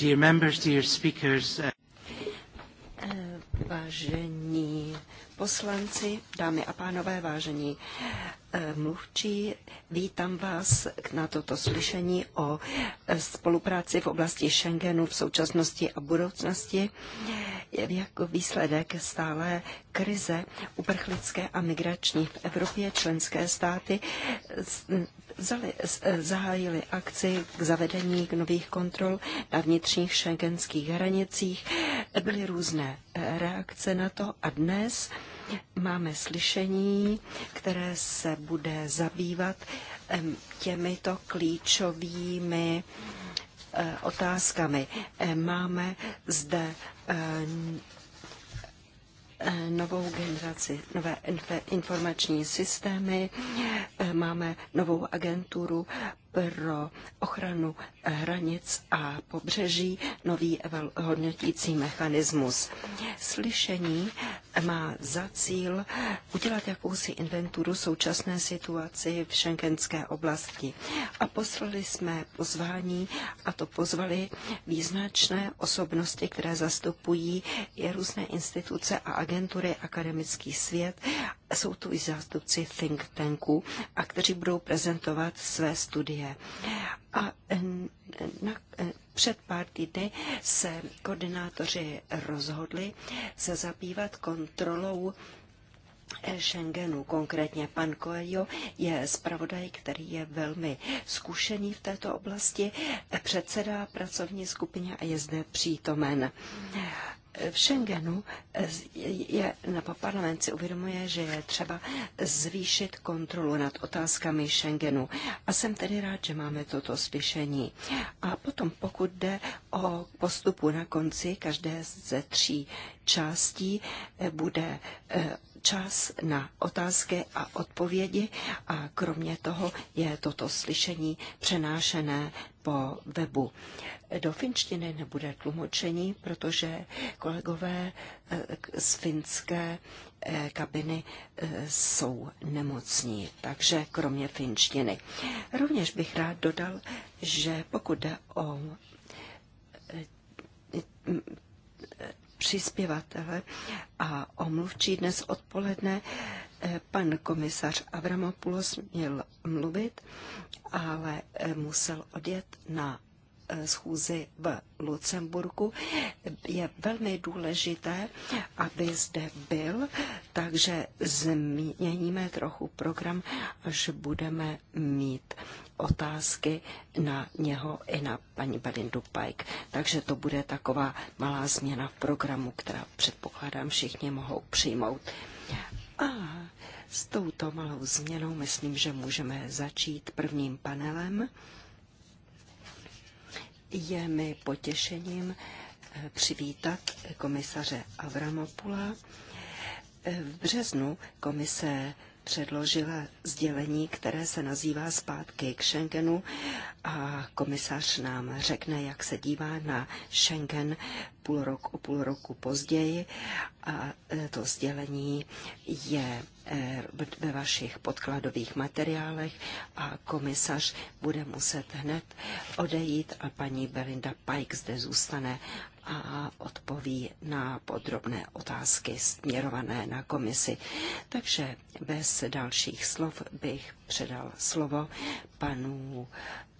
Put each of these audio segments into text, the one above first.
Dear members, dear speakers. Uh, vážení poslanci, dámy a pánové, vážení eh, mluvčí, vítám vás na toto slyšení o eh, spolupráci v oblasti Schengenu v současnosti a budoucnosti jako výsledek stále krize uprchlické a migrační v Evropě členské státy vzali, eh, zahájili akci k zavedení k nových kontrol na vnitřních šengenských hranicích. Byly různé eh, reakce na to a dnes máme slyšení, které se bude zabývat těmito klíčovými eh, otázkami. Máme zde Eh, novou generaci, nové informační systémy, eh, máme novou agenturu pro ochranu hranic a pobřeží nový hodnotící mechanismus. Slyšení má za cíl udělat jakousi inventuru současné situaci v šenkenské oblasti. A poslali jsme pozvání, a to pozvali význačné osobnosti, které zastupují různé instituce a agentury, akademický svět jsou tu i zástupci think tanků, a kteří budou prezentovat své studie. A eh, na, eh, před pár týdny se koordinátoři rozhodli se zabývat kontrolou eh, Schengenu. Konkrétně pan Coelho je zpravodaj, který je velmi zkušený v této oblasti, předsedá pracovní skupině a je zde přítomen v Schengenu eh, je, na parlament si uvědomuje, že je třeba zvýšit kontrolu nad otázkami Schengenu. A jsem tedy rád, že máme toto slyšení. A potom, pokud jde o postupu na konci každé ze tří částí, eh, bude eh, čas na otázky a odpovědi a kromě toho je toto slyšení přenášené po webu. Do finštiny nebude tlumočení, protože kolegové eh, z finské eh, kabiny eh, jsou nemocní, takže kromě finštiny. Rovněž bych rád dodal, že pokud jde o přispěvatele a omluvčí dnes odpoledne eh, pan komisař Avramopoulos měl mluvit, ale eh, musel odjet na schůzi v Lucemburku. Je velmi důležité, aby zde byl, takže změníme trochu program, až budeme mít otázky na něho i na paní Belindu Pike. Takže to bude taková malá změna v programu, která předpokládám všichni mohou přijmout. A s touto malou změnou myslím, že můžeme začít prvním panelem. Je mi potěšením eh, přivítat komisaře Avramopula. Eh, v březnu komise předložila sdělení, které se nazývá Zpátky k Schengenu a komisař nám řekne, jak se dívá na Schengen půl roku o půl roku později a eh, to sdělení je Eh, ve vašich podkladových materiálech a komisař bude muset hned odejít a paní Belinda Pike zde zůstane a odpoví na podrobné otázky směrované na komisi. Takže bez dalších slov bych předal slovo panu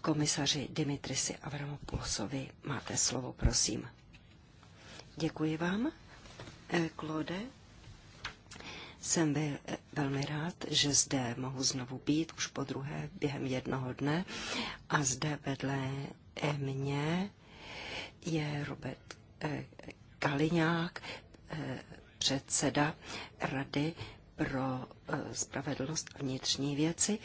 komisaři Dimitrisi Avramopoulosovi. Máte slovo, prosím. Děkuji vám, Klode. Eh, jsem velmi rád, že zde mohu znovu být, už po druhé během jednoho dne. A zde vedle mě je Robert eh, Kaliňák, eh, předseda Rady pro eh, spravedlnost a vnitřní věci.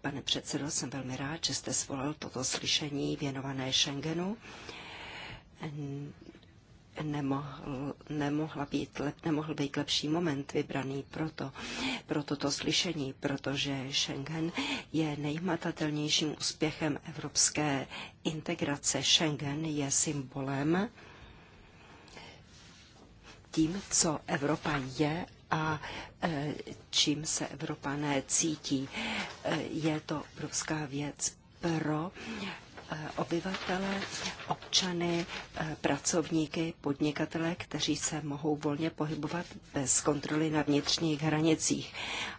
Pane předsedo, jsem velmi rád, že jste svolal toto slyšení věnované Schengenu nemohl, nemohla být, nemohl být lepší moment vybraný to, pro toto slyšení, protože Schengen je nejmatatelnějším úspěchem evropské integrace. Schengen je symbolem tím, co Evropa je a e, čím se Evropané cítí. E, je to obrovská věc pro Eh, obyvatele, občany, eh, pracovníky, podnikatele, kteří se mohou volně pohybovat bez kontroly na vnitřních hranicích.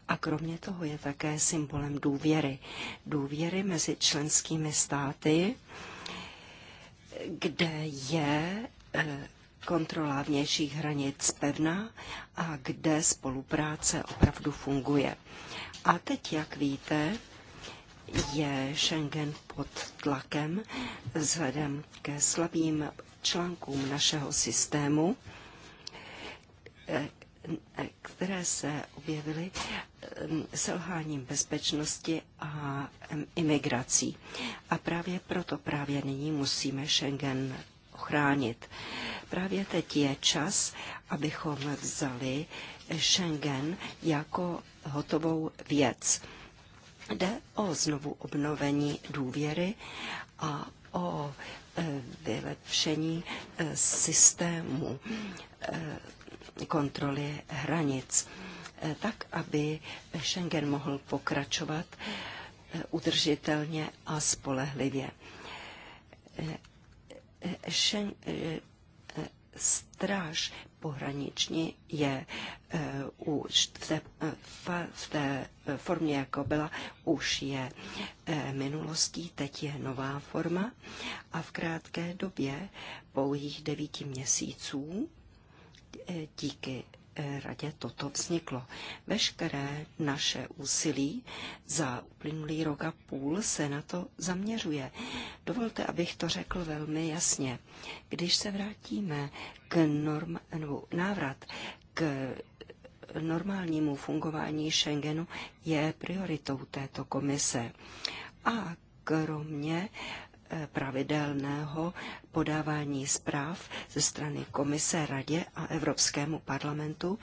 A kromě toho je také symbolem důvěry. Důvěry mezi členskými státy, kde je eh, kontrola vnějších hranic pevná a kde spolupráce opravdu funguje. A teď, jak víte, je Schengen pod tlakem vzhledem ke slabým článkům našeho systému, eh, které se objevily eh, selháním bezpečnosti a imigrací. A právě proto právě nyní musíme Schengen ochránit. Právě teď je čas, abychom vzali Schengen jako hotovou věc Jde o znovu obnovení důvěry a o e, vylepšení e, systému e, kontroly hranic, tak aby Schengen mohl pokračovat udržitelně a spolehlivě stráž pohraniční je eh, už v té, eh, v té eh, formě, jako byla, už je minulostí, teď je nová forma a v krátké době pouhých devíti měsíců díky radě toto vzniklo. Veškeré naše úsilí za uplynulý rok a půl se na to zaměřuje. Dovolte, abych to řekl velmi jasně. Když se vrátíme k norm, nebo návrat k normálnímu fungování Schengenu je prioritou této komise. A kromě Eh, pravidelného podávání zpráv ze strany Komise, Radě a Evropskému parlamentu,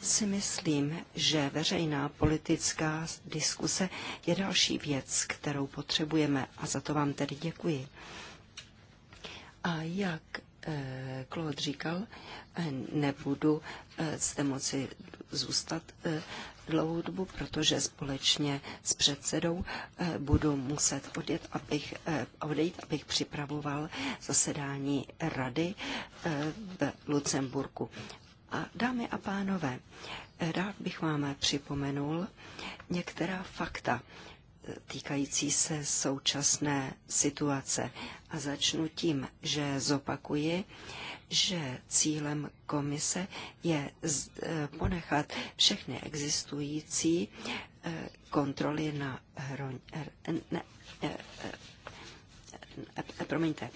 si myslím, že veřejná politická diskuse je další věc, kterou potřebujeme a za to vám tedy děkuji. A jak eh, Claude říkal, eh, nebudu zde moci zůstat dlouhou dobu, protože společně s předsedou eh, budu muset odjet, abych, eh, odejít, abych připravoval zasedání rady eh, v Lucemburku. A dámy a pánové, rád bych vám připomenul některá fakta týkající se současné situace. A začnu tím, že zopakuji že cílem komise je eh, ponechat všechny existující eh, kontroly na hroně. Eh, promiňte,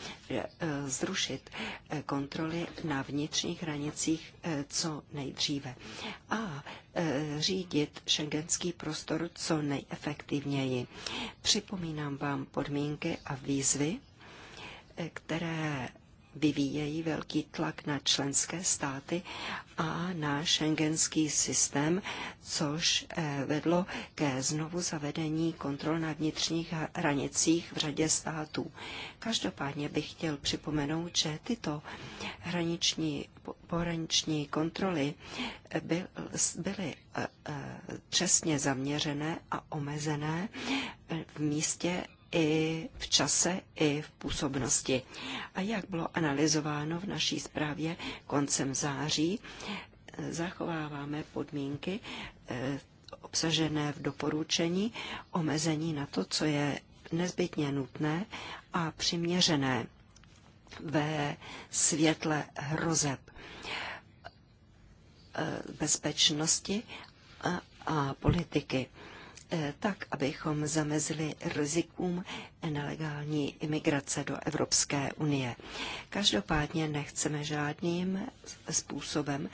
zrušit kontroly na vnitřních hranicích co nejdříve a řídit šengenský prostor co nejefektivněji. Připomínám vám podmínky a výzvy, které vyvíjejí velký tlak na členské státy a na šengenský systém, což eh, vedlo ke znovu zavedení kontrol na vnitřních hranicích v řadě států. Každopádně bych chtěl připomenout, že tyto hraniční, pohraniční kontroly eh, by, byly eh, přesně zaměřené a omezené v místě i v čase, i v působnosti. A jak bylo analyzováno v naší zprávě koncem září, eh, zachováváme podmínky eh, obsažené v doporučení omezení na to, co je nezbytně nutné a přiměřené ve světle hrozeb eh, bezpečnosti a, politiky. Eh, tak abychom zamezili rizikům nelegální imigrace do Evropské unie. Každopádně nechceme žádným způsobem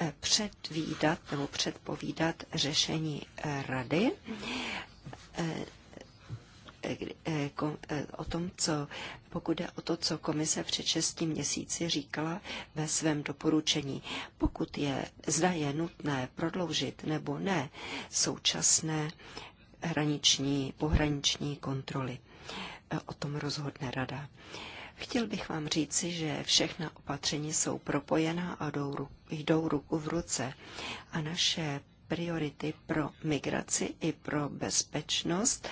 eh, předvídat nebo předpovídat řešení eh, rady Eh, eh, eh, o tom, co, pokud jde o to, co komise před 6 měsíci říkala ve svém doporučení. Pokud je, zda je nutné prodloužit nebo ne současné hraniční, pohraniční kontroly. O tom rozhodne rada. Chtěl bych vám říci, že všechna opatření jsou propojená a jdou, jdou ruku v ruce. A naše priority pro migraci i pro bezpečnost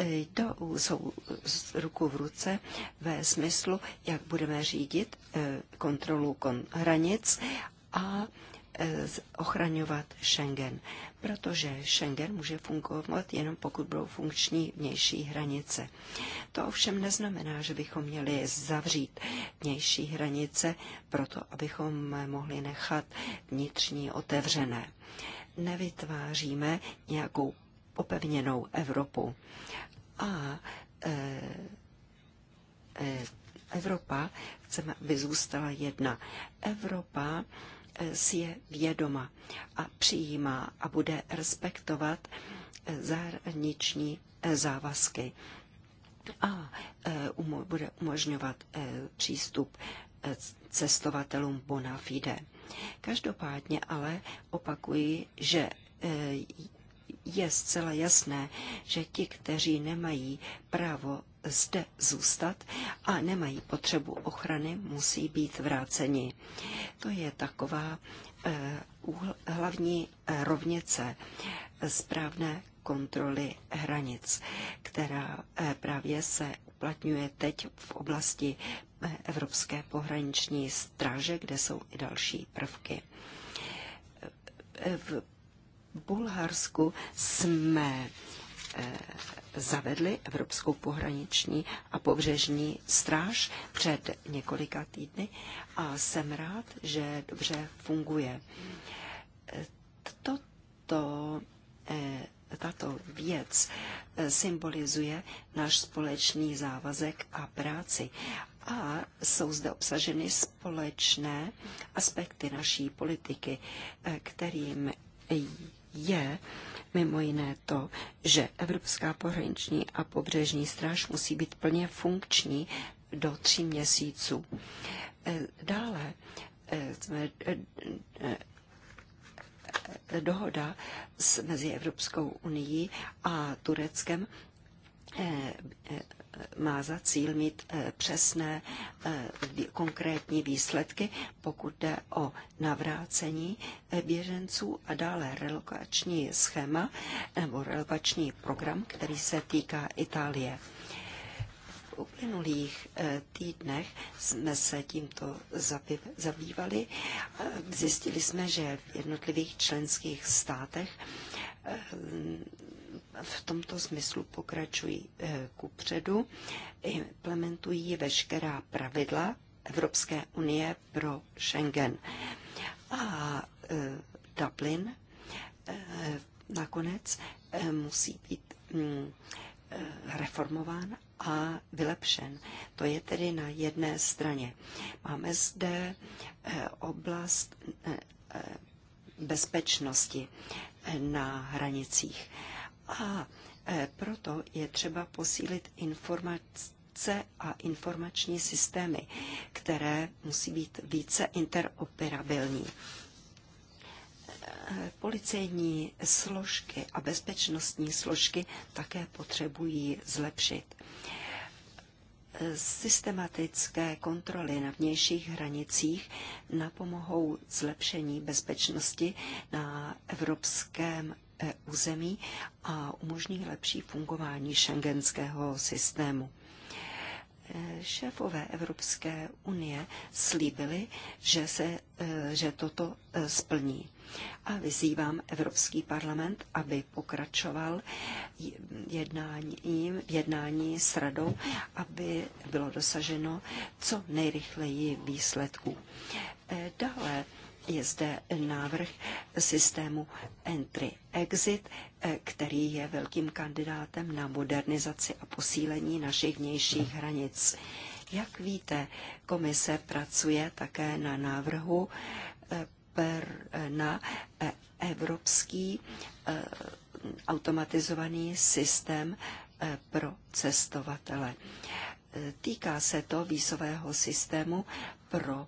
jdou, jsou z ruku v ruce ve smyslu, jak budeme řídit eh, kontrolu kon hranic a eh, ochraňovat Schengen, protože Schengen může fungovat jenom pokud budou funkční vnější hranice. To ovšem neznamená, že bychom měli zavřít vnější hranice proto, abychom mohli nechat vnitřní otevřené. Nevytváříme nějakou opevněnou Evropu. A e, e, Evropa, chceme, aby zůstala jedna. Evropa e, si je vědoma a přijímá a bude respektovat zahraniční závazky a bude umožňovat přístup cestovatelům bona fide. Každopádně ale opakuji, že je zcela jasné, že ti, kteří nemají právo zde zůstat a nemají potřebu ochrany, musí být vráceni. To je taková eh, hlavní rovnice správné kontroly hranic, která eh, právě se uplatňuje teď v oblasti eh, Evropské pohraniční stráže, kde jsou i další prvky. V Bulharsku jsme eh, zavedli Evropskou pohraniční a pobřežní stráž před několika týdny a jsem rád, že dobře funguje. Eh, toto, eh, tato věc symbolizuje náš společný závazek a práci a jsou zde obsaženy společné aspekty naší politiky, kterým je mimo jiné to, že Evropská pohraniční a pobřežní stráž musí být plně funkční do tří měsíců. E, dále e, jsme e, dohoda mezi Evropskou unii a Tureckem má za cíl mít eh, přesné eh, konkrétní výsledky, pokud jde o navrácení eh, běženců a dále relokační schéma nebo relokační program, který se týká Itálie V uplynulých týdnech jsme se tímto zabývali. Zjistili jsme, že v jednotlivých členských státech v tomto smyslu pokračují eh, ku předu, implementují veškerá pravidla Evropské unie pro Schengen. A eh, Dublin eh, nakonec musí být mm, reformován a vylepšen. To je tedy na jedné straně. Máme zde oblast bezpečnosti na hranicích. A e, proto je třeba posílit informace a informační systémy, které musí být více interoperabilní. E, policejní složky a bezpečnostní složky také potřebují zlepšit e, systematické kontroly na vnějších hranicích napomohou zlepšení bezpečnosti na evropském E, území a umožní lepší fungování šengenského systému. E, šéfové Evropské unie slíbili, že, se, e, že toto splní. A vyzývám Evropský parlament, aby pokračoval jednáním, jednání s radou, aby bylo dosaženo co nejrychleji výsledků. Dále je zde návrh systému entry-exit, eh, který je velkým kandidátem na modernizaci a posílení našich vnějších hranic. Jak víte, komise pracuje také na návrhu eh, eh, na evropský automatizovaný systém pro cestovatele. Týká se to vízového systému pro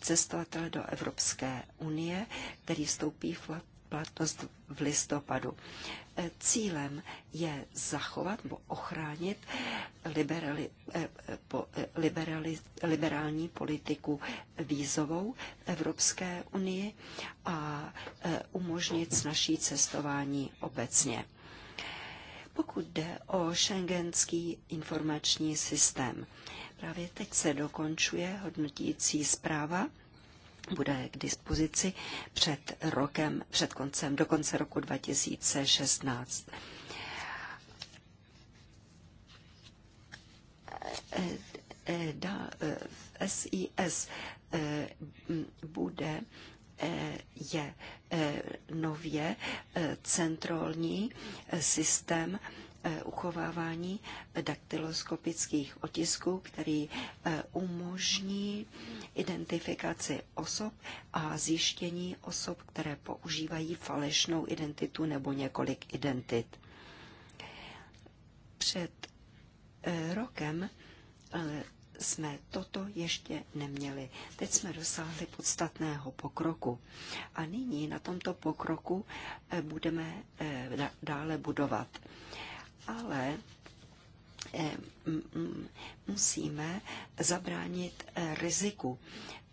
cestovatele do Evropské unie, který vstoupí v platnost v listopadu. E, cílem je zachovat nebo ochránit liberali, e, e, liberali, liberální politiku vízovou v Evropské unii a umožnit naší cestování obecně. Pokud jde o šengenský informační systém, Právě teď se dokončuje hodnotící zpráva bude k dispozici před rokem, před koncem, do konce roku 2016. SIS bude je nově centrální systém Eh, uchovávání daktyloskopických otisků, který eh, umožní identifikaci osob a zjištění osob, které používají falešnou identitu nebo několik identit. Před eh, rokem jsme toto ještě neměli. Teď jsme dosáhli podstatného pokroku. A nyní na tomto pokroku budeme dále budovat ale eh, musíme zabránit eh, riziku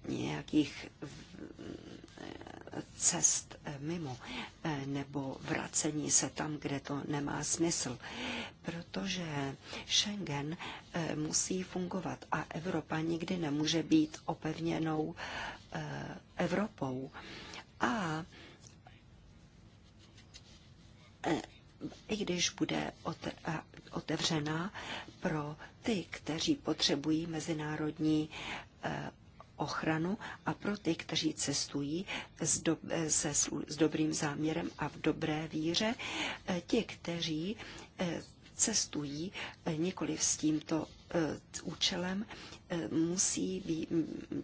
nějakých eh, cest mimo nebo vracení se tam, kde to nemá smysl. Protože Schengen musí fungovat a Evropa nikdy nemůže být opevněnou Evropou. A i když bude otevřená pro ty, kteří potřebují mezinárodní eh, ochranu a pro ty, kteří cestují s, do, se, s dobrým záměrem a v dobré víře, eh, ti, kteří eh, cestují nikoli s tímto účelem, musí být,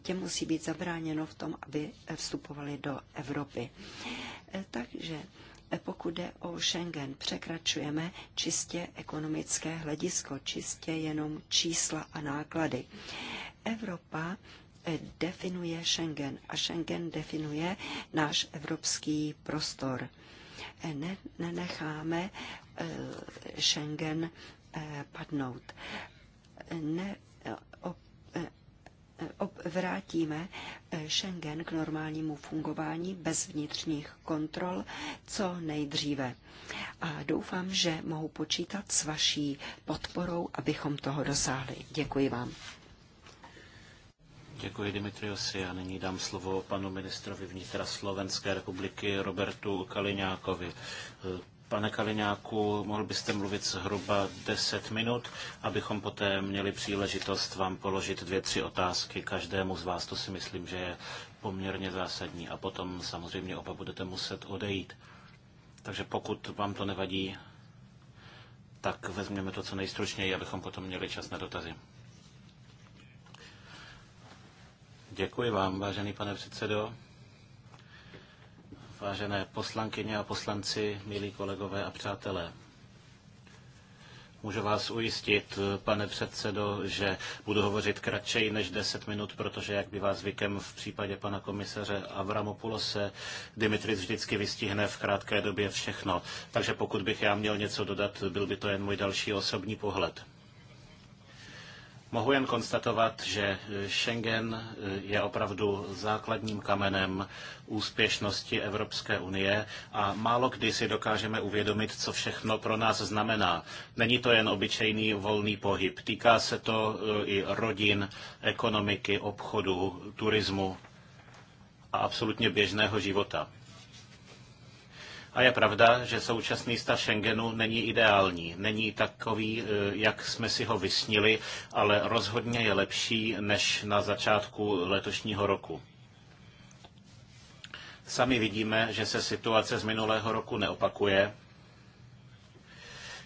tě musí být zabráněno v tom, aby vstupovali do Evropy. Takže pokud jde o Schengen, překračujeme čistě ekonomické hledisko, čistě jenom čísla a náklady. Evropa eh, definuje Schengen a Schengen definuje náš evropský prostor. Eh, ne, nenecháme eh, Schengen padnout. Ne, vrátíme eh, Schengen k normálnímu fungování bez vnitřních kontrol co nejdříve. A doufám, že mohu počítat s vaší podporou, abychom toho dosáhli. Děkuji vám. Děkuji Dimitriosi a nyní dám slovo panu ministrovi vnitra Slovenské republiky Robertu Kaliňákovi. Pane Kaliňáku, mohl byste mluvit zhruba 10 minut, abychom poté měli příležitost vám položit dvě, tři otázky každému z vás. To si myslím, že je poměrně zásadní. A potom samozřejmě oba budete muset odejít. Takže pokud vám to nevadí, tak vezměme to co nejstručněji, abychom potom měli čas na dotazy. Děkuji vám, vážený pane předsedo. Vážené poslankyně a poslanci, milí kolegové a přátelé. Můžu vás ujistit, pane předsedo, že budu hovořit kratšej než 10 minut, protože, jak by vás zvykem v případě pana komisaře Avramopulose, Dimitris vždycky vystihne v krátké době všechno. Takže pokud bych já měl něco dodat, byl by to jen můj další osobní pohled. Mohu jen konstatovat, že eh, Schengen eh, je opravdu základním kamenem úspěšnosti Evropské unie a málo kdy si dokážeme uvědomit, co všechno pro nás znamená. Není to jen obyčejný volný pohyb, týká se to eh, i rodin, ekonomiky, obchodu, turismu a absolutně běžného života. A je pravda, že současný stav Schengenu není ideální. Není takový, eh, jak jsme si ho vysnili, ale rozhodně je lepší než na začátku letošního roku. Sami vidíme, že se situace z minulého roku neopakuje,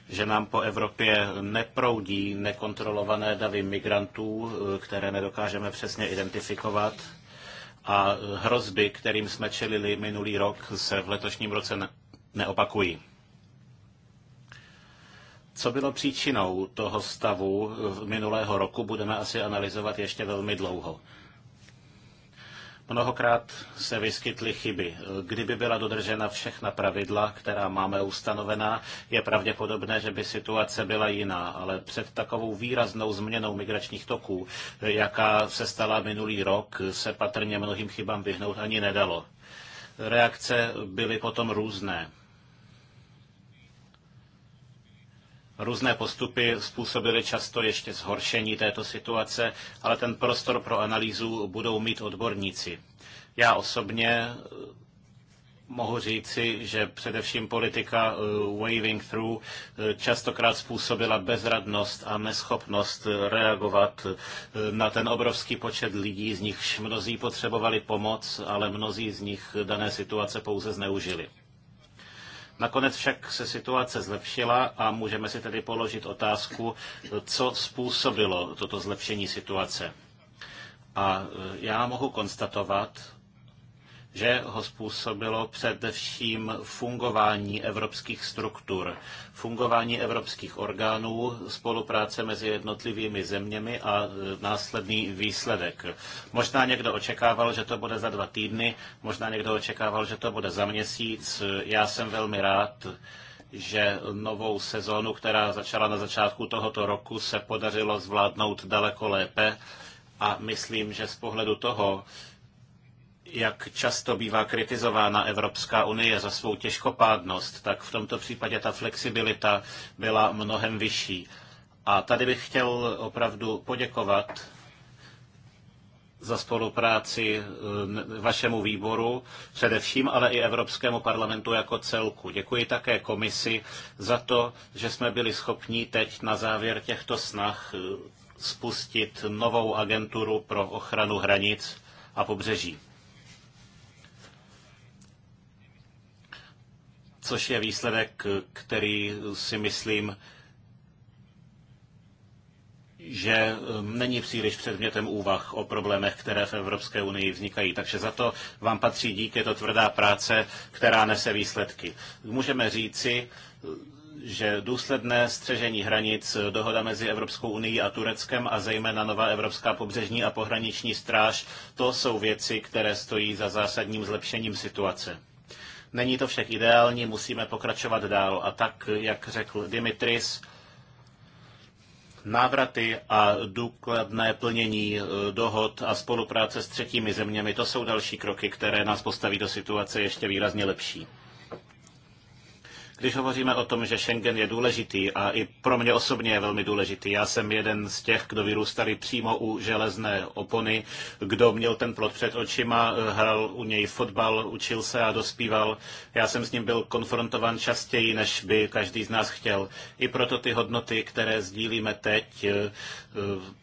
že nám po Evropě neproudí nekontrolované davy migrantů, eh, které nedokážeme přesně identifikovat a hrozby, kterým jsme čelili minulý rok, se v letošním roce neopakují. Co bylo příčinou toho stavu minulého roku, budeme asi analyzovat ještě velmi dlouho. Mnohokrát se vyskytly chyby. Kdyby byla dodržena všechna pravidla, která máme ustanovená, je pravděpodobné, že by situace byla jiná, ale před takovou výraznou změnou migračních toků, jaká se stala minulý rok, se patrně mnohým chybám vyhnout ani nedalo. Reakce byly potom různé. Různé postupy způsobily často ještě zhoršení této situace, ale ten prostor pro analýzu budou mít odborníci. Já osobně eh, mohu říci, že především politika eh, waving through eh, častokrát způsobila bezradnost a neschopnost reagovat na ten obrovský počet lidí, z nichž mnozí potřebovali pomoc, ale mnozí z nich dané situace pouze zneužili. Nakonec však se situace zlepšila a můžeme si tedy položit otázku, co způsobilo toto zlepšení situace. A e, já mohu konstatovat, že ho způsobilo především fungování evropských struktur, fungování evropských orgánů, spolupráce mezi jednotlivými zeměmi a e, následný výsledek. Možná někdo očekával, že to bude za dva týdny, možná někdo očekával, že to bude za měsíc. Já jsem velmi rád, že novou sezónu, která začala na začátku tohoto roku, se podařilo zvládnout daleko lépe. A myslím, že z pohledu toho, jak často bývá kritizována Evropská unie za svou těžkopádnost, tak v tomto případě ta flexibilita byla mnohem vyšší. A tady bych chtěl opravdu poděkovat za spolupráci eh, vašemu výboru především, ale i Evropskému parlamentu jako celku. Děkuji také komisi za to, že jsme byli schopni teď na závěr těchto snah eh, spustit novou agenturu pro ochranu hranic a pobřeží. což je výsledek, který si myslím, že um, není příliš předmětem úvah o problémech, které v Evropské unii vznikají. Takže za to vám patří dík, je to tvrdá práce, která nese výsledky. Můžeme říci, že důsledné střežení hranic, dohoda mezi Evropskou unii a Tureckem a zejména nová Evropská pobřežní a pohraniční stráž, to jsou věci, které stojí za zásadním zlepšením situace. Není to však ideální, musíme pokračovat dál. A tak, jak řekl Dimitris, návraty a důkladné plnění eh, dohod a spolupráce s třetími zeměmi, to jsou další kroky, které nás postaví do situace ještě výrazně lepší. Když hovoříme o tom, že Schengen je důležitý a i pro mě osobně je velmi důležitý, já jsem jeden z těch, kdo vyrůstali přímo u železné opony, kdo měl ten plot před očima, hrál u něj fotbal, učil se a dospíval. Já jsem s ním byl konfrontovan častěji, než by každý z nás chtěl. I proto ty hodnoty, které sdílíme teď, eh,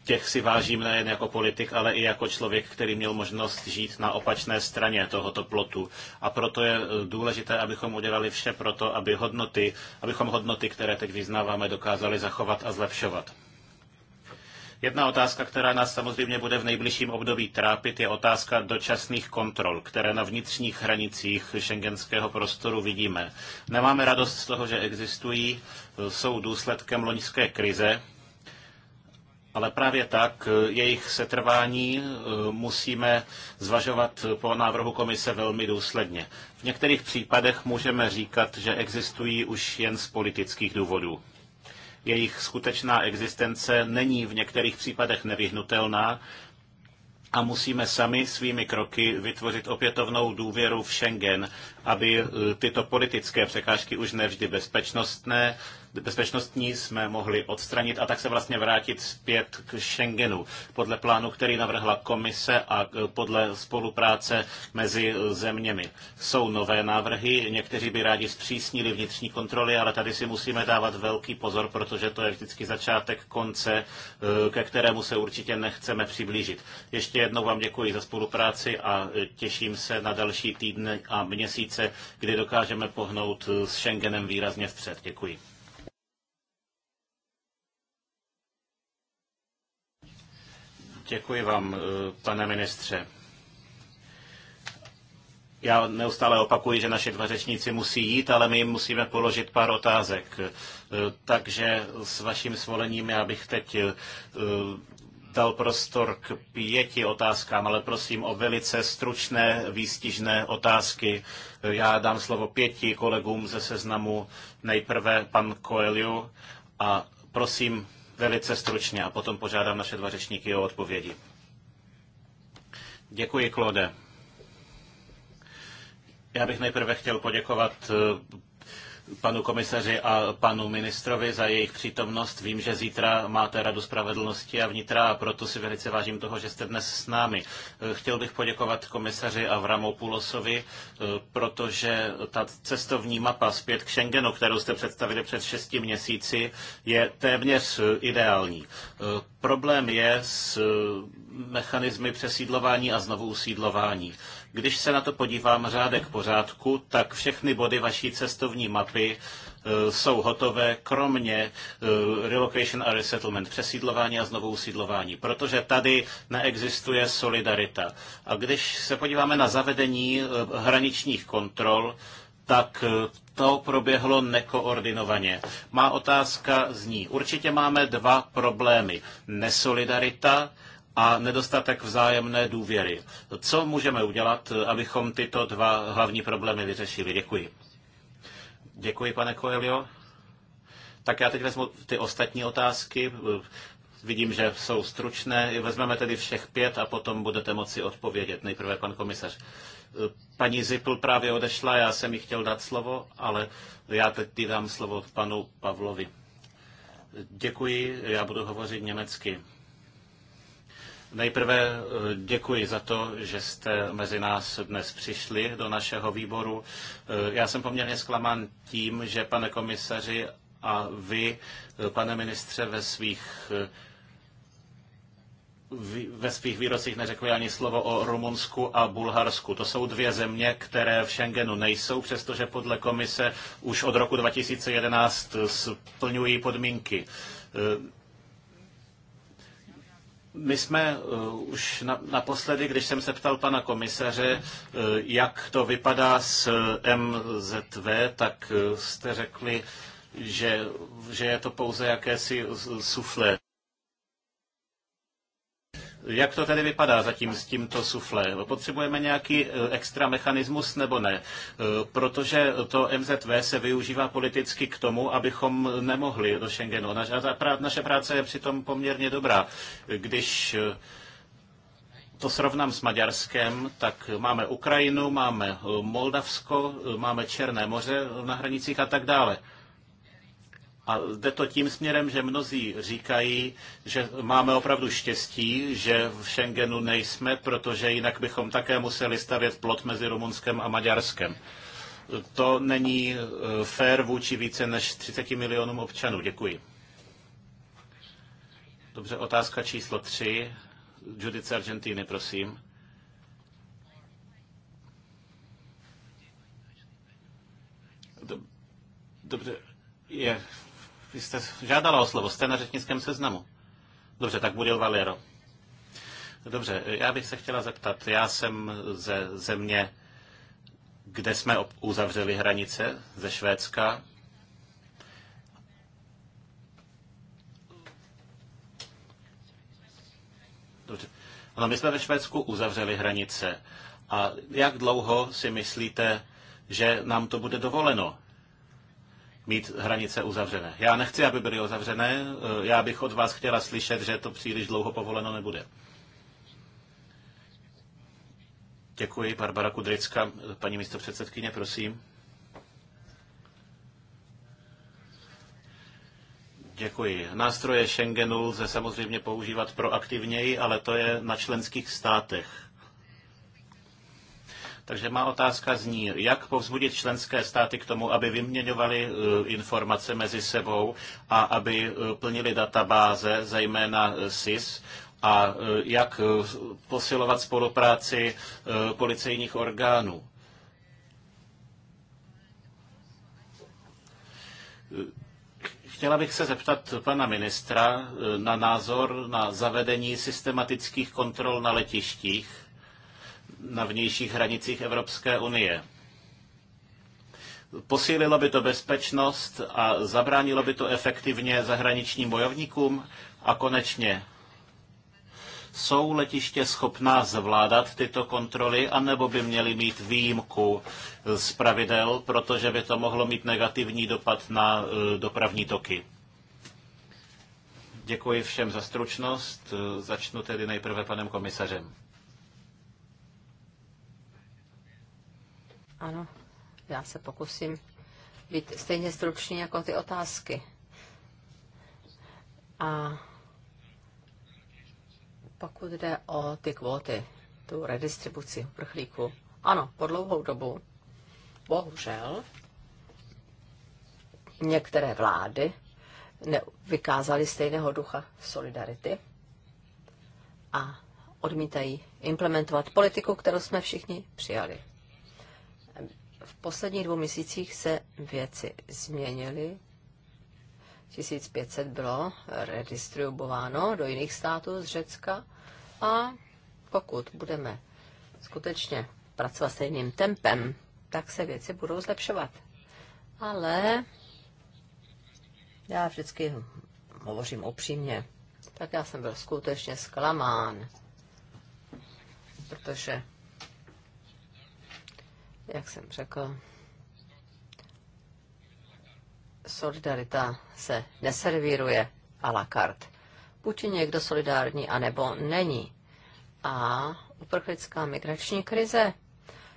těch si vážím nejen jako politik, ale i jako člověk, který měl možnost žít na opačné straně tohoto plotu. A proto je eh, důležité, abychom udělali vše pro to, aby hodnoty, abychom hodnoty, které teď vyznáváme, dokázali zachovat a zlepšovat. Jedna otázka, která nás samozřejmě bude v nejbližším období trápit, je otázka dočasných kontrol, které na vnitřních hranicích šengenského prostoru vidíme. Nemáme radost z toho, že existují, jsou důsledkem loňské krize, ale právě tak eh, jejich setrvání eh, musíme zvažovat po návrhu komise velmi důsledně. V některých případech můžeme říkat, že existují už jen z politických důvodů. Jejich skutečná existence není v některých případech nevyhnutelná a musíme sami svými kroky vytvořit opětovnou důvěru v Schengen, aby eh, tyto politické překážky už nevždy bezpečnostné, bezpečnostní jsme mohli odstranit a tak se vlastně vrátit zpět k Schengenu. Podle plánu, který navrhla komise a podle spolupráce mezi zeměmi. Jsou nové návrhy, někteří by rádi zpřísnili vnitřní kontroly, ale tady si musíme dávat velký pozor, protože to je vždycky začátek konce, e, ke kterému se určitě nechceme přiblížit. Ještě jednou vám děkuji za spolupráci a e, těším se na další týdny a měsíce, kdy dokážeme pohnout e, s Schengenem výrazně vpřed. Děkuji. Děkuji vám, eh, pane ministře. Já neustále opakuji, že naši dva řečníci musí jít, ale my jim musíme položit pár otázek. Eh, takže s vaším svolením já bych teď eh, dal prostor k pěti otázkám, ale prosím o velice stručné, výstižné otázky. Já dám slovo pěti kolegům ze seznamu. Nejprve pan Coelho a prosím velice stručně a potom požádám naše dva řečníky o odpovědi. Děkuji, Klode. Já bych nejprve chtěl poděkovat eh, panu komisaři a panu ministrovi za jejich přítomnost. Vím, že zítra máte Radu spravedlnosti a vnitra a proto si velice vážím toho, že jste dnes s námi. Eh, chtěl bych poděkovat komisaři Avramopoulosovi, eh, protože ta cestovní mapa zpět k Schengenu, kterou jste představili před šesti měsíci, je téměř eh, ideální. Problém je s mechanizmy přesídlování a znovu usídlování. Když se na to podívám řádek pořádku, tak všechny body vaší cestovní mapy e, jsou hotové, kromě e, relocation a resettlement, přesídlování a znovu usídlování, protože tady neexistuje solidarita. A když se podíváme na zavedení e, hraničních kontrol, tak to proběhlo nekoordinovaně. Má otázka zní, určitě máme dva problémy. Nesolidarita a nedostatek vzájemné důvěry. Co můžeme udělat, abychom tyto dva hlavní problémy vyřešili? Děkuji. Děkuji, pane Coelho. Tak já teď vezmu ty ostatní otázky. Vidím, že jsou stručné. Vezmeme tedy všech pět a potom budete moci odpovědět. Nejprve pan komisař. Paní Zipl právě odešla, já jsem jí chtěl dát slovo, ale já teď dám slovo panu Pavlovi. Děkuji, já budu hovořit německy. Nejprve eh, děkuji za to, že jste mezi nás dnes přišli do našeho výboru. Eh, já jsem poměrně zklamán tím, že pane komisaři a vy, eh, pane ministře, ve svých ve svých výrocích neřekli ani slovo o Rumunsku a Bulharsku. To jsou dvě země, které v Schengenu nejsou, přestože podle komise už od roku 2011 splňují podmínky. My jsme uh, už na, naposledy, když jsem se ptal pana komisaře, uh, jak to vypadá s eh, MZV, tak uh, jste řekli, že, že je to pouze jakési suflé. Jak to tedy vypadá zatím s tímto sufle? Potřebujeme nějaký e, extra mechanismus nebo ne? E, protože to MZV se využívá politicky k tomu, abychom nemohli do Schengenu. Naše práce je přitom poměrně dobrá. Když e, to srovnám s Maďarskem, tak máme Ukrajinu, máme Moldavsko, máme Černé moře na hranicích a tak dále. A jde to tím směrem, že mnozí říkají, že máme opravdu štěstí, že v Schengenu nejsme, protože jinak bychom také museli stavět plot mezi Rumunskem a Maďarskem. To není eh, fér vůči více než 30 milionům občanů. Děkuji. Dobře, otázka číslo 3. Judice Argentiny, prosím. Dobře, je vy jste žádala o slovo, jste na řečnickém seznamu. Dobře, tak budil Valero. Dobře, já bych se chtěla zeptat. Já jsem ze země, kde jsme uzavřeli hranice, ze Švédska. Dobře. No, my jsme ve Švédsku uzavřeli hranice. A jak dlouho si myslíte, že nám to bude dovoleno? mít hranice uzavřené. Já nechci, aby byly uzavřené, eh, já bych od vás chtěla slyšet, že to příliš dlouho povoleno nebude. Děkuji, Barbara Kudrická, paní předsedkyně, prosím. Děkuji. Nástroje Schengenu lze samozřejmě používat proaktivněji, ale to je na členských státech takže má otázka zní, jak povzbudit členské státy k tomu, aby vyměňovali e, informace mezi sebou a aby e, plnili databáze, zejména e, SIS, a jak posilovat spolupráci policejních orgánů. Chtěla bych se zeptat pana ministra na názor na zavedení systematických kontrol na letištích na vnějších hranicích Evropské unie. Posílilo by to bezpečnost a zabránilo by to efektivně zahraničním bojovníkům? A konečně, jsou letiště schopná zvládat tyto kontroly, anebo by měly mít výjimku z pravidel, protože by to mohlo mít negativní dopad na eh, dopravní toky? Děkuji všem za stručnost. Začnu tedy nejprve panem komisařem. Ano, já se pokusím být stejně stručný jako ty otázky. A pokud jde o ty kvóty, tu redistribuci uprchlíků, ano, po dlouhou dobu, bohužel, některé vlády vykázaly stejného ducha solidarity a odmítají implementovat politiku, kterou jsme všichni přijali v posledních dvou měsících se věci změnily. 1500 bylo redistribuováno do jiných států z Řecka a pokud budeme skutečně pracovat stejným tempem, tak se věci budou zlepšovat. Ale já vždycky hovořím upřímně, tak já jsem byl skutečně zklamán, protože jak jsem řekl, solidarita se neservíruje a la carte. Buď je někdo solidární, anebo není. A uprchlická migrační krize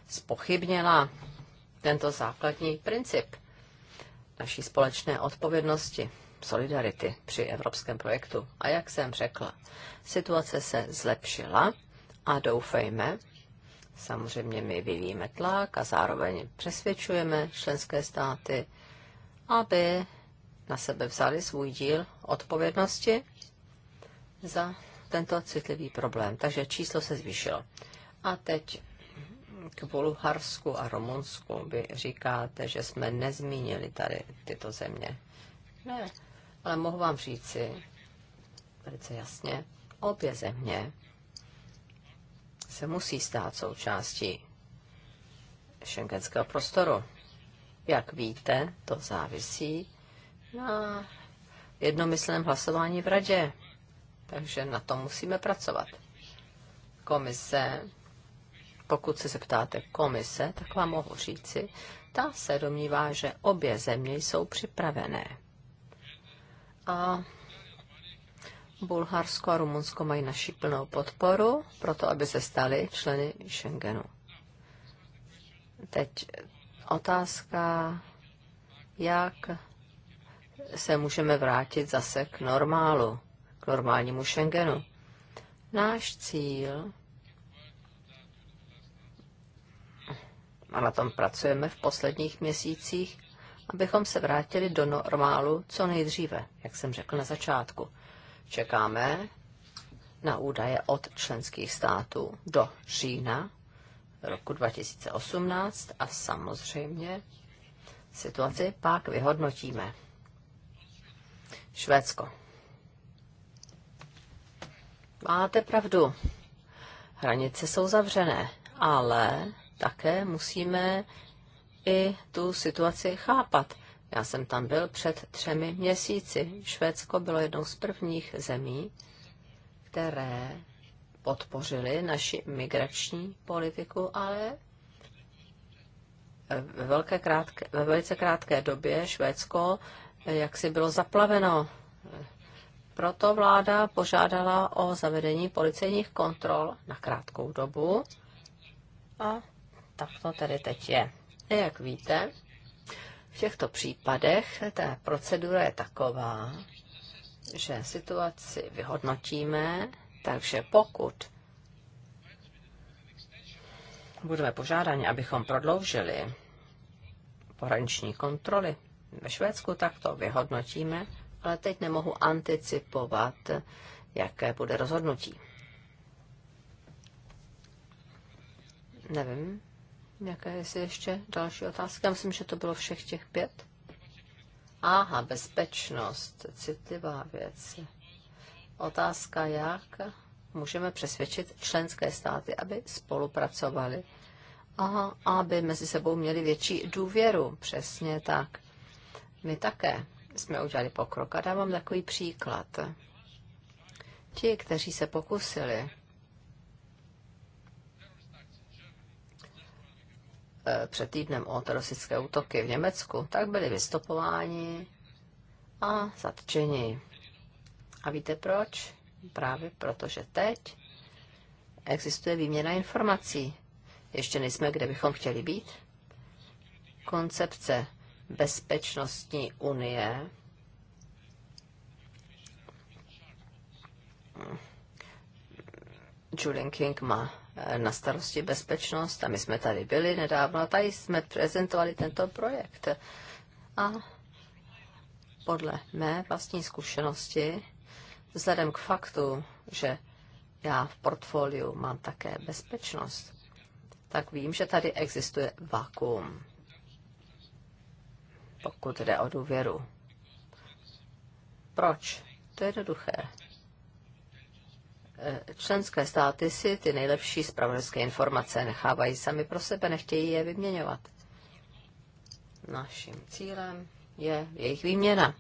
spochybnila tento základní princip naší společné odpovědnosti, solidarity při evropském projektu. A jak jsem řekla, situace se zlepšila a doufejme, Samozřejmě my vyvíjíme tlak a zároveň přesvědčujeme členské státy, aby na sebe vzali svůj díl odpovědnosti za tento citlivý problém. Takže číslo se zvýšilo. A teď k Bulharsku a Rumunsku. Vy říkáte, že jsme nezmínili tady tyto země. Ne, ale mohu vám říci velice jasně, obě země se musí stát součástí šengenského prostoru. Jak víte, to závisí na jednomyslném hlasování v radě. Takže na tom musíme pracovat. Komise, pokud se zeptáte komise, tak vám mohu říci, ta se domnívá, že obě země jsou připravené. A Bulharsko a Rumunsko mají naši plnou podporu pro to, aby se stali členy Schengenu. Teď otázka, jak se můžeme vrátit zase k normálu, k normálnímu Schengenu. Náš cíl, a na tom pracujeme v posledních měsících, abychom se vrátili do normálu co nejdříve, jak jsem řekl na začátku. Čekáme na údaje od členských států do října roku 2018 a samozřejmě situaci pak vyhodnotíme. Švédsko. Máte pravdu. Hranice jsou zavřené, ale také musíme i tu situaci chápat. Já jsem tam byl před třemi měsíci. Švédsko bylo jednou z prvních zemí, které podpořili naši migrační politiku, ale ve, velké krátké, ve velice krátké době Švédsko jaksi bylo zaplaveno. Proto vláda požádala o zavedení policejních kontrol na krátkou dobu a tak to tedy teď je. Jak víte, v těchto případech ta procedura je taková, že situaci vyhodnotíme, takže pokud budeme požádáni, abychom prodloužili pohraniční kontroly ve Švédsku, tak to vyhodnotíme, ale teď nemohu anticipovat, jaké bude rozhodnutí. Nevím, Jaké je ještě další otázky? Já myslím, že to bylo všech těch pět. Aha, bezpečnost, citlivá věc. Otázka, jak můžeme přesvědčit členské státy, aby spolupracovali a aby mezi sebou měli větší důvěru. Přesně tak. My také jsme udělali pokrok a dávám takový příklad. Ti, kteří se pokusili E, před týdnem o teroristické útoky v Německu, tak byli vystopováni a zatčeni. A víte proč? Právě protože teď existuje výměna informací. Ještě nejsme, kde bychom chtěli být. Koncepce bezpečnostní unie Julian King má na starosti bezpečnost a my jsme tady byli nedávno a tady jsme prezentovali tento projekt. A podle mé vlastní zkušenosti, vzhledem k faktu, že já v portfoliu mám také bezpečnost, tak vím, že tady existuje vakuum, pokud jde o důvěru. Proč? To je jednoduché členské státy si ty nejlepší spravodajské informace nechávají sami pro sebe, nechtějí je vyměňovat. Naším cílem je jejich výměna.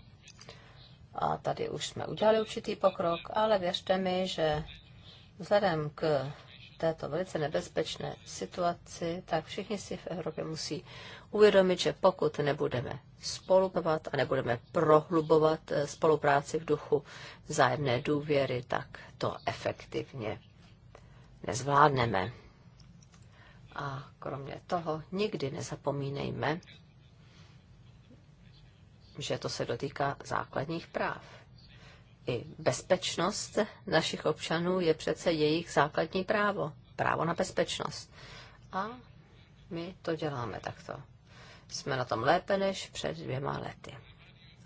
A tady už jsme udělali určitý pokrok, ale věřte mi, že vzhledem k této velice nebezpečné situaci, tak všichni si v Evropě musí uvědomit, že pokud nebudeme spolupovat a nebudeme prohlubovat eh, spolupráci v duchu vzájemné důvěry, tak to efektivně nezvládneme. A kromě toho nikdy nezapomínejme, že to se dotýká základních práv. I bezpečnost našich občanů je přece jejich základní právo. Právo na bezpečnost. A my to děláme takto jsme na tom lépe než před dvěma lety.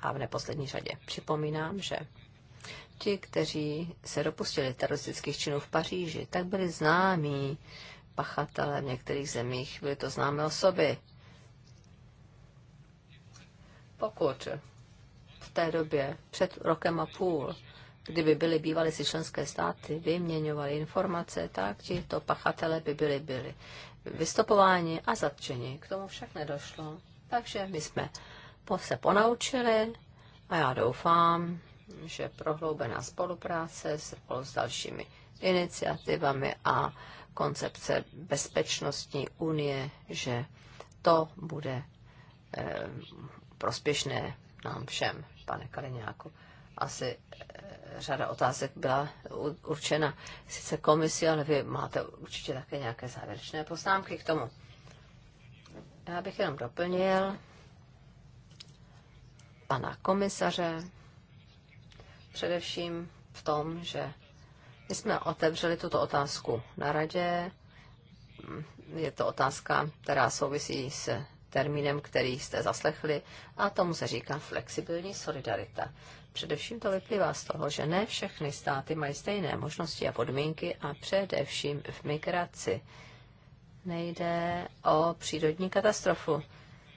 A v neposlední řadě připomínám, že ti, kteří se dopustili teroristických činů v Paříži, tak byli známí pachatelé v některých zemích, byly to známé osoby. Pokud v té době, před rokem a půl, kdyby byly bývaly si členské státy, vyměňovaly informace, tak to pachatele by byly byli vystupování a zatčení, K tomu však nedošlo. Takže my jsme se ponaučili a já doufám, že prohloubená spolupráce s, s dalšími iniciativami a koncepce bezpečnostní unie, že to bude e, prospěšné nám všem, pane Kaliňáku asi eh, řada otázek byla určena sice komisi, ale vy máte určitě také nějaké závěrečné poznámky k tomu. Já bych jenom doplnil pana komisaře, především v tom, že my jsme otevřeli tuto otázku na radě. Je to otázka, která souvisí s termínem, který jste zaslechli, a tomu se říká flexibilní solidarita. Především to vyplývá z toho, že ne všechny státy mají stejné možnosti a podmínky a především v migraci. Nejde o přírodní katastrofu.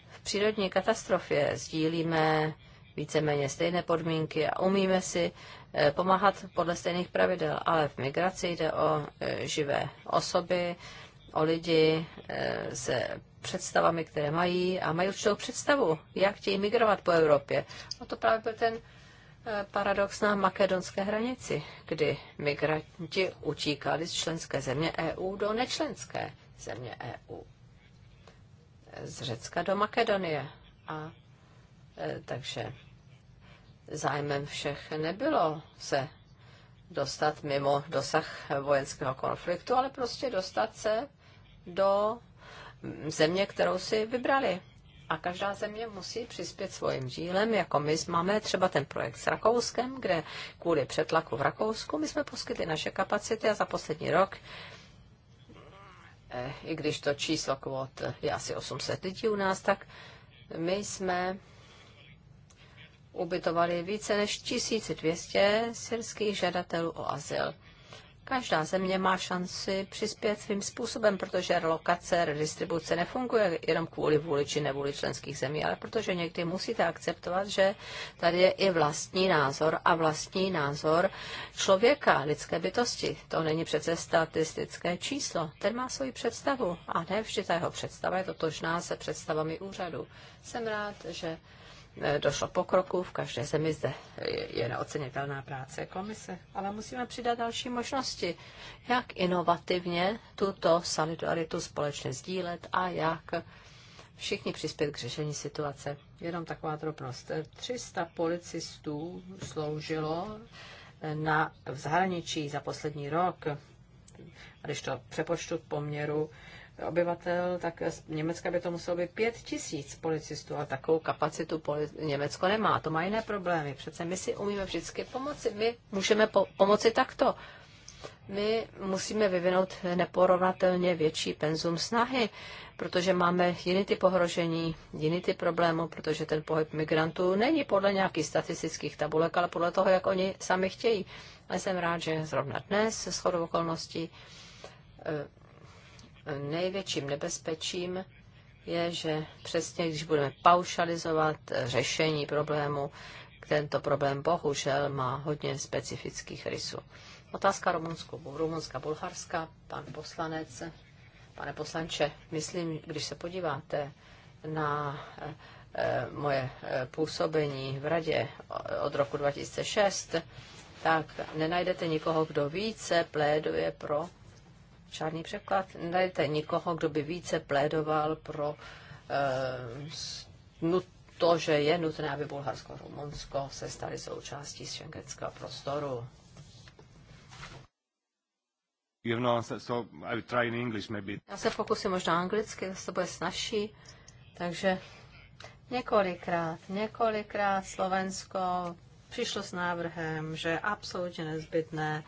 V přírodní katastrofě sdílíme víceméně stejné podmínky a umíme si eh, pomáhat podle stejných pravidel, ale v migraci jde o eh, živé osoby, o lidi eh, se představami, které mají a mají určitou představu, jak chtějí migrovat po Evropě. A to právě byl ten paradox na makedonské hranici, kdy migranti utíkali z členské země EU do nečlenské země EU. Z Řecka do Makedonie. A e, takže zájmem všech nebylo se dostat mimo dosah vojenského konfliktu, ale prostě dostat se do země, kterou si vybrali. A každá země musí přispět svým dílem, jako my máme třeba ten projekt s Rakouskem, kde kvůli přetlaku v Rakousku my jsme poskytli naše kapacity a za poslední rok eh, i když to číslo kvot je asi 800 lidí u nás, tak my jsme ubytovali více než 1200 syrských žadatelů o azyl. Každá země má šanci přispět svým způsobem, protože relokace, redistribuce nefunguje jenom kvůli vůli či nevůli členských zemí, ale protože někdy musíte akceptovat, že tady je i vlastní názor a vlastní názor člověka, lidské bytosti. To není přece statistické číslo. Ten má svoji představu a ne vždy ta jeho představa je totožná se představami úřadu. Jsem rád, že E, došlo pokroku, v každé zemi zde je neocenitelná práce komise, ale musíme přidat další možnosti, jak inovativně tuto solidaritu společně sdílet a jak všichni přispět k řešení situace. Jenom taková drobnost. 300 policistů sloužilo e, na, v zahraničí za poslední rok. Když to přepočtu v poměru obyvatel, tak z Německa by to muselo být pět tisíc policistů a takovou kapacitu poli- Německo nemá. To má jiné problémy. Přece my si umíme vždycky pomoci. My můžeme po- pomoci takto. My musíme vyvinout neporovnatelně větší penzum snahy, protože máme jiný typ ohrožení, jiný typ problémů, protože ten pohyb migrantů není podle nějakých statistických tabulek, ale podle toho, jak oni sami chtějí. A jsem rád, že zrovna dnes, s chodou okolností, eh, největším nebezpečím je, že přesně když budeme paušalizovat řešení problému, tento problém bohužel má hodně specifických rysů. Otázka Rumunsku, Rumunska, Bulharska, pan poslanec, pane poslanče, myslím, když se podíváte na eh, eh, moje eh, působení v radě od roku 2006, tak nenajdete nikoho, kdo více pléduje pro žádný překlad. Nedajte nikoho, kdo by více plédoval pro eh, to, že je nutné, aby Bulharsko a Rumunsko se staly součástí šengenského prostoru. You know, so I try in English maybe. Já se pokusím možná anglicky, to bude snažší. Takže několikrát, několikrát Slovensko přišlo s návrhem, že je absolutně nezbytné,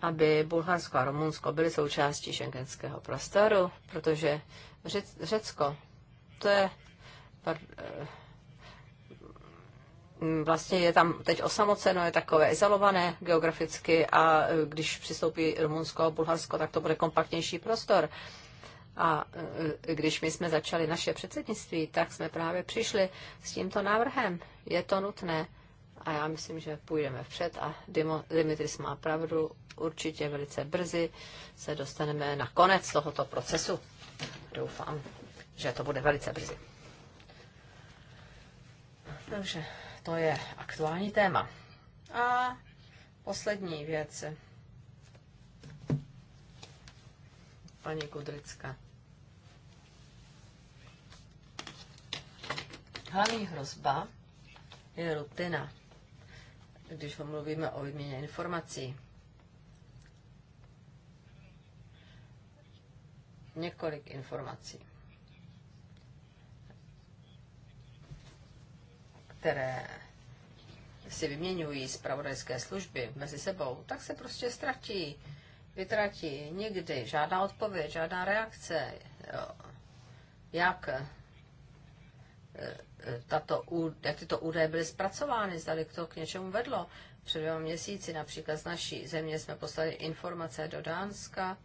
aby Bulharsko a Rumunsko byly součástí šengenského prostoru, protože Řecko, to je eh, vlastně je tam teď osamoceno, je takové izolované geograficky a eh, když přistoupí Rumunsko a Bulharsko, tak to bude kompaktnější prostor. A eh, když my jsme začali naše předsednictví, tak jsme právě přišli s tímto návrhem. Je to nutné a já myslím, že půjdeme vpřed a Dimitris má pravdu, určitě velice brzy se dostaneme na konec tohoto procesu. Doufám, že to bude velice brzy. Takže to je aktuální téma. A poslední věc. Paní Kudrická. Hlavní hrozba je rutina když mluvíme o výměně informací. Několik informací, které si vyměňují zpravodajské služby mezi sebou, tak se prostě ztratí, vytratí nikdy. Žádná odpověď, žádná reakce. Jo. Jak tato, jak tyto údaje byly zpracovány, zdali to k něčemu vedlo. Před dvěma měsíci například z naší země jsme poslali informace do Dánska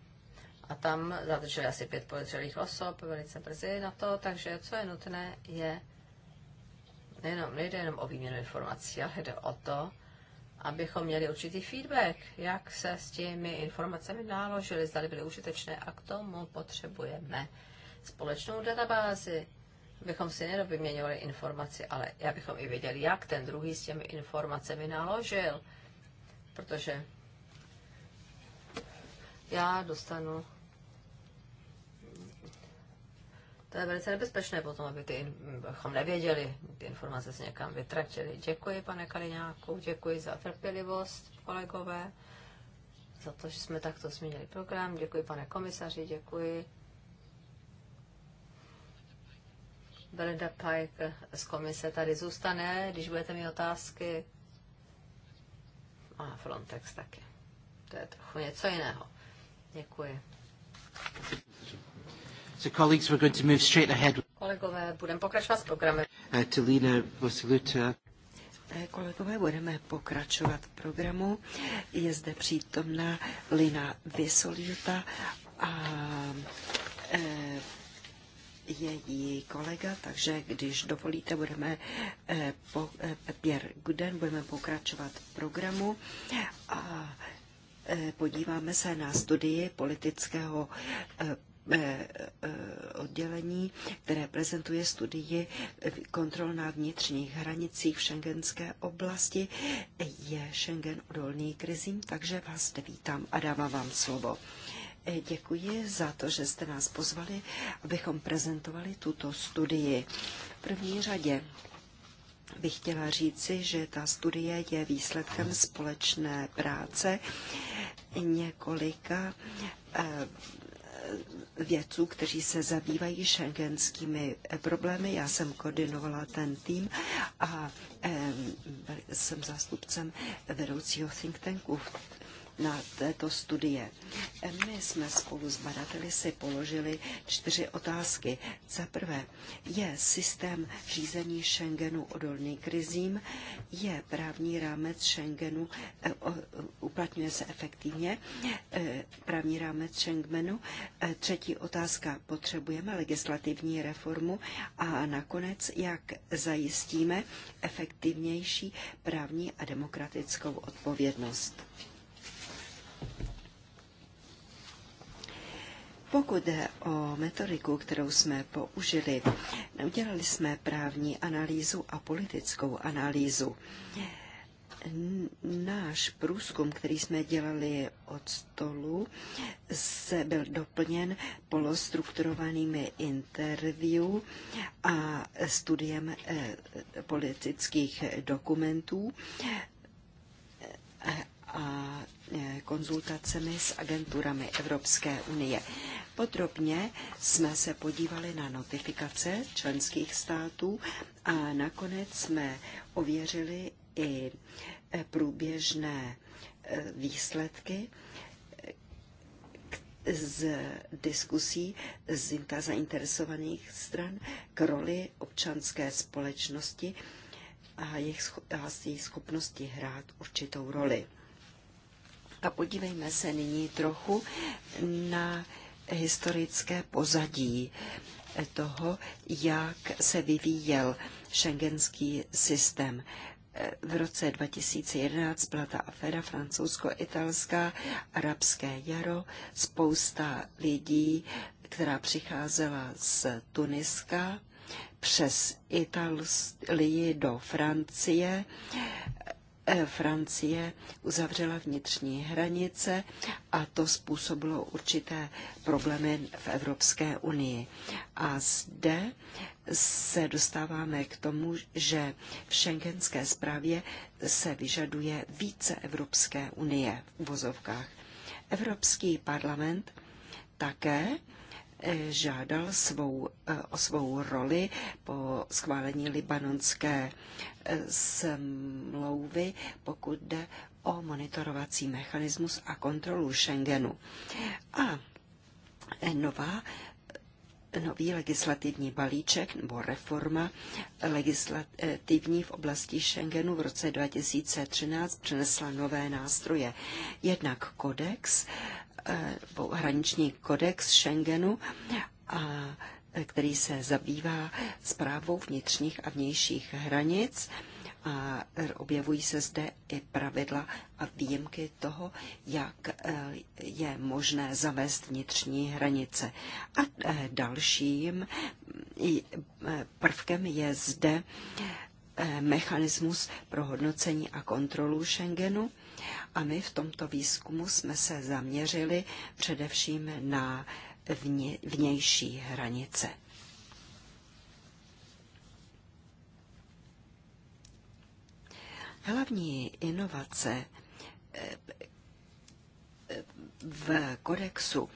a tam zadrželi asi pět podezřelých osob velice brzy na to, takže co je nutné je, nejenom, nejde jenom o výměnu informací, ale jde o to, abychom měli určitý feedback, jak se s těmi informacemi náložili, zdali byly užitečné a k tomu potřebujeme společnou databázi, bychom si nejenom vyměňovali informaci, ale já bychom i věděli, jak ten druhý s těmi informacemi naložil. Protože já dostanu to je velice nebezpečné potom, aby ty, bychom nevěděli, ty informace se někam vytratily. Děkuji, pane Kaliňáku, děkuji za trpělivost, kolegové, za to, že jsme takto změnili program. Děkuji, pane komisaři, děkuji Belinda Pike z komise tady zůstane, když budete mít otázky. A Frontex taky. To je trochu něco jiného. Děkuji. So colleagues, we're going to move straight ahead. Kolegové, budeme pokračovat s programem. Uh, to Lina Vasiluta. Eh, kolegové, budeme pokračovat v programu. Je zde přítomna Lina Vysoliuta a e, její kolega, takže když dovolíte, budeme eh, po, eh, Pierre Guden, budeme pokračovat v programu a eh, podíváme se na studii politického oddělení, které prezentuje studii kontrol na vnitřních hranicích v šengenské oblasti. Je Schengen odolný krizím, takže vás vítám a dávám vám slovo děkuji za to, že jste nás pozvali, abychom prezentovali tuto studii. V první řadě bych chtěla říci, že ta studie je výsledkem společné práce několika eh, vědců, kteří se zabývají šengenskými eh, problémy. Já jsem koordinovala ten tým a eh, jsem zástupcem vedoucího think tanku na této studie. My jsme spolu s badateli si položili čtyři otázky. Za prvé, je systém řízení Schengenu odolný krizím? Je právní rámec Schengenu, eh, uplatňuje se efektivně eh, právní rámec Schengenu? Eh, třetí otázka, potřebujeme legislativní reformu? A nakonec, jak zajistíme efektivnější právní a demokratickou odpovědnost? Pokud jde o metodiku, kterou jsme použili, udělali jsme právní analýzu a politickou analýzu. Náš průzkum, který jsme dělali od stolu, se byl doplněn polostrukturovanými interview a studiem e, politických dokumentů e, a Eh, konzultacemi s agenturami Evropské unie. Podrobně jsme se podívali na notifikace členských států a nakonec jsme ověřili i eh, průběžné eh, výsledky z diskusí z zainteresovaných stran k roli občanské společnosti a jejich schopnosti hrát určitou roli. A podívejme se nyní trochu na historické pozadí toho, jak se vyvíjel šengenský systém. V roce 2011 byla ta aféra francouzsko-italská, arabské jaro, spousta lidí, která přicházela z Tuniska přes Itálii do Francie, Eh, Francie uzavřela vnitřní hranice a to způsobilo určité problémy v Evropské unii. A zde se dostáváme k tomu, že v šengenské zprávě se vyžaduje více Evropské unie v vozovkách. Evropský parlament také eh, žádal svou, eh, o svou roli po schválení libanonské smlouvy, pokud jde o monitorovací mechanismus a kontrolu Schengenu. A nová nový legislativní balíček nebo reforma legislativní v oblasti Schengenu v roce 2013 přinesla nové nástroje. Jednak kodex, eh, hraniční kodex Schengenu a který se zabývá zprávou vnitřních a vnějších hranic a objevují se zde i pravidla a výjimky toho, jak eh, je možné zavést vnitřní hranice. A eh, dalším eh, prvkem je zde mechanismus pro hodnocení a kontrolu Schengenu. A my v tomto výzkumu jsme se zaměřili především na vně, vnější hranice. Hlavní inovace eh, eh, v kodexu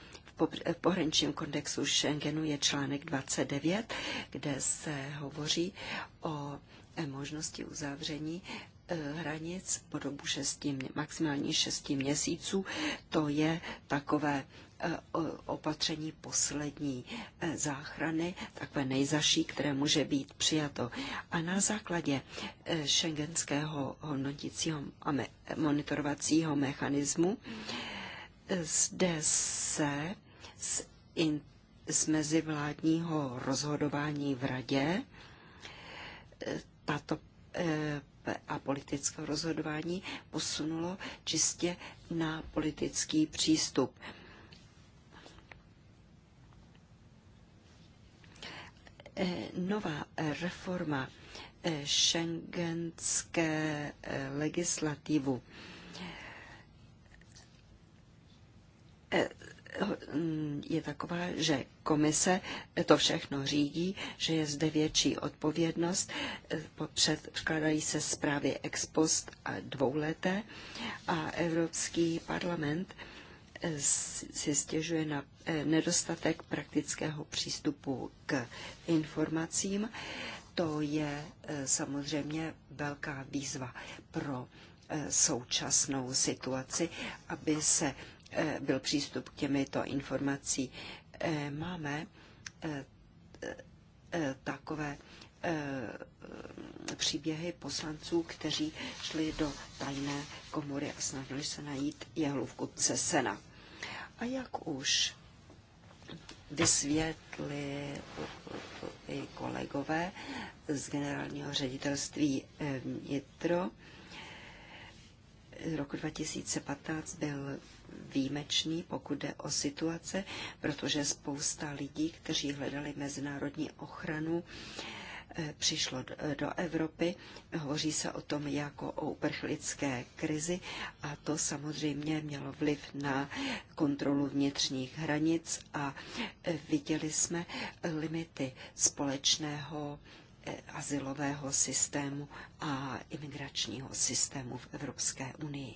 v pohraničním kodexu Schengenu je článek 29, kde se hovoří o možnosti uzavření E, hranic po dobu šesti, maximálně 6 měsíců. To je takové e, opatření poslední e, záchrany, takové nejzaší, které může být přijato. A na základě šengenského hodnotícího a monitorovacího mechanismu zde se z, in, z mezivládního rozhodování v radě tato a politického rozhodování posunulo čistě na politický přístup. E, nová reforma e, šengenské e, legislativu je taková, že komise to všechno řídí, že je zde větší odpovědnost, předkládají se zprávy ex post a dvouleté a Evropský parlament eh, si stěžuje na eh, nedostatek praktického přístupu k informacím. To je eh, samozřejmě velká výzva pro současnou situaci, aby se Eh, byl přístup k těmito informací. Eh, máme eh, takové příběhy poslanců, kteří šli do tajné komory a snažili se najít jehlu v kutce sena. A jak už vysvětli i kolegové z generálního ředitelství vnitro, roku 2015 byl výjimečný, pokud jde o situace, protože spousta lidí, kteří hledali mezinárodní ochranu, eh, přišlo do Evropy. Hovoří se o tom jako o uprchlické krizi a to samozřejmě mělo vliv na kontrolu vnitřních hranic a eh, viděli jsme limity společného eh, azylového systému a imigračního systému v Evropské unii.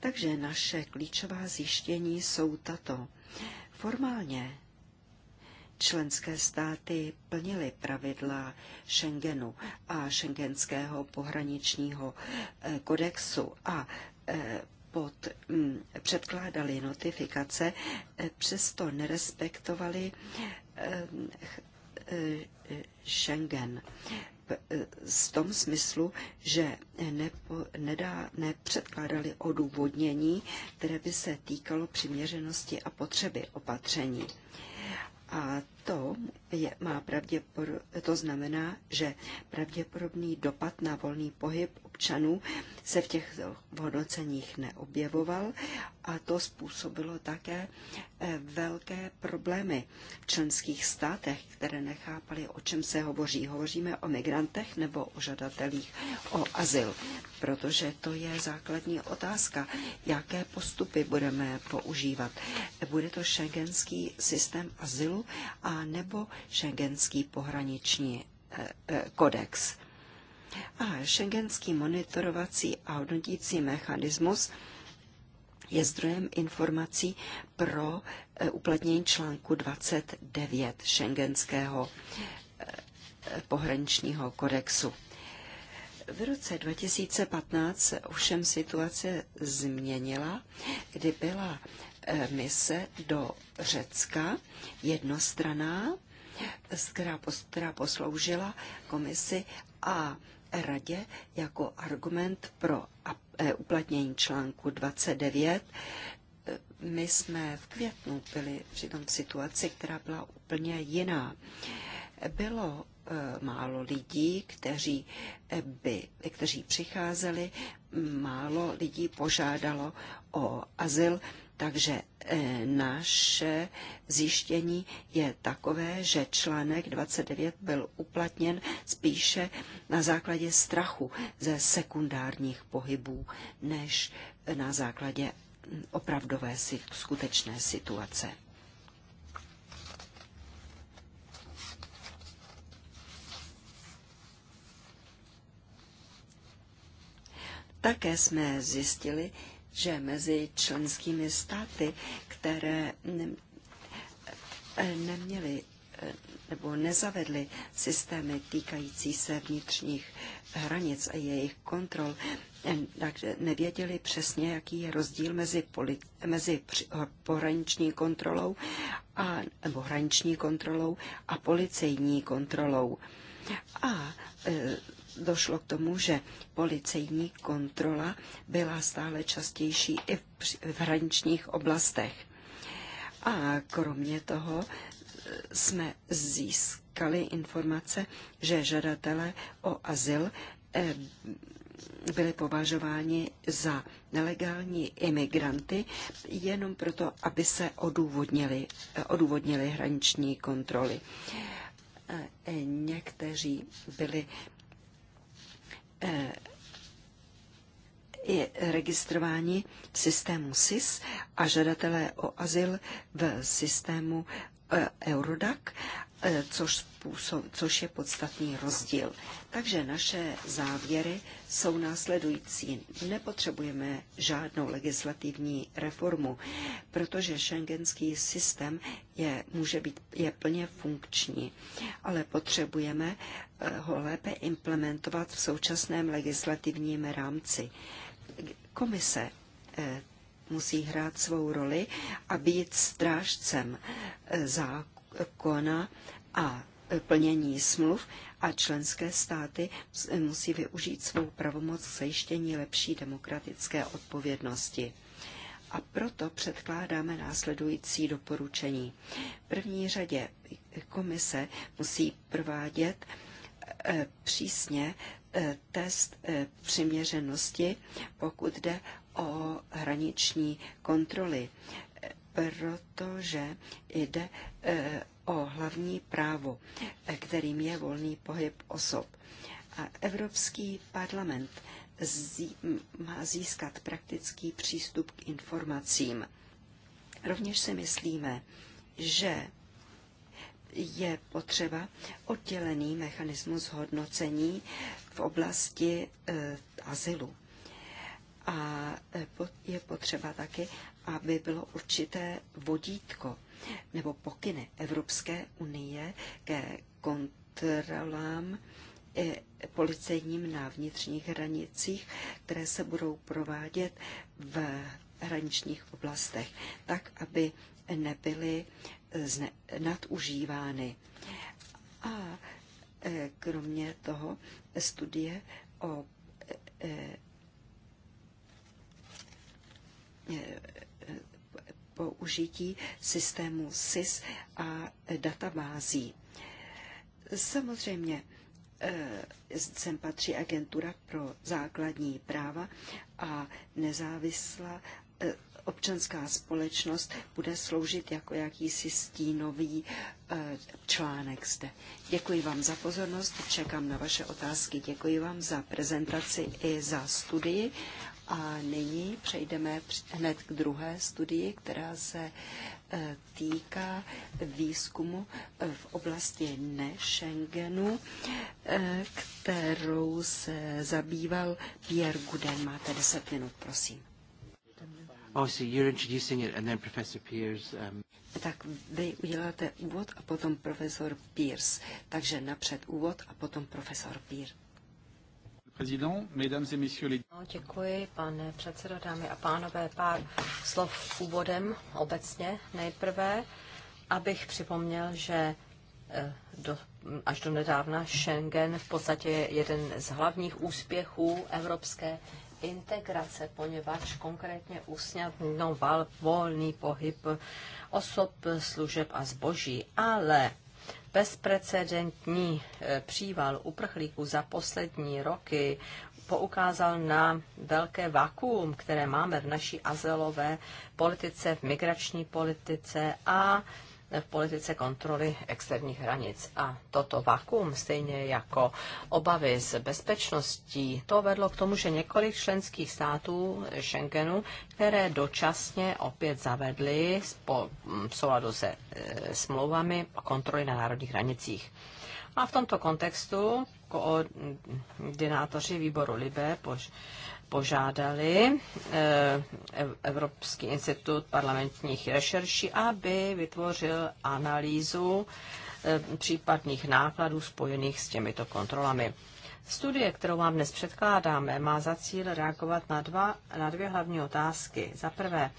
Takže naše klíčová zjištění jsou tato. Formálně členské státy plnily pravidla Schengenu a Schengenského pohraničního eh, kodexu a eh, pod, mm, předkládali notifikace, eh, přesto nerespektovali Schengen. Eh, v tom smyslu, že nepo, nedá, nepředkládali odůvodnění, které by se týkalo přiměřenosti a potřeby opatření. A to, je, má pravděpodobně, to znamená, že pravděpodobný dopad na volný pohyb občanů se v těch hodnoceních neobjevoval a to způsobilo také eh, velké problémy v členských státech, které nechápali, o čem se hovoří. Hovoříme o migrantech nebo o žadatelích o azyl, protože to je základní otázka, jaké postupy budeme používat. Bude to šengenský systém azylu a nebo šengenský pohraniční eh, eh, kodex. A šengenský monitorovací a hodnotící mechanismus je zdrojem informací pro e, uplatnění článku 29 šengenského e, pohraničního kodexu. V roce 2015 ovšem situace změnila, kdy byla e, mise do Řecka jednostraná, která posloužila komisi a radě jako argument pro eh, uplatnění článku 29. Eh, my jsme v květnu byli přitom v situaci, která byla úplně jiná. Bylo eh, málo lidí, kteří, by, kteří přicházeli, málo lidí požádalo o azyl takže eh, naše zjištění je takové, že článek 29 byl uplatněn spíše na základě strachu ze sekundárních pohybů, než na základě hm, opravdové skutečné situace. Také jsme zjistili, že mezi členskými státy, které ne, eh, neměly eh, nebo nezavedly systémy týkající se vnitřních hranic a jejich kontrol, eh, takže nevěděli přesně, jaký je rozdíl mezi, poli, mezi při, pohraniční kontrolou a, nebo hraniční kontrolou a policejní kontrolou. A došlo k tomu, že policejní kontrola byla stále častější i v hraničních oblastech. A kromě toho e, jsme získali informace, že žadatelé o azyl e, byli považováni za nelegální imigranty jenom proto, aby se odůvodnili, e, odůvodnili hraniční kontroly. Někteří byli Eh, je registrováni v systému SIS a žadatelé o azyl v systému eh, Eurodac E, což, způsob, což je podstatný rozdíl. Takže naše závěry jsou následující. Nepotřebujeme žádnou legislativní reformu, protože šengenský systém je, může být, je plně funkční, ale potřebujeme e, ho lépe implementovat v současném legislativním rámci. Komise e, musí hrát svou roli a být strážcem zákonů koná a plnění smluv a členské státy musí využít svou pravomoc k zajištění lepší demokratické odpovědnosti. A proto předkládáme následující doporučení. V první řadě komise musí provádět eh, přísně eh, test eh, přiměřenosti, pokud jde o hraniční kontroly protože jde e, o hlavní právo, e, kterým je volný pohyb osob. A Evropský parlament zí, má získat praktický přístup k informacím. Rovněž si myslíme, že je potřeba oddělený mechanismus hodnocení v oblasti e, azylu. A e, je potřeba taky, aby bylo určité vodítko nebo pokyny Evropské unie ke kontrolám e, policejním na vnitřních hranicích, které se budou provádět v hraničních oblastech, tak, aby nebyly zne- nadužívány. A e, kromě toho studie o Eh, použití systému SIS a databází. Samozřejmě eh, sem patří agentura pro základní práva a nezávislá eh, občanská společnost bude sloužit jako jakýsi stínový článek zde. Děkuji vám za pozornost, čekám na vaše otázky, děkuji vám za prezentaci i za studii a nyní přejdeme hned k druhé studii, která se e, týká výzkumu v oblasti ne-Schengenu, e, kterou se zabýval Pierre Guden. Máte 10 minut, prosím. Oh, so you're introducing it and then Professor Pierce... Um... Tak vy uděláte úvod a potom profesor Pierce. Takže napřed úvod a potom profesor Pierce. No, děkuji, pane předsedo, dámy a pánové. Pár slov úvodem obecně nejprve, abych připomněl, že eh, do, až do nedávna Schengen v podstatě je jeden z hlavních úspěchů evropské integrace, poněvadž konkrétně usnadňoval volný pohyb osob, služeb a zboží. Ale bezprecedentní eh, příval uprchlíků za poslední roky poukázal na velké vakuum, které máme v naší azylové politice, v migrační politice a v politice kontroly externích hranic. A toto vakuum, stejně jako obavy z bezpečností, to vedlo k tomu, že několik členských států Schengenu, které dočasně opět zavedly v souladu se e, smlouvami kontroly na národních hranicích. A v tomto kontextu koordinátoři výboru Libe požádali eh, Evropský institut parlamentních rešerší, aby vytvořil analýzu eh, případných nákladů spojených s těmito kontrolami. Studie, kterou vám dnes předkládáme, má za cíl reagovat na, dva, na dvě hlavní otázky. Za prvé,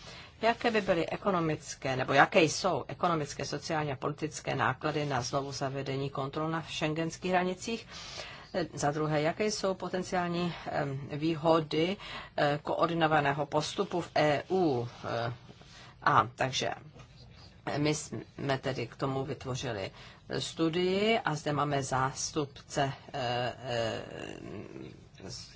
jaké by byly ekonomické, nebo jaké jsou ekonomické, sociální a politické náklady na znovu zavedení kontrol na šengenských hranicích? Za druhé, jaké jsou potenciální výhody eh, koordinovaného postupu v EU? Eh, a takže eh, my jsme tedy k tomu vytvořili studii a zde máme zástupce z,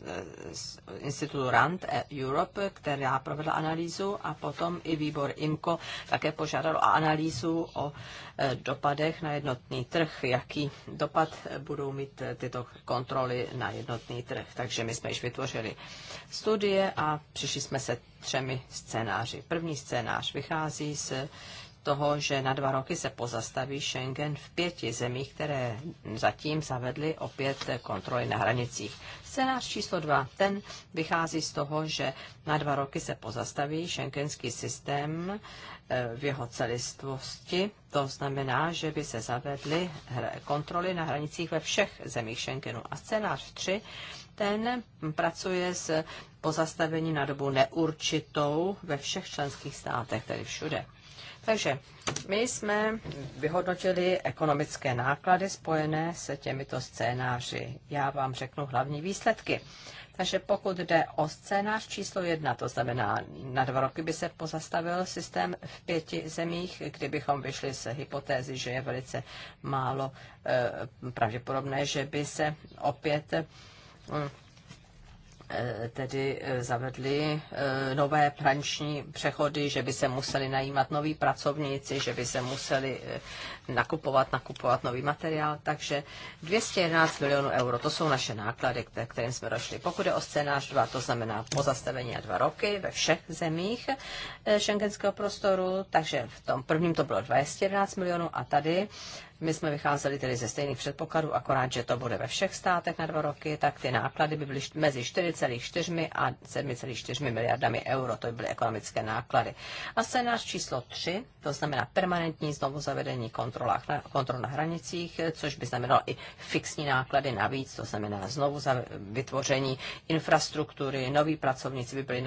z institutu RAND Europe, která provedla analýzu a potom i výbor IMCO také požádal o analýzu o e, dopadech na jednotný trh, jaký dopad budou mít tyto kontroly na jednotný trh. Takže my jsme již vytvořili studie a přišli jsme se třemi scénáři. První scénář vychází z toho, že na dva roky se pozastaví Schengen v pěti zemích, které zatím zavedly opět kontroly na hranicích. Scénář číslo dva ten vychází z toho, že na dva roky se pozastaví šenkenský systém eh, v jeho celistvosti. To znamená, že by se zavedly kontroly na hranicích ve všech zemích Schengenu. A scénář tři ten pracuje s pozastavením na dobu neurčitou ve všech členských státech, tedy všude. Takže my jsme vyhodnotili ekonomické náklady spojené se těmito scénáři. Já vám řeknu hlavní výsledky. Takže pokud jde o scénář číslo jedna, to znamená, na dva roky by se pozastavil systém v pěti zemích, kdybychom vyšli z hypotézy, že je velice málo e, pravděpodobné, že by se opět eh, Eh, tedy eh, zavedli eh, nové pranční přechody, že by se museli najímat noví pracovníci, že by se museli nakupovat, nakupovat nový materiál. Takže 211 milionů euro, to jsou naše náklady, kterým jsme došli. Pokud je o scénář 2, to znamená pozastavení a dva roky ve všech zemích šengenského prostoru, takže v tom prvním to bylo 211 milionů a tady my jsme vycházeli tedy ze stejných předpokladů, akorát, že to bude ve všech státech na dva roky, tak ty náklady by byly mezi 4,4 a 7,4 miliardami euro, to by byly ekonomické náklady. A scénář číslo 3, to znamená permanentní znovu zavedení na, kontrol na hranicích, což by znamenalo i fixní náklady navíc, to znamená znovu vytvoření infrastruktury, noví pracovníci by byli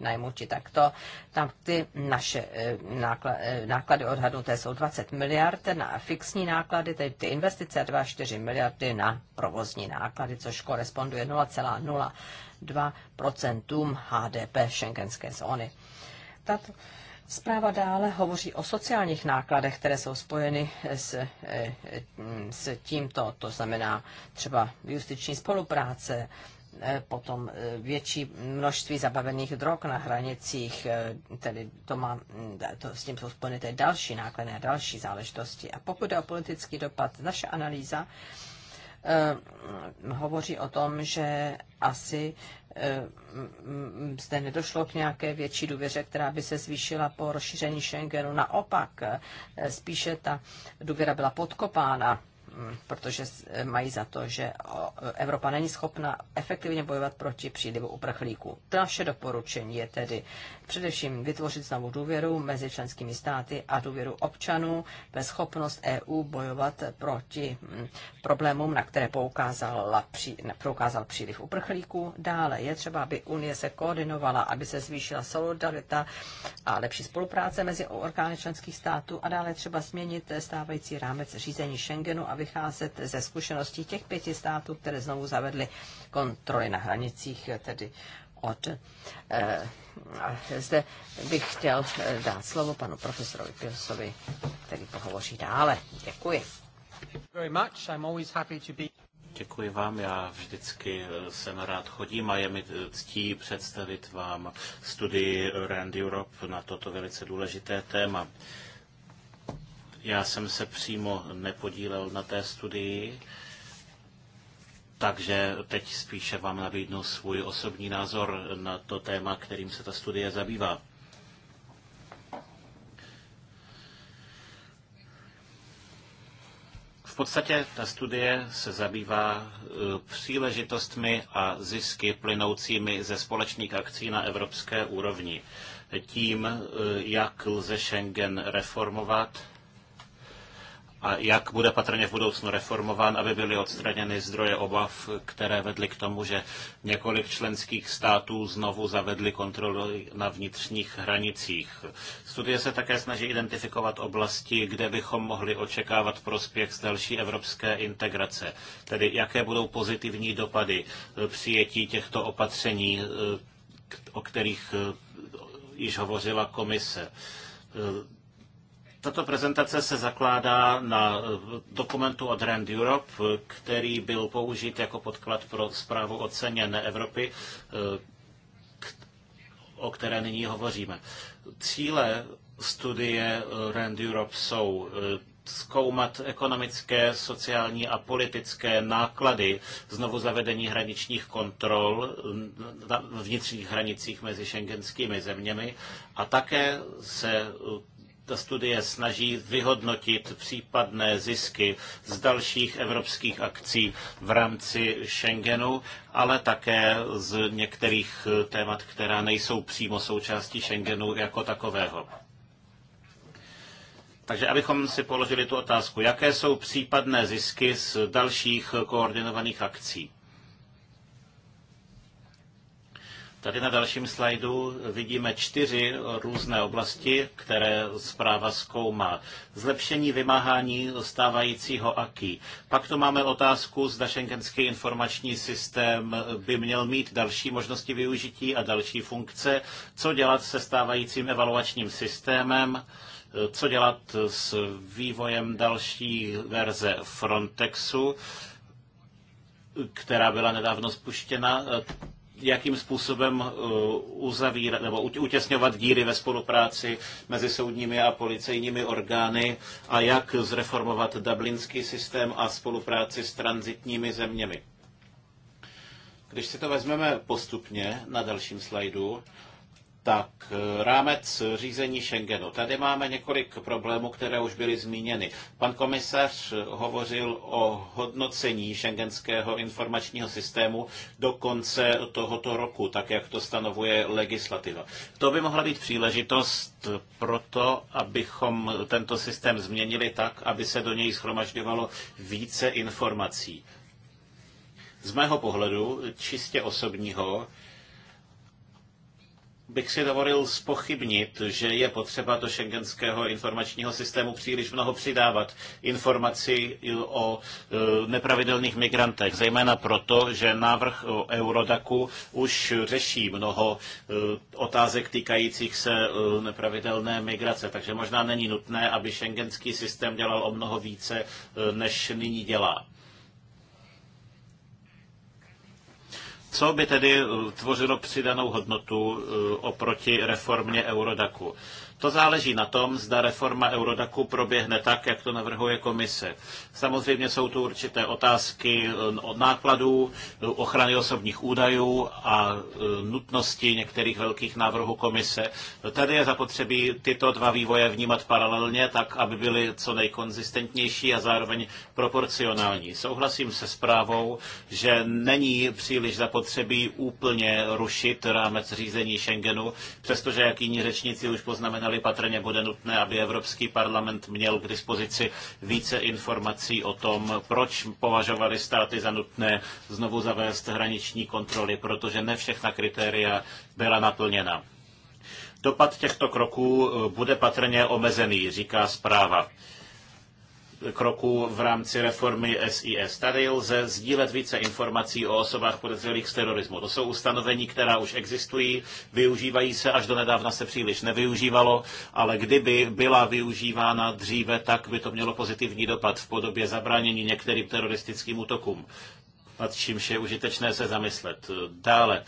najmuti takto. Tam ty naše eh, eh, náklady odhadnuté jsou 20 miliard na fix fixní náklady, tedy ty investice 2,4 miliardy na provozní náklady, což koresponduje 0,02 HDP šengenské zóny. Tato Zpráva dále hovoří o sociálních nákladech, které jsou spojeny s, eh, eh, s tímto, to znamená třeba justiční spolupráce, E, potom e, větší množství zabavených drog na hranicích, e, tedy to má, to s tím jsou spojené další náklady a další záležitosti. A pokud je o politický dopad, naše analýza hovoří o tom, že asi zde nedošlo k nějaké větší důvěře, která by se zvýšila po rozšíření Schengenu. Naopak, spíše ta důvěra byla podkopána Mm, protože mají za to, že Evropa není schopna efektivně bojovat proti přílivu uprchlíků. To naše doporučení je tedy Především vytvořit znovu důvěru mezi členskými státy a důvěru občanů ve schopnost EU bojovat proti mm, problémům, na které poukázal, poukázal příliv uprchlíků. Dále je třeba, aby Unie se koordinovala, aby se zvýšila solidarita a lepší spolupráce mezi orgány členských států a dále třeba změnit stávající rámec řízení Schengenu a vycházet ze zkušeností těch pěti států, které znovu zavedly kontroly na hranicích, tedy od. Eh, zde bych chtěl eh, dát slovo panu profesorovi Pilsovi, který pohovoří dále. Děkuji. Děkuji vám, já vždycky eh, jsem rád chodím a je mi ctí představit vám studii Rand Europe na toto velice důležité téma. Já jsem se přímo nepodílel na té studii, takže teď spíše vám nabídnu svůj osobní názor na to téma, kterým se ta studie zabývá. V podstatě ta studie se zabývá e, příležitostmi a zisky plynoucími ze společných akcí na evropské úrovni. Tím, e, jak lze Schengen reformovat, a jak bude patrně v budoucnu reformován, aby byly odstraněny zdroje obav, které vedly k tomu, že několik členských států znovu zavedly kontrolu na vnitřních hranicích. Studie se také snaží identifikovat oblasti, kde bychom mohli očekávat prospěch z další evropské integrace, tedy jaké budou pozitivní dopady eh, přijetí těchto opatření, eh, o kterých eh, již hovořila komise tato prezentace se zakládá na eh, dokumentu od Rand Europe, který byl použit jako podklad pro zprávu o ceně Evropy, eh, o které nyní hovoříme. Cíle studie eh, Rand Europe jsou zkoumat ekonomické, sociální a politické náklady znovu zavedení hraničních kontrol na vnitřních hranicích mezi šengenskými zeměmi a také se studie snaží vyhodnotit případné zisky z dalších evropských akcí v rámci Schengenu, ale také z některých témat, která nejsou přímo součástí Schengenu jako takového. Takže abychom si položili tu otázku, jaké jsou případné zisky z dalších koordinovaných akcí? Tady na dalším slajdu vidíme čtyři různé oblasti, které zpráva zkoumá. Zlepšení vymáhání stávajícího AKI. Pak tu máme otázku, zda šengenský informační systém by měl mít další možnosti využití a další funkce. Co dělat se stávajícím evaluačním systémem? Co dělat s vývojem další verze Frontexu, která byla nedávno spuštěna? jakým způsobem eh, uzavírat nebo utěsňovat díry ve spolupráci mezi soudními a policejními orgány a jak zreformovat dublinský systém a spolupráci s transitními zeměmi. Když si to vezmeme postupně na dalším slajdu, tak rámec řízení Schengenu. Tady máme několik problémů, které už byly zmíněny. Pan komisař hovořil o hodnocení šengenského informačního systému do konce tohoto roku, tak jak to stanovuje legislativa. To by mohla být příležitost pro to, abychom tento systém změnili tak, aby se do něj schromažďovalo více informací. Z mého pohledu, čistě osobního, bych si dovolil spochybnit, že je potřeba do šengenského informačního systému příliš mnoho přidávat informaci o e, nepravidelných migrantech, zejména proto, že návrh Eurodaku už řeší mnoho e, otázek týkajících se e, nepravidelné migrace, takže možná není nutné, aby šengenský systém dělal o mnoho více, než nyní dělá. Co by tedy eh, tvořilo přidanou hodnotu eh, oproti reformě Eurodaku? To záleží na tom, zda reforma Eurodaku proběhne tak, jak to navrhuje komise. Samozřejmě jsou tu určité otázky eh, od nákladů, eh, ochrany osobních údajů a eh, nutnosti některých velkých návrhů komise. Tady je zapotřebí tyto dva vývoje vnímat paralelně, tak aby byly co nejkonzistentnější a zároveň proporcionální. Souhlasím se zprávou, že není příliš zapotřebí úplně rušit rámec řízení Schengenu, přestože jak jiní řečníci už poznamenali, zazněly, patrně bude nutné, aby Evropský parlament měl k dispozici více informací o tom, proč považovali státy za nutné znovu zavést hraniční kontroly, protože ne všechna kritéria byla naplněna. Dopad těchto kroků eh, bude patrně omezený, říká zpráva kroků v rámci reformy SIS. Tady lze sdílet více informací o osobách podezřelých z terorismu. To jsou ustanovení, která už existují, využívají se, až do nedávna se příliš nevyužívalo, ale kdyby byla využívána dříve, tak by to mělo pozitivní dopad v podobě zabránění některým teroristickým útokům. Nad čímž je užitečné se zamyslet. Dále,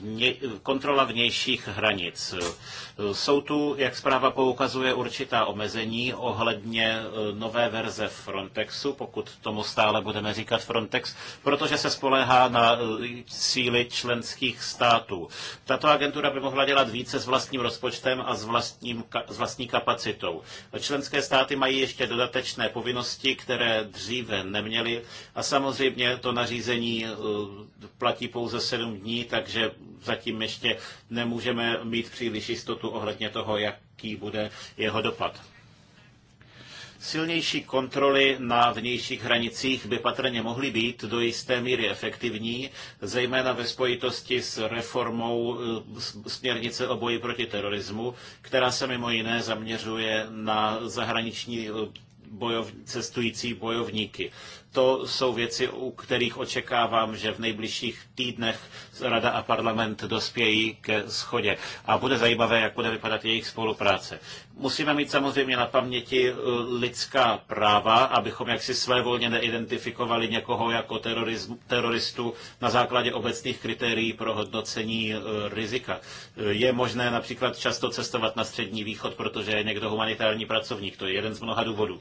vně, kontrola vnějších hranic. Jsou tu, jak zpráva poukazuje, určitá omezení ohledně e, nové verze Frontexu, pokud tomu stále budeme říkat Frontex, protože se spoléhá na e, síly členských států. Tato agentura by mohla dělat více s vlastním rozpočtem a s, vlastním, s vlastní kapacitou. Členské státy mají ještě dodatečné povinnosti, které dříve neměly a samozřejmě to nařízení e, platí pouze sedm dní, takže zatím ještě nemůžeme mít příliš jistotu debatu ohledně toho, jaký bude jeho dopad. Silnější kontroly na vnějších hranicích by patrně mohly být do jisté míry efektivní, zejména ve spojitosti s reformou eh, směrnice o boji proti terorismu, která se mimo jiné zaměřuje na zahraniční eh, bojov, cestující bojovníky to jsou věci, u kterých očekávám, že v nejbližších týdnech Rada a parlament dospějí ke schodě. A bude zajímavé, jak bude vypadat jejich spolupráce. Musíme mít samozřejmě na paměti eh, lidská práva, abychom jaksi své volně neidentifikovali někoho jako teroristu na základě obecných kritérií pro hodnocení eh, rizika. Eh, je možné například často cestovat na Střední východ, protože je někdo humanitární pracovník. To je jeden z mnoha důvodů.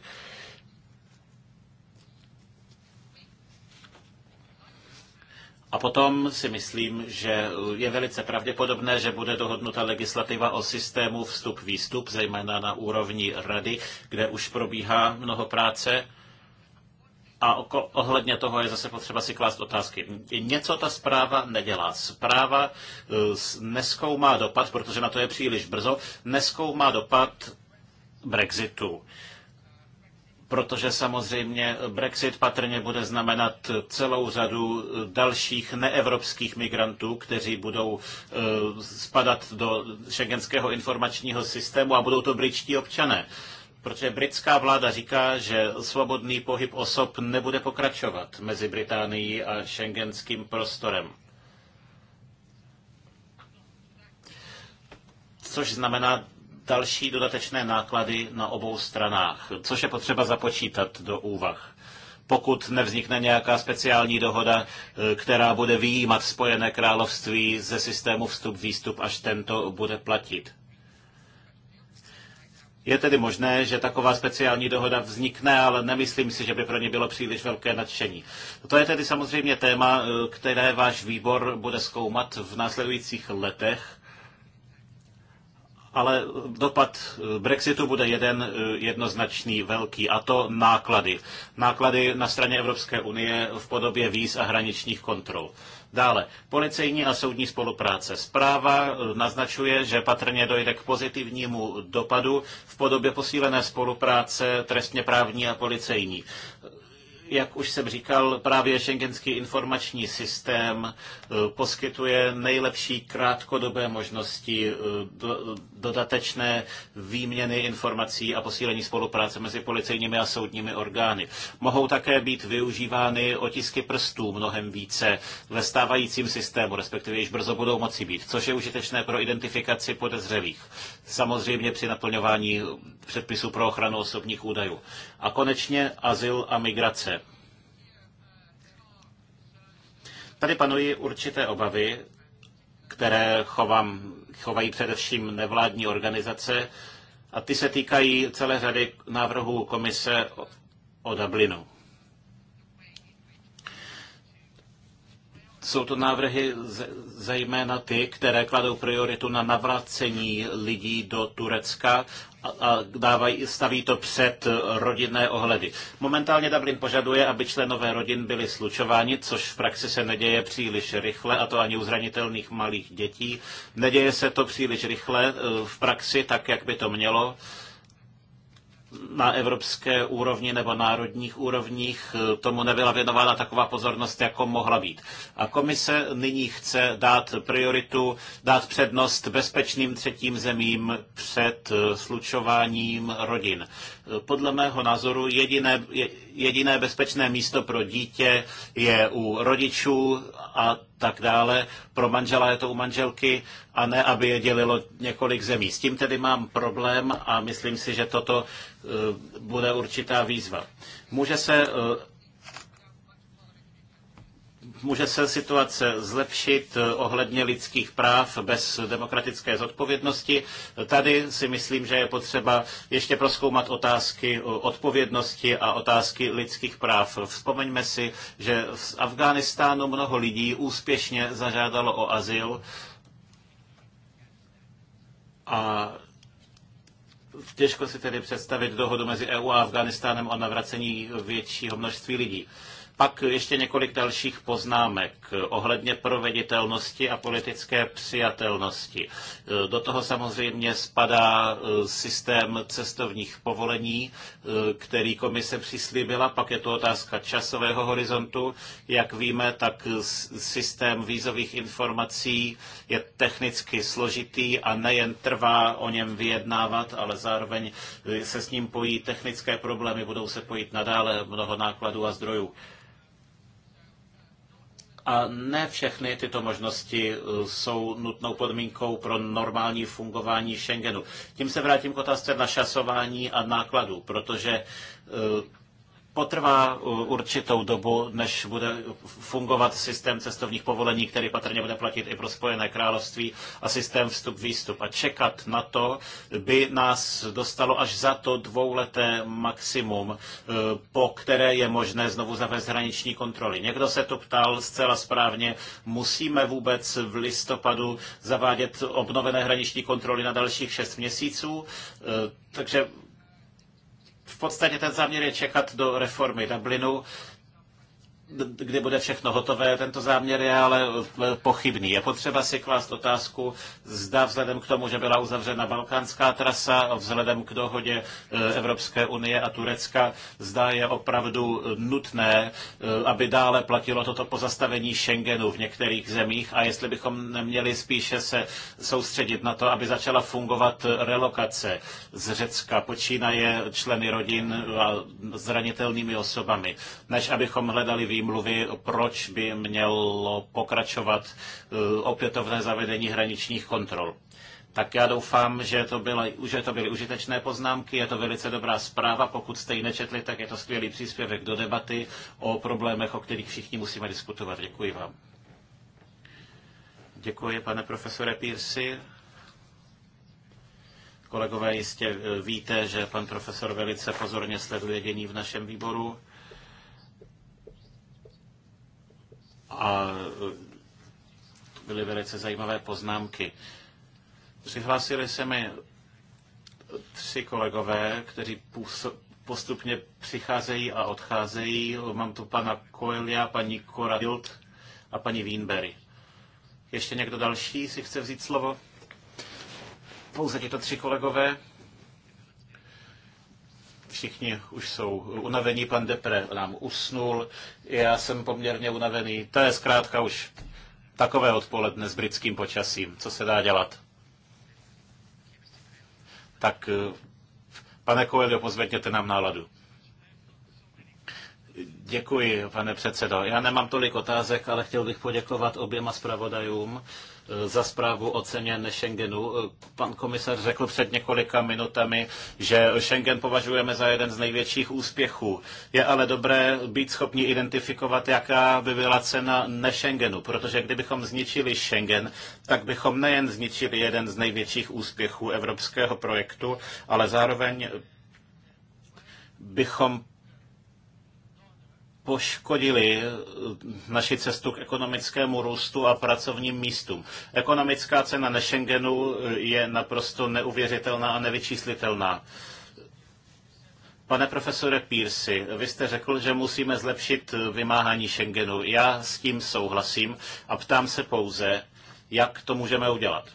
A potom si myslím, že je velice pravděpodobné, že bude dohodnuta legislativa o systému vstup-výstup, zejména na úrovni rady, kde už probíhá mnoho práce. A ohledně toho je zase potřeba si klást otázky. Něco ta zpráva nedělá. Zpráva e, neskoumá dopad, protože na to je příliš brzo, neskoumá dopad Brexitu protože samozřejmě Brexit patrně bude znamenat celou řadu dalších neevropských migrantů, kteří budou eh, spadat do šengenského informačního systému a budou to britští občané. Protože britská vláda říká, že svobodný pohyb osob nebude pokračovat mezi Británií a šengenským prostorem. Což znamená další dodatečné náklady na obou stranách, což je potřeba započítat do úvah pokud nevznikne nějaká speciální dohoda, eh, která bude výjímat Spojené království ze systému vstup-výstup, až tento bude platit. Je tedy možné, že taková speciální dohoda vznikne, ale nemyslím si, že by pro ně bylo příliš velké nadšení. To je tedy samozřejmě téma, eh, které váš výbor bude zkoumat v následujících letech ale dopad eh, Brexitu bude jeden eh, jednoznačný velký, a to náklady. Náklady na straně Evropské unie v podobě víz a hraničních kontrol. Dále, policejní a soudní spolupráce. Zpráva eh, naznačuje, že patrně dojde k pozitivnímu dopadu v podobě posílené spolupráce trestně právní a policejní jak už jsem říkal, právě šengenský informační systém poskytuje nejlepší krátkodobé možnosti dodatečné výměny informací a posílení spolupráce mezi policejními a soudními orgány. Mohou také být využívány otisky prstů mnohem více ve stávajícím systému, respektive již brzo budou moci být, což je užitečné pro identifikaci podezřelých. Samozřejmě při naplňování předpisů pro ochranu osobních údajů. A konečně azyl a migrace. Tady panují určité obavy, které chovám, chovají především nevládní organizace a ty se týkají celé řady návrhů komise o Dublinu. Jsou to návrhy zejména ty, které kladou prioritu na navracení lidí do Turecka a dávají, staví to před eh, rodinné ohledy. Momentálně Dublin požaduje, aby členové rodin byli slučováni, což v praxi se neděje příliš rychle, a to ani u zranitelných malých dětí. Neděje se to příliš rychle eh, v praxi, tak jak by to mělo na evropské úrovni nebo národních úrovních e, tomu nebyla věnována taková pozornost, jako mohla být. A komise nyní chce dát prioritu, dát přednost bezpečným třetím zemím před e, slučováním rodin. E, podle mého názoru jediné, jediné bezpečné místo pro dítě je u rodičů a tak dále. Pro manžela je to u manželky a ne, aby je dělilo několik zemí. S tím tedy mám problém a myslím si, že toto eh, bude určitá výzva. Může se eh, může se situace zlepšit eh, ohledně lidských práv bez demokratické zodpovědnosti. Tady si myslím, že je potřeba ještě proskoumat otázky eh, odpovědnosti a otázky lidských práv. Vzpomeňme si, že v Afghánistánu mnoho lidí úspěšně zažádalo o azyl a těžko si tedy představit dohodu mezi EU a Afganistánem o navracení většího množství lidí. Pak ještě několik dalších poznámek ohledně proveditelnosti a politické přijatelnosti. Do toho samozřejmě spadá e, systém cestovních povolení, e, který komise přislíbila. Pak je to otázka časového horizontu. Jak víme, tak systém vízových informací je technicky složitý a nejen trvá o něm vyjednávat, ale zároveň e, se s ním pojí technické problémy, budou se pojít nadále mnoho nákladů a zdrojů. A ne všechny tyto možnosti eh, jsou nutnou podmínkou pro normální fungování Schengenu. Tím se vrátím k otázce šasování a nákladů, protože eh, potrvá uh, určitou dobu, než bude fungovat systém cestovních povolení, který patrně bude platit i pro Spojené království a systém vstup-výstup. A čekat na to by nás dostalo až za to dvouleté maximum, uh, po které je možné znovu zavést hraniční kontroly. Někdo se to ptal zcela správně, musíme vůbec v listopadu zavádět obnovené hraniční kontroly na dalších šest měsíců, uh, takže v podstatě ten záměr je čekat do reformy Dublinu, kdy bude všechno hotové. Tento záměr je ale e, pochybný. Je potřeba si klást otázku, zda vzhledem k tomu, že byla uzavřena balkánská trasa, vzhledem k dohodě e, Evropské unie a Turecka, zda je opravdu e, nutné, aby dále platilo toto pozastavení Schengenu v některých zemích a jestli bychom neměli spíše se soustředit na to, aby začala fungovat relokace z Řecka, počínaje členy rodin a zranitelnými osobami, než abychom hledali výjimky výmluvy, proč by mělo pokračovat eh, opětovné zavedení hraničních kontrol. Tak já doufám, že to, byly, že to byly užitečné poznámky, je to velice dobrá zpráva. Pokud jste ji nečetli, tak je to skvělý příspěvek do debaty o problémech, o kterých všichni musíme diskutovat. Děkuji vám. Děkuji, pane profesore Pírsi. Kolegové, jistě eh, víte, že pan profesor velice pozorně sleduje dění v našem výboru a eh, byly velice zajímavé poznámky. Přihlásili se mi tři kolegové, kteří postupně přicházejí a odcházejí. Mám tu pana Coelia, paní Koradilt a paní Wienberry. Ještě někdo další si chce vzít slovo? Pouze tyto tři kolegové všichni už jsou unavení, pan Depre nám usnul, já jsem poměrně unavený. To je zkrátka už takové odpoledne s britským počasím, co se dá dělat. Tak, eh, pane Coelho, pozvedněte nám náladu. Děkuji, pane předsedo. Já nemám tolik otázek, ale chtěl bych poděkovat oběma zpravodajům Eh, za zprávu o ceně Schengenu. Eh, pan komisař řekl před několika minutami, že Schengen považujeme za jeden z největších úspěchů. Je ale dobré být schopni identifikovat, jaká by byla cena Schengenu, protože kdybychom zničili Schengen, tak bychom nejen zničili jeden z největších úspěchů evropského projektu, ale zároveň bychom poškodili eh, naši cestu k ekonomickému růstu a pracovním místům. Ekonomická cena Nešengenu eh, je naprosto neuvěřitelná a nevyčíslitelná. Pane profesore Pírsi, vy jste řekl, že musíme zlepšit eh, vymáhání Schengenu. Já s tím souhlasím a ptám se pouze, jak to můžeme udělat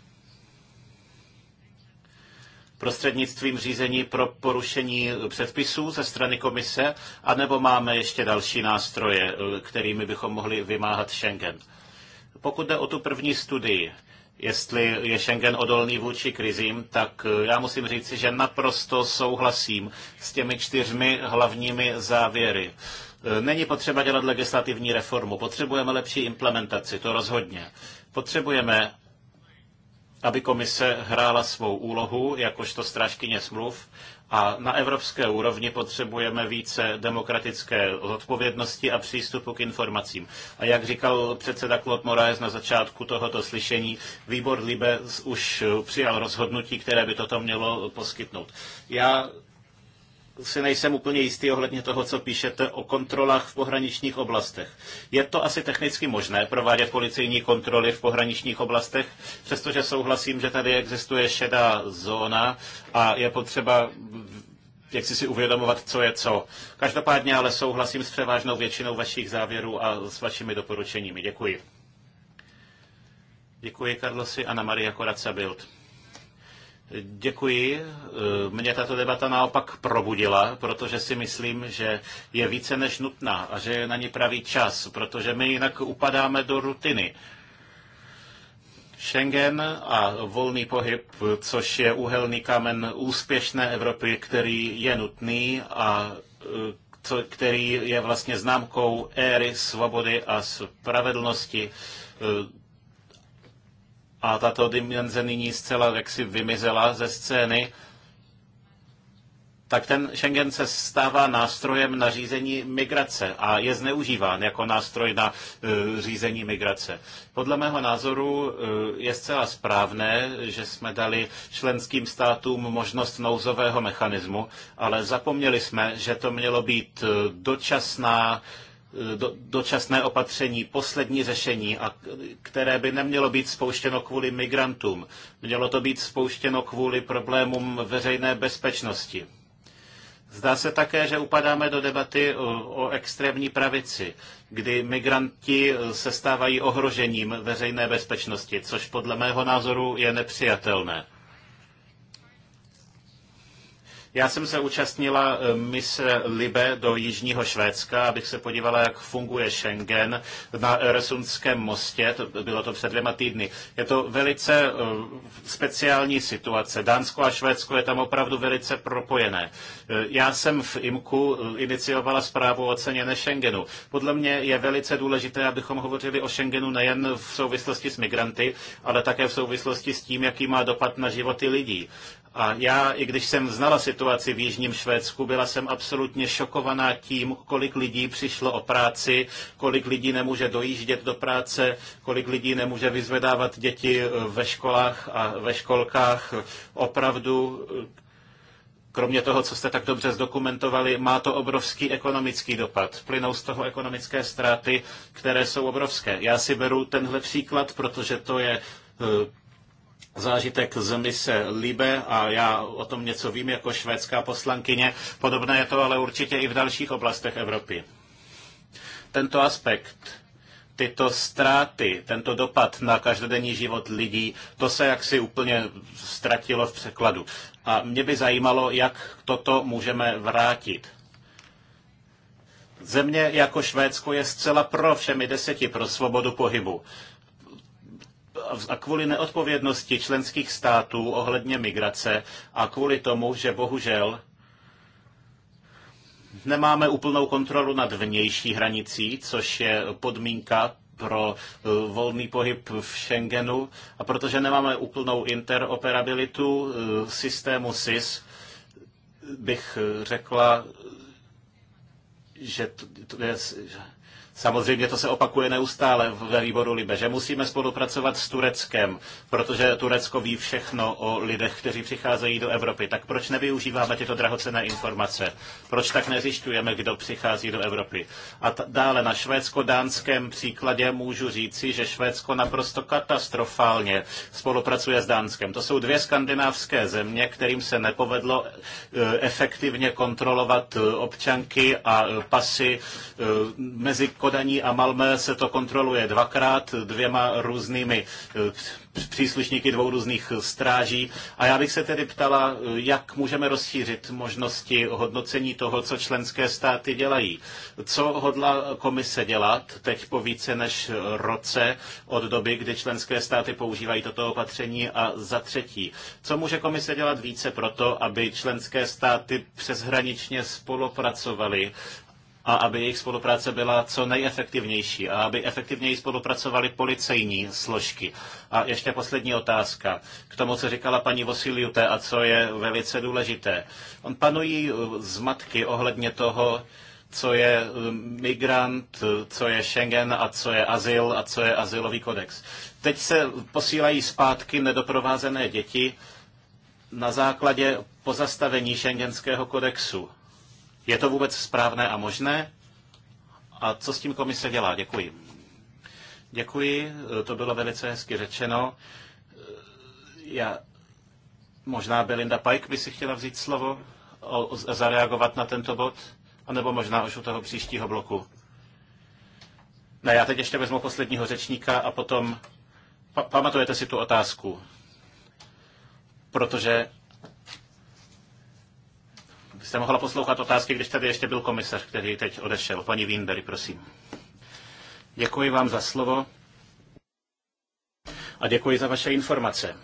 prostřednictvím řízení pro porušení předpisů ze strany komise, anebo máme ještě další nástroje, eh, kterými bychom mohli vymáhat Schengen? Pokud jde o tu první studii, jestli je Schengen odolný vůči krizím, tak eh, já musím říci, že naprosto souhlasím s těmi čtyřmi hlavními závěry. Eh, není potřeba dělat legislativní reformu, potřebujeme lepší implementaci, to rozhodně. Potřebujeme aby komise hrála svou úlohu jakožto strážkyně smluv a na evropské úrovni potřebujeme více demokratické odpovědnosti a přístupu k informacím. A jak říkal předseda Claude Moraes na začátku tohoto slyšení, výbor Libe už přijal rozhodnutí, které by toto mělo poskytnout. Já si nejsem úplně jistý ohledně toho, co píšete o kontrolách v pohraničních oblastech. Je to asi technicky možné provádět policejní kontroly v pohraničních oblastech, přestože souhlasím, že tady existuje šedá zóna a je potřeba jak si si uvědomovat, co je co. Každopádně ale souhlasím s převážnou většinou vašich závěrů a s vašimi doporučeními. Děkuji. Děkuji, Karlosi. Anna Maria Koraca Bild. Děkuji. Eh, mě tato debata naopak probudila, protože si myslím, že je více než nutná a že je na ní pravý čas, protože my jinak upadáme do rutiny. Schengen a volný pohyb, což je uhelný kámen úspěšné Evropy, který je nutný a eh, co, který je vlastně známkou éry svobody a spravedlnosti, eh, a tato dimenze nyní zcela jaksi vymizela ze scény, tak ten Schengen se stává nástrojem na řízení migrace a je zneužíván jako nástroj na uh, řízení migrace. Podle mého názoru uh, je zcela správné, že jsme dali členským státům možnost nouzového mechanismu, ale zapomněli jsme, že to mělo být e, dočasná uh, Eh, do, dočasné opatření, poslední řešení, a které by nemělo být spouštěno kvůli migrantům. Mělo to být spouštěno kvůli problémům veřejné bezpečnosti. Zdá se také, že upadáme do debaty o extrémní pravici, kdy migranti eh, se stávají ohrožením veřejné bezpečnosti, což podle mého názoru je nepřijatelné. Já jsem se účastnila eh, mise Libe do Jižního Švédska, abych se podívala, jak funguje Schengen na Resundském mostě, to bylo to před dvěma týdny. Je to velice eh, speciální situace. Dánsko a Švédsko je tam opravdu velice propojené. Eh, já jsem v IMKU iniciovala zprávu o ceně Schengenu. Podle mě je velice důležité, abychom hovořili o Schengenu nejen v souvislosti s migranty, ale také v souvislosti s tím, jaký má dopad na životy lidí. A já, i když jsem znala situaci v Jižním Švédsku, byla jsem absolutně šokovaná tím, kolik lidí přišlo o práci, kolik lidí nemůže dojíždět do práce, kolik lidí nemůže vyzvedávat děti eh, ve školách a ve školkách. Opravdu eh, kromě toho, co jste tak dobře zdokumentovali, má to obrovský ekonomický dopad. Plynou z toho ekonomické ztráty, které jsou obrovské. Já si beru tenhle příklad, protože to je eh, zážitek z mise Libe a já o tom něco vím jako švédská poslankyně. Podobné je to ale určitě i v dalších oblastech Evropy. Tento aspekt tyto ztráty, tento dopad na každodenní život lidí, to se jaksi úplně ztratilo v překladu. A mě by zajímalo, jak toto můžeme vrátit. Země jako Švédsko je zcela pro všemi deseti pro svobodu pohybu a kvůli neodpovědnosti členských států ohledně migrace a kvůli tomu, že bohužel nemáme úplnou kontrolu nad vnější hranicí, což je podmínka pro e, volný pohyb v Schengenu a protože nemáme úplnou interoperabilitu e, systému SIS, bych e, řekla, že to je, Samozřejmě to se opakuje neustále ve výboru Libe, že musíme spolupracovat s Tureckem, protože Turecko ví všechno o lidech, kteří přicházejí do Evropy. Tak proč nevyužíváme tyto drahocené informace? Proč tak nezjišťujeme, kdo přichází do Evropy? A dále na švédsko-dánském příkladě můžu říci, že Švédsko naprosto katastrofálně spolupracuje s Dánskem. To jsou dvě skandinávské země, kterým se nepovedlo e, efektivně kontrolovat e, občanky a e, pasy mezi Kodaní a Malmö se to kontroluje dvakrát dvěma různými eh, příslušníky dvou různých stráží. A já bych se tedy ptala, eh, jak můžeme rozšířit možnosti hodnocení toho, co členské státy dělají. Co hodla komise dělat teď po více než roce od doby, kdy členské státy používají toto opatření a za třetí. Co může komise dělat více proto, aby členské státy přeshraničně spolupracovaly a aby jejich spolupráce byla co nejefektivnější a aby efektivněji spolupracovaly policejní složky. A ještě poslední otázka k tomu, co říkala paní Vosiliute a co je velice důležité. On panují eh, zmatky ohledně toho, co je eh, migrant, co je Schengen a co je azyl a co je azylový kodex. Teď se posílají zpátky nedoprovázené děti na základě pozastavení šengenského kodexu. Je to vůbec správné a možné? A co s tím komise dělá? Děkuji. Děkuji, to bylo velice hezky řečeno. Já, možná Belinda Pike by si chtěla vzít slovo a zareagovat na tento bod, anebo možná už u toho příštího bloku. Ne, já teď ještě vezmu posledního řečníka a potom pa- pamatujete si tu otázku, protože jste mohla poslouchat otázky, když tady ještě byl komisař, který teď odešel. Paní Windery, prosím. Děkuji vám za slovo a děkuji za vaše informace.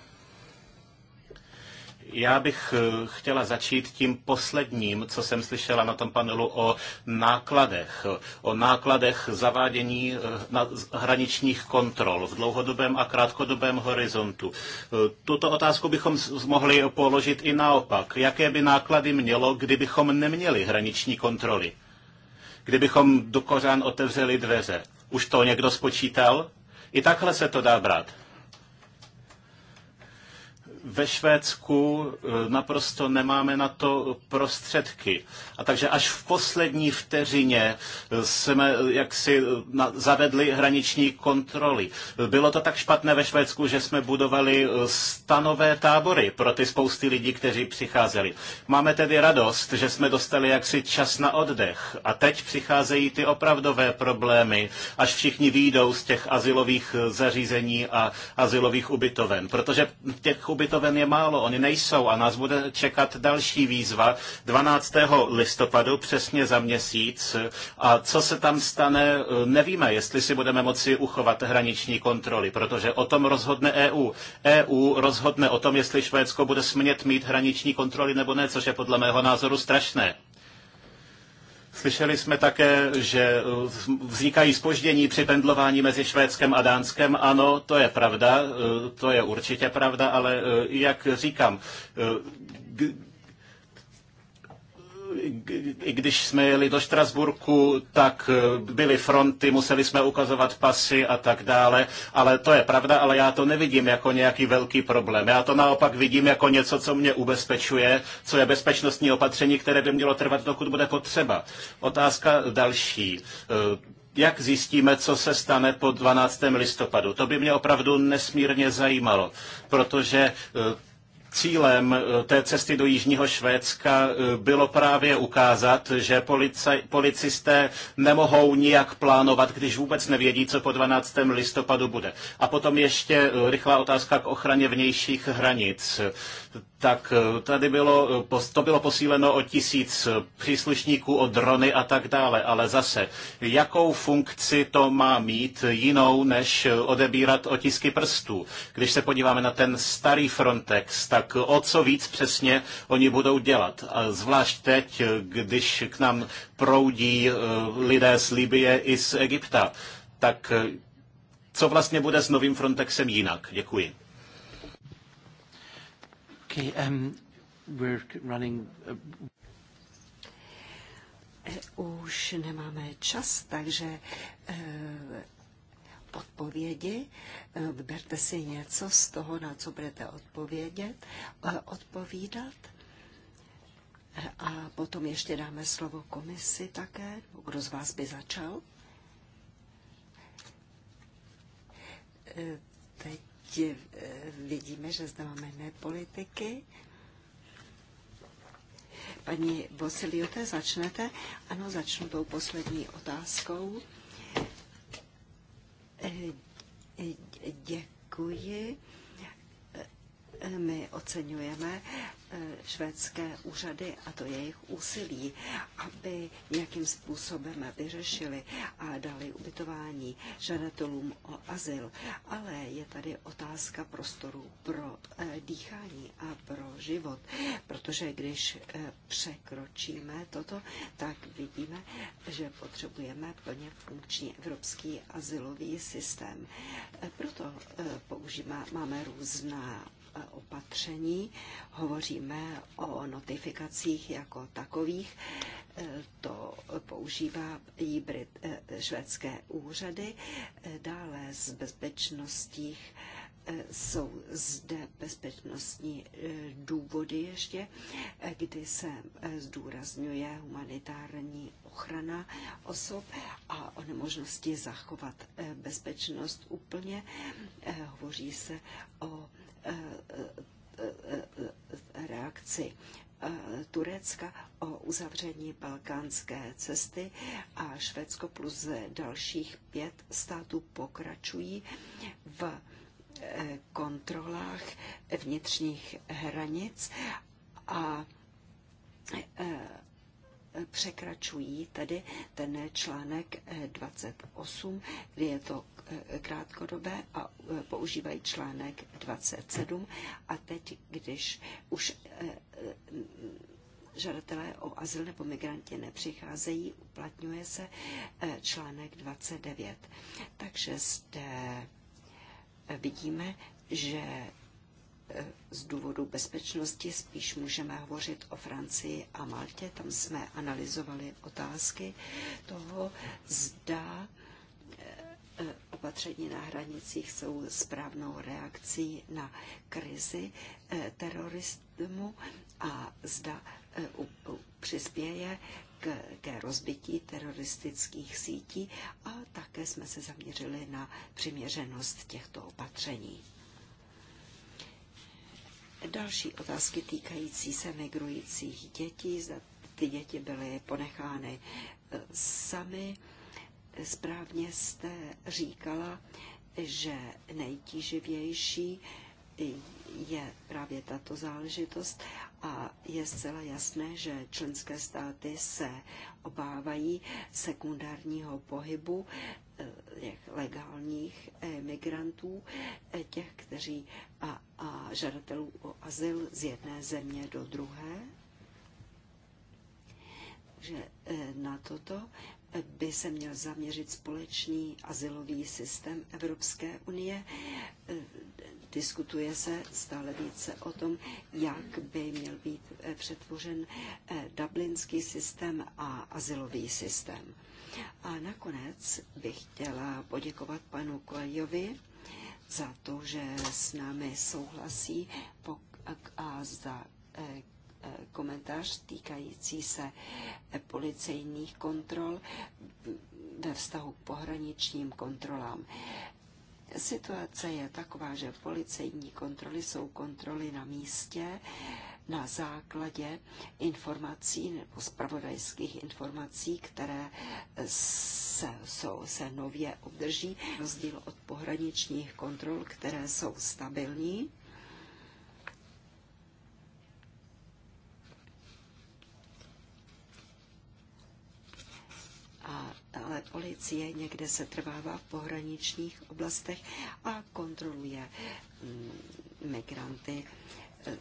Já bych eh, chtěla začít tím posledním, co jsem slyšela na tom panelu o nákladech. O nákladech zavádění eh, hraničních kontrol v dlouhodobém a krátkodobém horizontu. Eh, tuto otázku bychom mohli položit i naopak. Jaké by náklady mělo, kdybychom neměli hraniční kontroly? Kdybychom do kořán otevřeli dveře. Už to někdo spočítal? I takhle se to dá brát ve Švédsku e, naprosto nemáme na to prostředky. A takže až v poslední vteřině e, jsme jaksi e, zavedli hraniční kontroly. Bylo to tak špatné ve Švédsku, že jsme budovali stanové tábory pro ty spousty lidí, kteří přicházeli. Máme tedy radost, že jsme dostali jaksi čas na oddech. A teď přicházejí ty opravdové problémy, až všichni výjdou z těch asilových zařízení a asilových ubytoven. Protože těch ubytoven hotoven je málo, oni nejsou a nás bude čekat další výzva 12. listopadu, přesně za měsíc. A co se tam stane, nevíme, jestli si budeme moci uchovat hraniční kontroly, protože o tom rozhodne EU. EU rozhodne o tom, jestli Švédsko bude smět mít hraniční kontroly nebo ne, což je podle mého názoru strašné. Slyšeli jsme také, že uh, vznikají spoždění při pendlování mezi Švédskem a Dánskem. Ano, to je pravda, uh, to je určitě pravda, ale uh, jak říkám, i když jsme jeli do Štrasburku, tak eh, byly fronty, museli jsme ukazovat pasy a tak dále. Ale to je pravda, ale já to nevidím jako nějaký velký problém. Já to naopak vidím jako něco, co mě ubezpečuje, co je bezpečnostní opatření, které by mělo trvat, dokud bude potřeba. Otázka další eh, jak zjistíme, co se stane po 12. listopadu. To by mě opravdu nesmírně zajímalo, protože eh, Cílem eh, té cesty do Jižního Švédska eh, bylo právě ukázat, že polici, policisté nemohou nijak plánovat, když vůbec nevědí, co po 12. listopadu bude. A potom ještě eh, rychlá otázka k ochraně vnějších hranic tak eh, tady bylo, eh, to bylo posíleno o tisíc eh, příslušníků, o drony a tak dále, ale zase, jakou funkci to má mít jinou, než odebírat otisky prstů? Když se podíváme na ten starý Frontex, tak o co víc přesně oni budou dělat? A zvlášť teď, když k nám proudí lidé z Libie i z Egypta, tak co vlastně bude s novým Frontexem jinak? Děkuji. Okay, um, we're running... Uh, Už nemáme čas, takže eh, odpovědi. Uh, vyberte si něco z toho, na co budete odpovědět, odpovídat. A potom ještě dáme slovo komisi také. Kdo z vás by začal? div, eh, vidíme, že zde máme jiné politiky. Paní Bosiliote, začnete? Ano, začnu tou poslední otázkou. Eh, eh, děkuji. My oceňujeme Eh, švédské úřady a to jejich úsilí, aby nějakým způsobem vyřešili a dali ubytování žadatelům o azyl. Ale je tady otázka prostoru pro eh, dýchání a pro život, protože když eh, překročíme toto, tak vidíme, že potřebujeme plně funkční evropský azylový systém. Proto používá, máme různá opatření. Hovoříme o notifikacích jako takových. E, to používá i Brit, e, švédské úřady. E, dále z bezpečností jsou zde bezpečnostní důvody ještě, kdy se zdůrazňuje humanitární ochrana osob a o nemožnosti zachovat bezpečnost úplně. Hovoří se o reakci Turecka o uzavření balkánské cesty a Švédsko plus dalších pět států pokračují v eh, kontrolách vnitřních hranic a eh, překračují tedy ten článek 28, eh, kdy je to Eh, krátkodobé a eh, používají článek 27. A teď, když už eh, žadatelé o azyl nebo migranti nepřicházejí, uplatňuje se článek 29. Takže zde vidíme, že z důvodu bezpečnosti spíš můžeme hovořit o Francii a Maltě. Tam jsme analyzovali otázky toho, zda Eh, opatření na hranicích jsou správnou reakcí na krizi eh, terorismu a zda eh, přispěje k, ke rozbití teroristických sítí a také jsme se zaměřili na přiměřenost těchto opatření. Další otázky týkající se migrujících dětí, zda ty děti byly ponechány sami Správně jste říkala, že nejtíživější je právě tato záležitost a je zcela jasné, že členské státy se obávají sekundárního pohybu eh, těch legálních migrantů, eh, těch, kteří a, a žadatelů o azyl z jedné země do druhé. Takže eh, na toto by se měl zaměřit společný asilový systém Evropské unie. Diskutuje se stále více o tom, jak by měl být eh, přetvořen eh, dublinský systém a asilový systém. A nakonec bych chtěla poděkovat panu Kojovi za to, že s námi souhlasí a za eh, komentář týkající se policejních kontrol ve vztahu k pohraničním kontrolám. Situace je taková, že policejní kontroly jsou kontroly na místě na základě informací nebo zpravodajských informací, které se, jsou, se nově obdrží, rozdíl od pohraničních kontrol, které jsou stabilní stále policie, někde se trvává v pohraničních oblastech a kontroluje mm, migranty eh,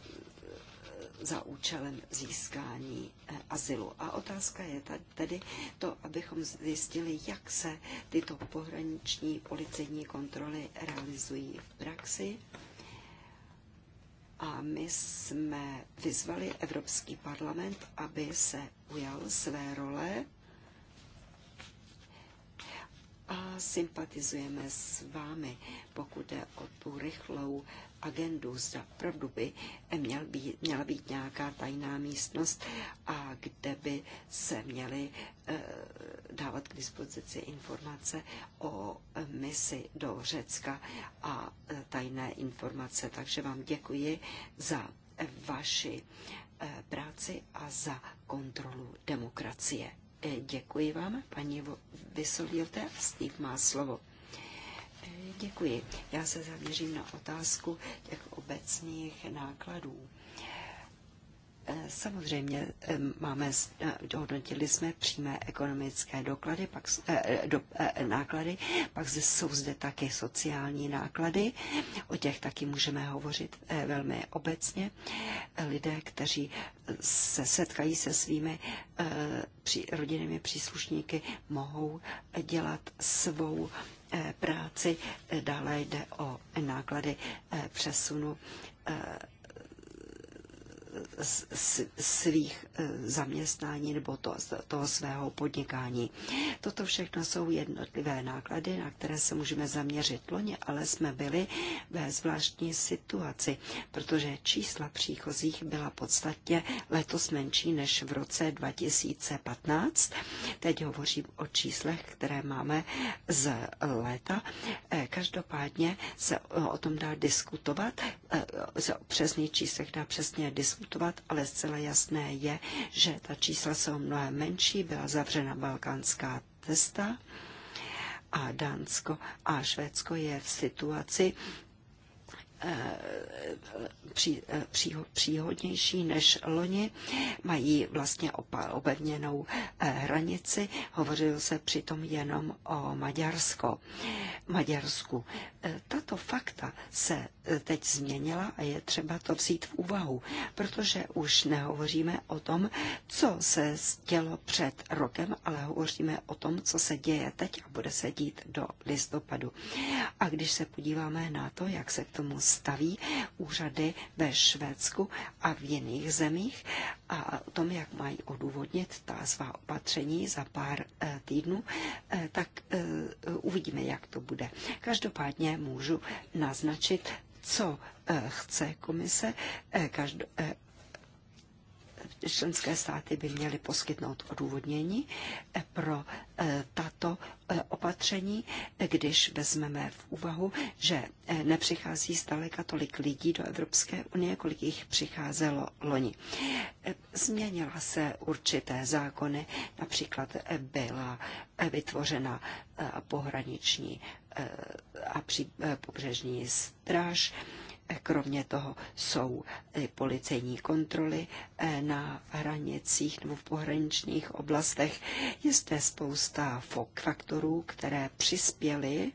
za účelem získání eh, azylu. A otázka je tedy to, abychom zjistili, jak se tyto pohraniční policejní kontroly realizují v praxi. A my jsme vyzvali Evropský parlament, aby se ujal své role a sympatizujeme s vámi, pokud jde o tu rychlou agendu. Zda opravdu by měl být, měla být nějaká tajná místnost, a kde by se měly eh, dávat k dispozici informace o eh, misi do Řecka a eh, tajné informace. Takže vám děkuji za vaši práci a za kontrolu demokracie. E, děkuji vám, paní Vysolílte. Steve má slovo. E, děkuji. Já se zaměřím na otázku těch obecných nákladů. Samozřejmě máme, e, dohodnotili jsme přímé ekonomické doklady, pak, e, e, do, náklady, pak jsou zde také sociální náklady, o těch taky můžeme hovořit velmi obecně. Lidé, kteří se setkají se svými rodinnými příslušníky, mohou dělat svou práci. Dále jde o náklady přesunu svých eh, zaměstnání nebo to, toho svého podnikání. Toto všechno jsou jednotlivé náklady, na které se můžeme zaměřit loni, ale jsme byli ve zvláštní situaci, protože čísla příchozích byla podstatně letos menší než v roce 2015. Teď hovořím o číslech, které máme z léta. Eh, každopádně se o tom dá diskutovat, eh, se o přesných číslech dá přesně diskutovat diskutovat, ale zcela jasné je, že ta čísla jsou mnohem menší. Byla zavřena balkánská cesta a Dánsko a Švédsko je v situaci, Eh, pří, eh, pří, příhodnější než loni, mají vlastně opa, opevněnou eh, hranici. Hovořil se přitom jenom o Maďarsko, Maďarsku. Tato fakta se teď změnila a je třeba to vzít v úvahu, protože už nehovoříme o tom, co se dělo před rokem, ale hovoříme o tom, co se děje teď a bude se dít do listopadu. A když se podíváme na to, jak se k tomu staví úřady ve Švédsku a v jiných zemích a o tom, jak mají odůvodnit ta svá opatření za pár eh, týdnů, eh, tak eh, uvidíme, jak to bude. Každopádně můžu naznačit, co chce komise, každopádně členské státy by měly poskytnout odůvodnění eh, pro eh, tato eh, opatření, když vezmeme v úvahu, že nepřichází zdaleka tolik lidí do Evropské unie, kolik jich přicházelo loni. Změnila se určité zákony, například byla vytvořena pohraniční a pobřežní stráž, Kromě toho jsou policejní kontroly eh, na hranicích nebo v pohraničních oblastech. Je zde spousta faktorů, které přispěly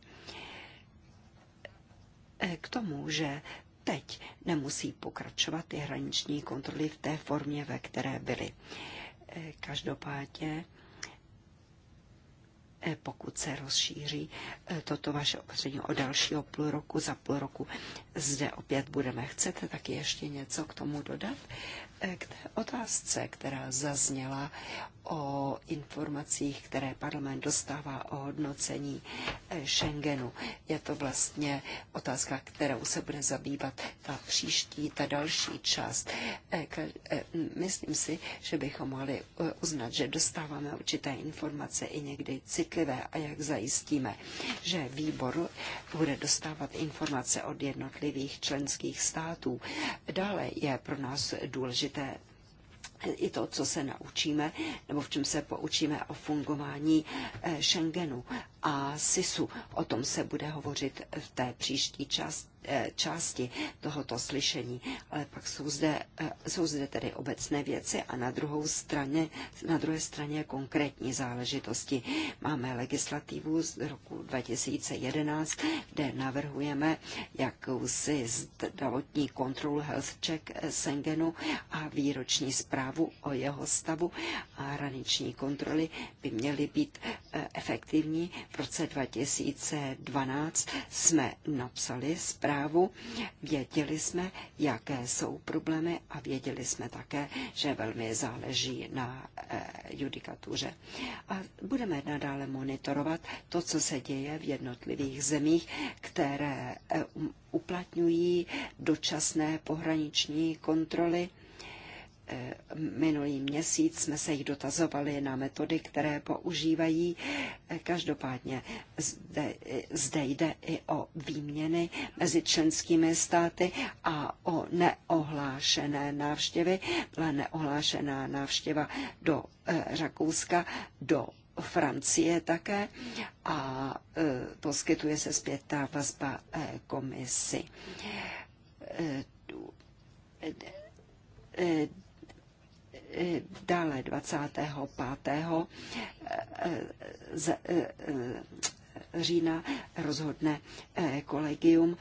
eh, k tomu, že teď nemusí pokračovat ty hraniční kontroly v té formě, ve které byly. Eh, každopádně E, pokud se rozšíří e, toto vaše opatření o dalšího půl roku, za půl roku zde opět budeme. Chcete taky ještě něco k tomu dodat? K otázce, která zazněla o informacích, které parlament dostává o hodnocení eh, Schengenu. Je to vlastně otázka, kterou se bude zabývat ta příští, ta další část. Eh, eh, myslím si, že bychom mohli uznat, že dostáváme určité informace i někdy citlivé a jak zajistíme, že výbor bude dostávat informace od jednotlivých členských států. Dále je pro nás důležité, důležité i to, co se naučíme, nebo v čem se poučíme o fungování eh, Schengenu a SISu. O tom se bude hovořit v té příští část, eh, části tohoto slyšení. Ale pak jsou zde, eh, jsou zde tedy obecné věci a na, druhou straně, na druhé straně konkrétní záležitosti. Máme legislativu z roku 2011, kde navrhujeme jakousi zdravotní kontrolu health check eh, Sengenu a výroční zprávu o jeho stavu a hraniční kontroly by měly být efektivní v roce 2012 jsme napsali zprávu, věděli jsme, jaké jsou problémy a věděli jsme také, že velmi záleží na eh, judikatuře. A budeme nadále monitorovat to, co se děje v jednotlivých zemích, které eh, uplatňují dočasné pohraniční kontroly Eh, minulý měsíc jsme se jich dotazovali na metody, které používají. Eh, každopádně zde, eh, zde jde i o výměny mezi členskými státy a o neohlášené návštěvy. Byla neohlášená návštěva do Rakouska, do Francie také a poskytuje se zpětná vazba komisi Dále 25. Eh, eh, z eh, října rozhodne kolegium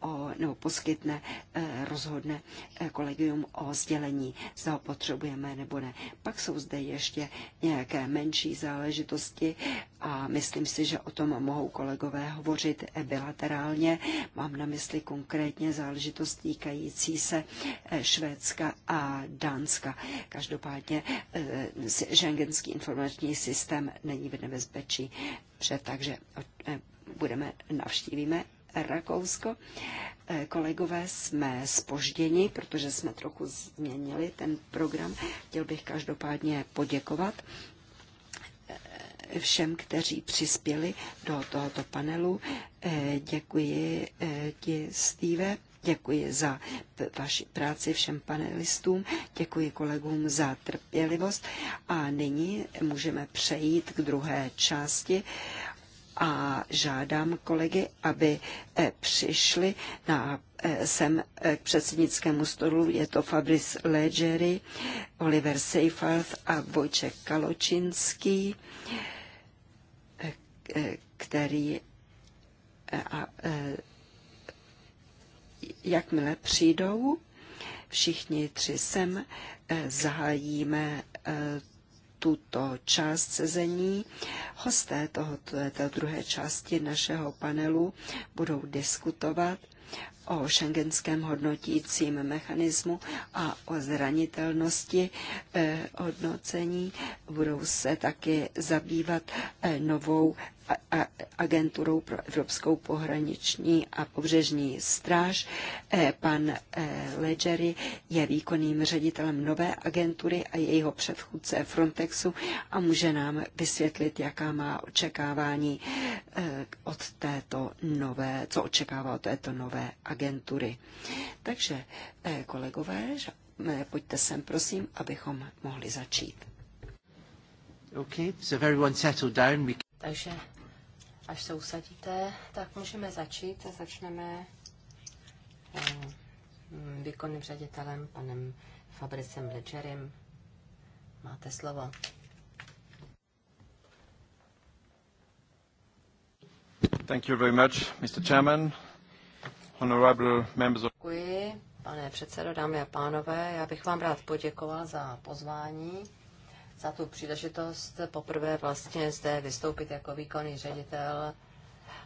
o, nebo poskytne, e, rozhodne e, kolegium o sdělení, zda ho potřebujeme nebo ne. Pak jsou zde ještě nějaké menší záležitosti a myslím si, že o tom mohou kolegové hovořit e, bilaterálně. Mám na mysli konkrétně záležitost týkající se Švédska a Dánska. Každopádně šengenský informační systém není v nebezpečí, takže budeme navštívíme Rakousko. Eh, kolegové, jsme spožděni, protože jsme trochu změnili ten program. Chtěl bych každopádně poděkovat eh, všem, kteří přispěli do tohoto panelu. Eh, děkuji ti, Steve. Děkuji za vaši práci všem panelistům, děkuji kolegům za trpělivost a nyní můžeme přejít k druhé části a žádám kolegy, aby eh, přišli na, eh, sem eh, k předsednickému stolu. Je to Fabrice Leggeri, Oliver Seyfarth a Vojček Kaločinský, který a, jakmile přijdou, všichni tři sem zahájíme tuto část sezení. Hosté tohoto, této druhé části našeho panelu budou diskutovat o šengenském hodnotícím mechanismu a o zranitelnosti eh, hodnocení. Budou se taky zabývat eh, novou agenturou pro Evropskou pohraniční a pobřežní stráž. Eh, pan eh, Ledgery je výkonným ředitelem nové agentury a jejího předchůdce Frontexu a může nám vysvětlit, jaká má očekávání eh, od této nové, co očekává od této nové agentury. Takže kolegové, pojďte sem, prosím, abychom mohli začít. Okay, so everyone settled down, we... Takže Až se usadíte, tak můžeme začít. Začneme eh, výkonným ředitelem, panem Fabricem Ledgerem. Máte slovo. Thank you very much, Mr. Chairman. Honorable members of... Děkuji, pane předsedo, dámy a pánové. Já bych vám rád poděkoval za pozvání za tu příležitost poprvé vlastně zde vystoupit jako výkonný ředitel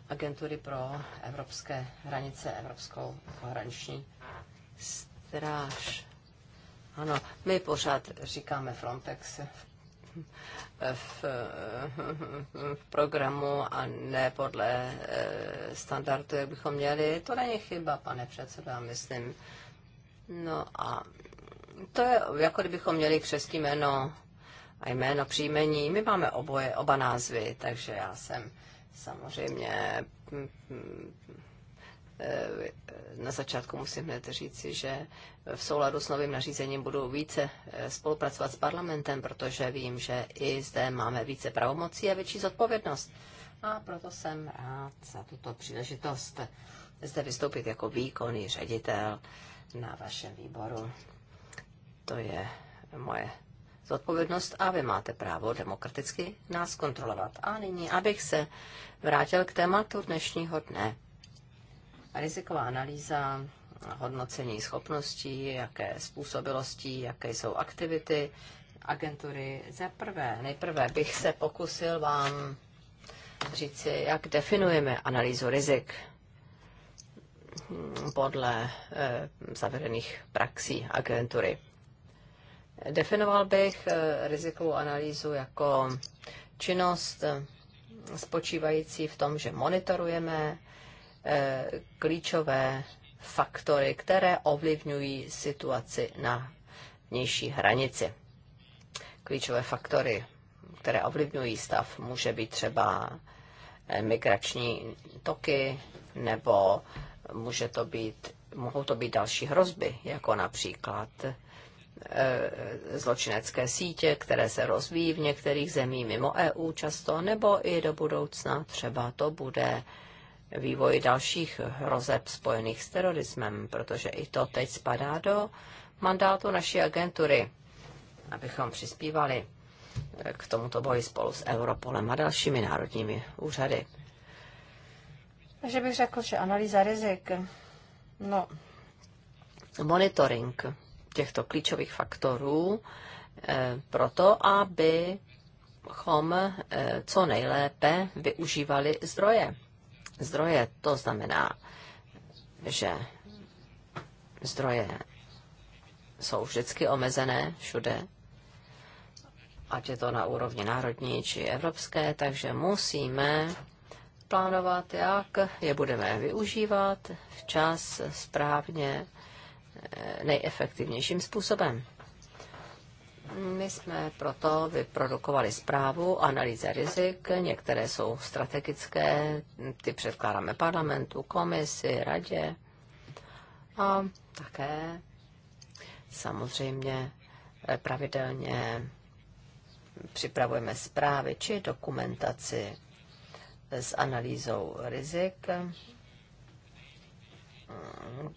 agentury pro evropské hranice, Evropskou hraniční stráž. Ano, my pořád říkáme Frontex v, v programu a ne podle eh, standardu, jak bychom měli. To není chyba, pane předsedo, já myslím. No a to je, jako kdybychom měli křestí jméno a jméno, příjmení. My máme oboje, oba názvy, takže já jsem samozřejmě mm, mm, e, na začátku musím hned říci, že v souladu s novým nařízením budu více e, spolupracovat s parlamentem, protože vím, že i zde máme více pravomocí a větší zodpovědnost. A proto jsem rád za tuto příležitost zde vystoupit jako výkonný ředitel na vašem výboru. To je moje zodpovědnost a vy máte právo demokraticky nás kontrolovat. A nyní, abych se vrátil k tématu dnešního dne. Riziková analýza, hodnocení schopností, jaké způsobilosti, jaké jsou aktivity agentury. Za prvé, nejprve bych se pokusil vám říci, jak definujeme analýzu rizik podle e, zavedených praxí agentury. Definoval bych eh, rizikovou analýzu jako činnost eh, spočívající v tom, že monitorujeme eh, klíčové faktory, které ovlivňují situaci na vnější hranici. Klíčové faktory, které ovlivňují stav, může být třeba migrační toky, nebo může to být, mohou to být další hrozby, jako například Eh, zločinecké sítě, které se rozvíjí v některých zemí mimo EU často, nebo i do budoucna třeba to bude vývoj dalších hrozeb spojených s terorismem, protože i to teď spadá do mandátu naší agentury, abychom přispívali eh, k tomuto boji spolu s Europolem a dalšími národními úřady. Takže bych řekl, že analýza rizik, no, monitoring těchto klíčových faktorů eh, pro to, abychom eh, co nejlépe využívali zdroje. Zdroje to znamená, že zdroje jsou vždycky omezené všude, ať je to na úrovni národní či evropské, takže musíme plánovat, jak je budeme využívat včas, správně nejefektivnějším způsobem. My jsme proto vyprodukovali zprávu, analýze rizik, některé jsou strategické, ty předkládáme parlamentu, komisi, radě a také samozřejmě pravidelně připravujeme zprávy či dokumentaci s analýzou rizik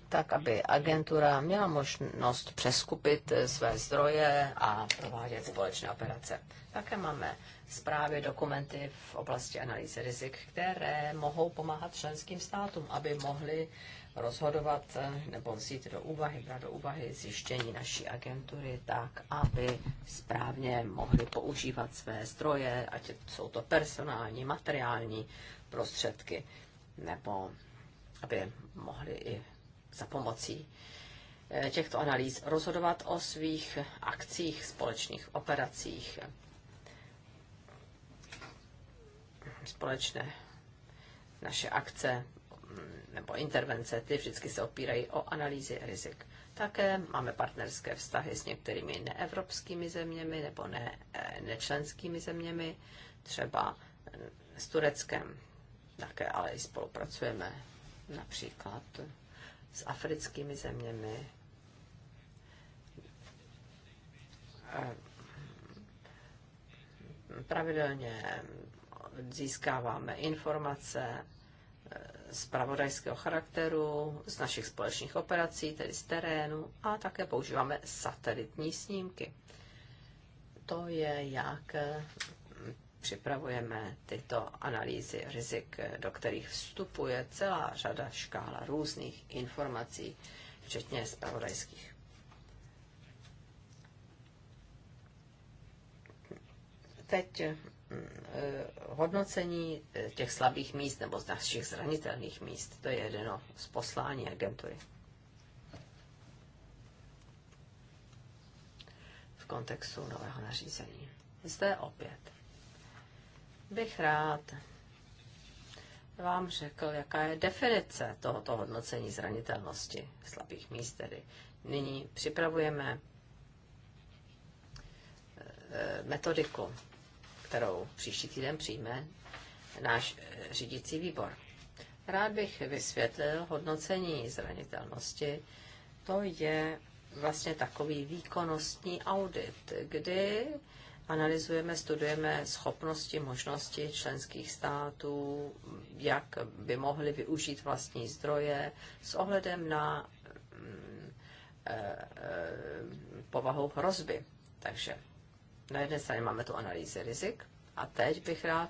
tak aby agentura měla možnost přeskupit své zdroje a provádět společné operace. Také máme zprávy, dokumenty v oblasti analýzy rizik, které mohou pomáhat členským státům, aby mohli rozhodovat eh, nebo vzít do úvahy, brát do úvahy zjištění naší agentury tak, aby správně mohli používat své zdroje, ať jsou to personální, materiální prostředky nebo aby mohli i za pomocí eh, těchto analýz rozhodovat o svých akcích, společných operacích, společné naše akce mm, nebo intervence, ty vždycky se opírají o analýzy rizik. Také máme partnerské vztahy s některými neevropskými zeměmi nebo ne, eh, nečlenskými zeměmi, třeba mm, s Tureckem. Také ale i spolupracujeme například s africkými zeměmi. Eh, pravidelně získáváme informace eh, pravodajského charakteru, z našich společných operací, tedy z terénu, a také používáme satelitní snímky. To je, jak připravujeme tyto analýzy rizik, do kterých vstupuje celá řada škála různých informací, včetně spravodajských. Teď mm, eh, hodnocení eh, těch slabých míst nebo z našich zranitelných míst, to je jedno z poslání agentury. V kontextu nového nařízení. Zde opět bych rád vám řekl, jaká je definice tohoto hodnocení zranitelnosti slabých míst. Tedy nyní připravujeme eh, eh, metodiku, kterou příští týden přijme náš eh, řídící výbor. Rád bych vysvětlil hodnocení zranitelnosti. To je vlastně takový výkonnostní audit, kdy analyzujeme, studujeme schopnosti, možnosti členských států, jak by mohli využít vlastní zdroje s ohledem na mm, e, e, povahu hrozby. Takže na jedné straně máme tu analýzu rizik a teď bych rád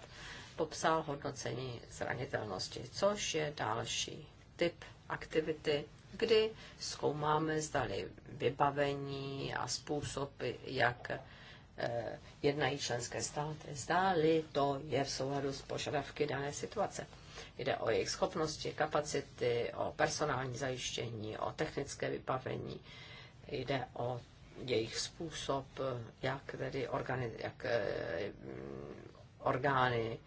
popsal hodnocení zranitelnosti, což je další typ aktivity, kdy zkoumáme zdali vybavení a způsoby, jak Eh, jednají členské státy. Zdáli to je v souladu s požadavky dané situace. Jde o jejich schopnosti, kapacity, o personální zajištění, o technické vybavení, jde o jejich způsob, eh, jak tedy organi, jak eh, mm, orgány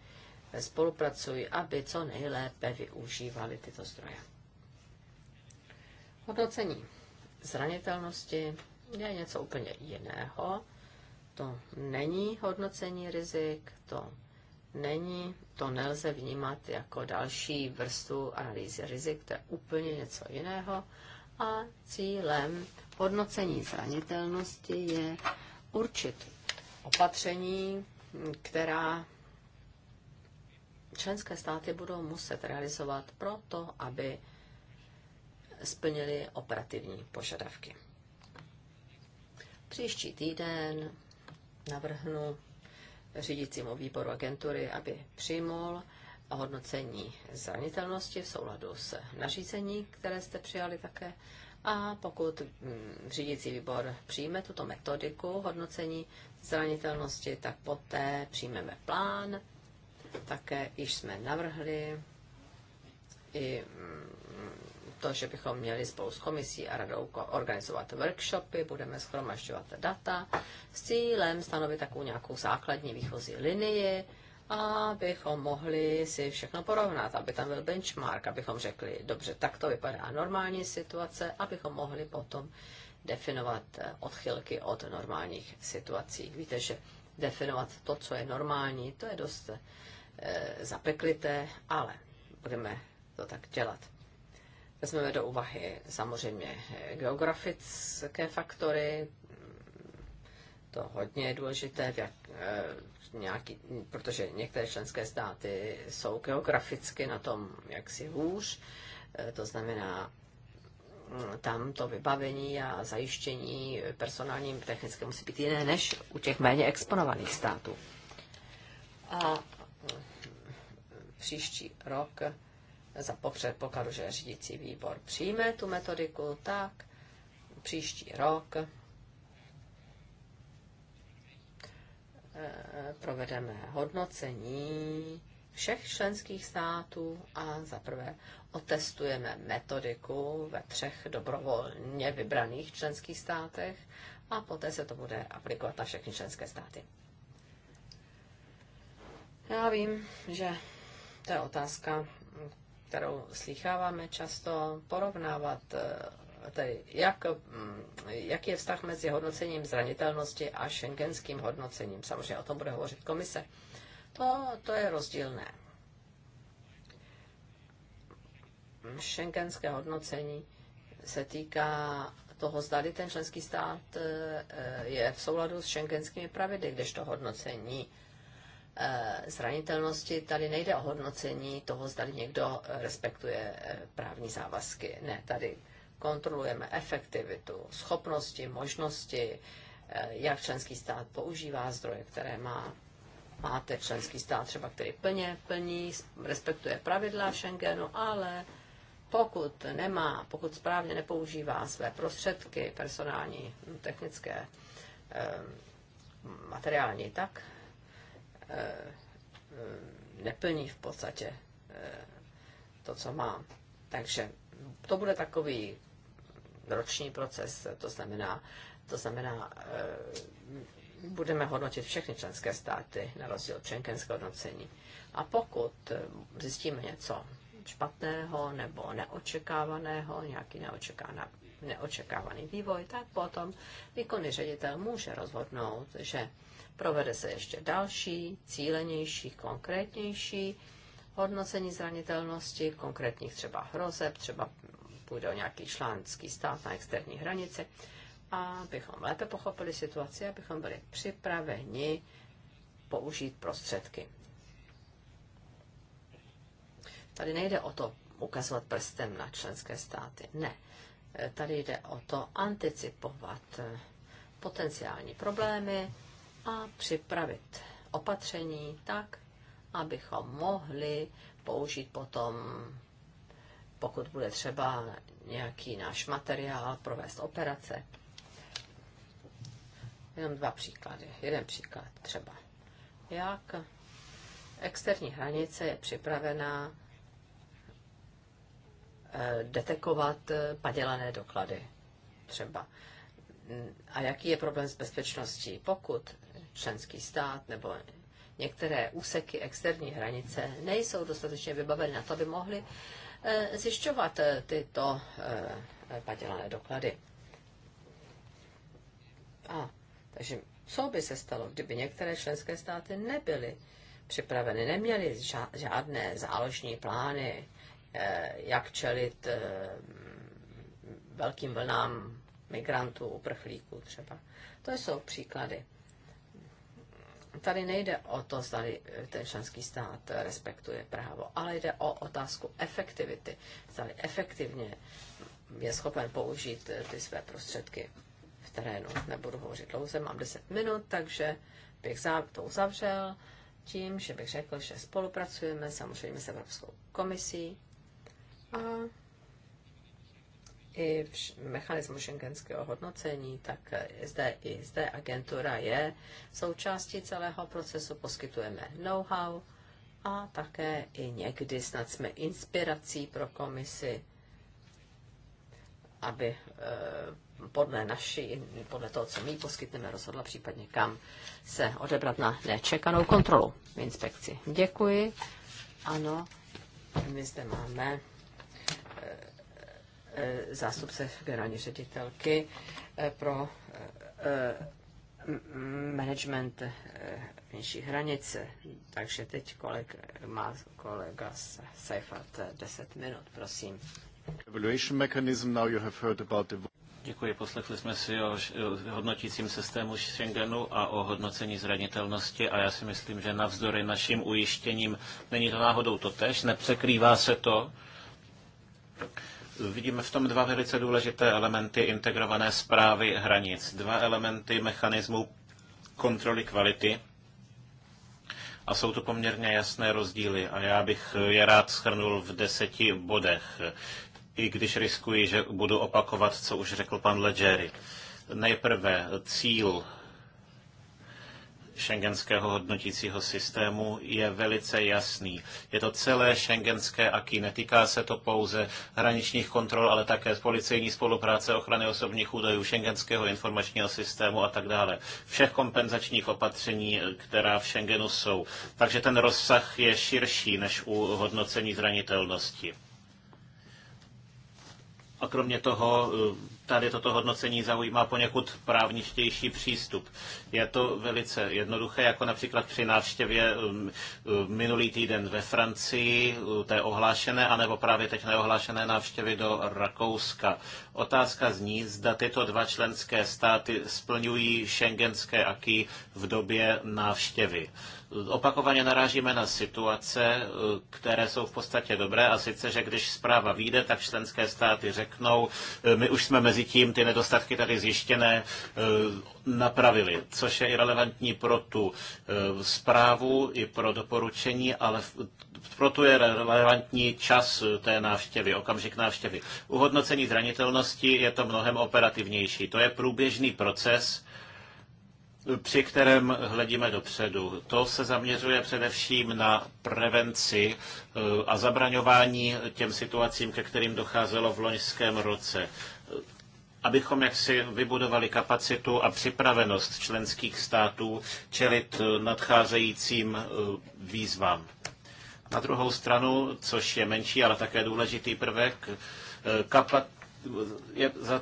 spolupracují, aby co nejlépe využívali tyto zdroje. Hodnocení zranitelnosti je něco úplně jiného to není hodnocení rizik, to není, to nelze vnímat jako další vrstu analýzy rizik, to je úplně něco jiného. A cílem hodnocení zranitelnosti je určit opatření, která členské státy budou muset realizovat proto, aby splnili operativní požadavky. Příští týden navrhnu řídícímu výboru agentury, aby přijmul hodnocení zranitelnosti v souladu s nařízení, které jste přijali také. A pokud mm, řídící výbor přijme tuto metodiku hodnocení zranitelnosti, tak poté přijmeme plán. Také již jsme navrhli i mm, to, že bychom měli spolu s komisí a radou organizovat workshopy, budeme schromažďovat data s cílem stanovit takovou nějakou základní výchozí linii, abychom mohli si všechno porovnat, aby tam byl benchmark, abychom řekli, dobře, tak to vypadá normální situace, abychom mohli potom definovat eh, odchylky od normálních situací. Víte, že definovat to, co je normální, to je dost e, zapeklité, ale budeme to tak dělat. Vezmeme do úvahy samozřejmě geografické faktory, to hodně je důležité, jak, eh, nějaký, protože některé členské státy jsou geograficky na tom jaksi hůř, eh, to znamená mm, tam to vybavení a zajištění personálním technické musí být jiné než u těch méně exponovaných států. A mm, příští rok za předpokladu, že řídící výbor přijme tu metodiku, tak příští rok eh, provedeme hodnocení všech členských států a zaprvé otestujeme metodiku ve třech dobrovolně vybraných členských státech a poté se to bude aplikovat na všechny členské státy. Já vím, že to je otázka kterou slycháváme často, porovnávat eh, tedy jak, mm, jaký je vztah mezi hodnocením zranitelnosti a šengenským hodnocením. Samozřejmě o tom bude hovořit komise. To, to je rozdílné. Šengenské hodnocení se týká toho, zda ten členský stát eh, je v souladu s šengenskými pravidly, kdežto hodnocení Eh, zranitelnosti, tady nejde o hodnocení toho, zda někdo eh, respektuje eh, právní závazky. Ne, tady kontrolujeme efektivitu, schopnosti, možnosti, jak členský stát používá zdroje, které má. Máte členský stát třeba, který plně plní, respektuje pravidla Schengenu, ale pokud nemá, pokud správně nepoužívá své prostředky personální, technické, materiální, tak Eh, neplní v podstatě eh, to, co má. Takže to bude takový roční proces, to znamená, to znamená, eh, budeme hodnotit všechny členské státy na rozdíl od hodnocení. A pokud zjistíme něco špatného nebo neočekávaného, nějaký neočekávaný, neočekávaný vývoj, tak potom výkonný ředitel může rozhodnout, že provede se ještě další, cílenější, konkrétnější hodnocení zranitelnosti, konkrétních třeba hrozeb, třeba půjde o nějaký článský stát na externí hranici, abychom lépe pochopili situaci, abychom byli připraveni použít prostředky. Tady nejde o to ukazovat prstem na členské státy. Ne. Tady jde o to anticipovat eh, potenciální problémy a připravit opatření tak, abychom mohli použít potom, pokud bude třeba nějaký náš materiál, provést operace. Jenom dva příklady. Jeden příklad třeba. Jak externí hranice je připravená eh, detekovat eh, padělané doklady třeba. A jaký je problém s bezpečností? Pokud členský stát nebo některé úseky externí hranice nejsou dostatečně vybaveny na to, aby mohly eh, zjišťovat eh, tyto eh, padělané doklady. A, takže co by se stalo, kdyby některé členské státy nebyly připraveny, neměly žádné záložní plány, jak čelit velkým vlnám migrantů, uprchlíků třeba. To jsou příklady tady nejde o to, zda ten členský stát respektuje právo, ale jde o otázku efektivity. Zda efektivně je schopen použít eh, ty své prostředky v terénu. Nebudu hovořit dlouze, mám 10 minut, takže bych to uzavřel tím, že bych řekl, že spolupracujeme samozřejmě s Evropskou komisí a i mechanismu šengenského hodnocení, tak zde i zde agentura je součástí celého procesu, poskytujeme know-how a také i někdy snad jsme inspirací pro komisi, aby eh, podle naší, podle toho, co my poskytneme, rozhodla případně kam se odebrat na nečekanou kontrolu v inspekci. Děkuji. Ano, my zde máme Eh, zástupce generální ředitelky eh, pro eh, management vnější hranice. Takže teď koleg, má kolega Seifert 10 minut, prosím. Evaluation mechanism, now you have heard about the... Děkuji, poslechli jsme si o hodnotícím systému Schengenu a o hodnocení zranitelnosti a já si myslím, že navzdory našim ujištěním není to náhodou to tež, nepřekrývá se to. Vidíme v tom dva velice důležité elementy integrované zprávy hranic. Dva elementy mechanismu kontroly kvality. A jsou tu poměrně jasné rozdíly a já bych je rád schrnul v deseti bodech, i když riskuji, že budu opakovat, co už řekl pan Ledgeri. Nejprve cíl šengenského hodnotícího systému je velice jasný. Je to celé šengenské aký. Netýká se to pouze hraničních kontrol, ale také policejní spolupráce, ochrany osobních údajů, šengenského informačního systému a tak dále. Všech kompenzačních opatření, která v Schengenu jsou. Takže ten rozsah je širší než u hodnocení zranitelnosti. A kromě toho tady toto hodnocení zaujímá poněkud právničtější přístup. Je to velice jednoduché, jako například při návštěvě um, um, minulý týden ve Francii, té ohlášené, anebo právě teď neohlášené návštěvy do Rakouska. Otázka zní, zda tyto dva členské státy splňují šengenské aky v době návštěvy. Opakovaně narážíme na situace, e, které jsou v podstatě dobré a sice, že když zpráva vyjde, tak členské státy řeknou, e, my už jsme mezi tím ty nedostatky tady zjištěné e, napravili, což je i relevantní pro tu zprávu i pro doporučení, ale proto je relevantní čas té návštěvy, okamžik návštěvy. U hodnocení zranitelnosti je to mnohem operativnější. To je průběžný proces, při kterém hledíme dopředu. To se zaměřuje především na prevenci eh, a zabraňování těm situacím, ke kterým docházelo v loňském roce abychom jaksi vybudovali kapacitu a připravenost členských států čelit eh, nadcházejícím eh, výzvám. Na druhou stranu, což je menší, ale také důležitý prvek, kapa- je za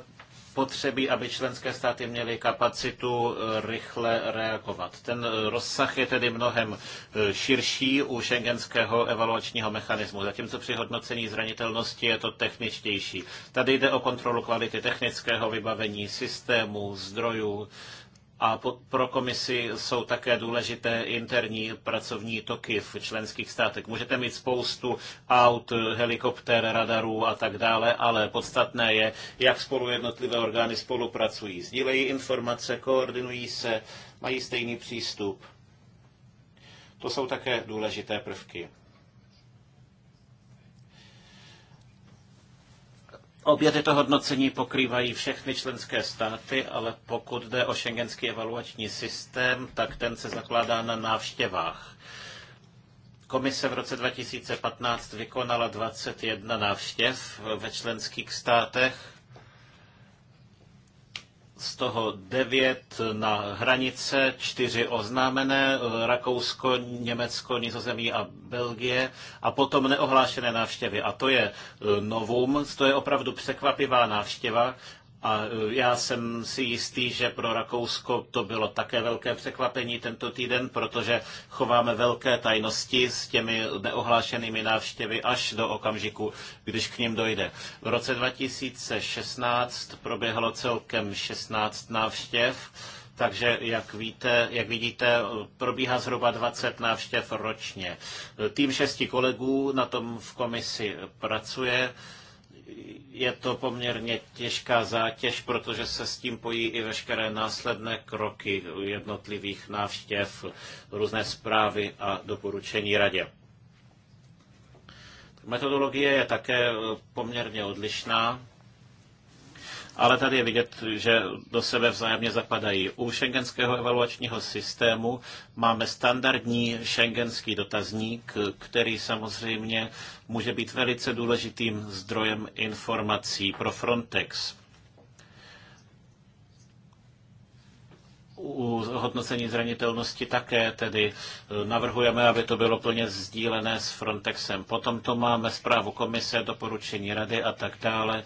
zapotřebí, aby členské státy měly kapacitu eh, rychle reagovat. Ten eh, rozsah je tedy mnohem eh, širší u šengenského evaluačního mechanismu, zatímco při hodnocení zranitelnosti je to techničtější. Tady jde o kontrolu kvality technického vybavení, systému, zdrojů, a pro komisi jsou také důležité interní pracovní toky v členských státech. Můžete mít spoustu aut, helikopter, radarů a tak dále, ale podstatné je, jak spolu jednotlivé orgány spolupracují. Sdílejí informace, koordinují se, mají stejný přístup. To jsou také důležité prvky. Obě tyto hodnocení pokrývají všechny členské státy, ale pokud jde o šengenský evaluační systém, tak ten se zakládá na návštěvách. Komise v roce 2015 vykonala 21 návštěv ve členských státech z toho 9 na hranice, 4 oznámené, eh, Rakousko, Německo, Nizozemí a Belgie a potom neohlášené návštěvy. A to je eh, novum, to je opravdu překvapivá návštěva a e, já jsem si jistý, že pro Rakousko to bylo také velké překvapení tento týden, protože chováme velké tajnosti s těmi neohlášenými návštěvy až do okamžiku, když k ním dojde. V roce 2016 proběhlo celkem 16 návštěv. Takže, jak, víte, jak vidíte, probíhá zhruba 20 návštěv ročně. Tým šesti kolegů na tom v komisi pracuje je to poměrně těžká zátěž, protože se s tím pojí i veškeré následné kroky jednotlivých návštěv, různé zprávy a doporučení radě. Metodologie je také poměrně odlišná ale tady je vidět, že do sebe vzájemně zapadají. U šengenského evaluačního systému máme standardní šengenský dotazník, který samozřejmě může být velice důležitým zdrojem informací pro Frontex u hodnocení zranitelnosti také tedy e, navrhujeme, aby to bylo plně sdílené s Frontexem. Potom to máme zprávu komise, doporučení rady a tak dále, e,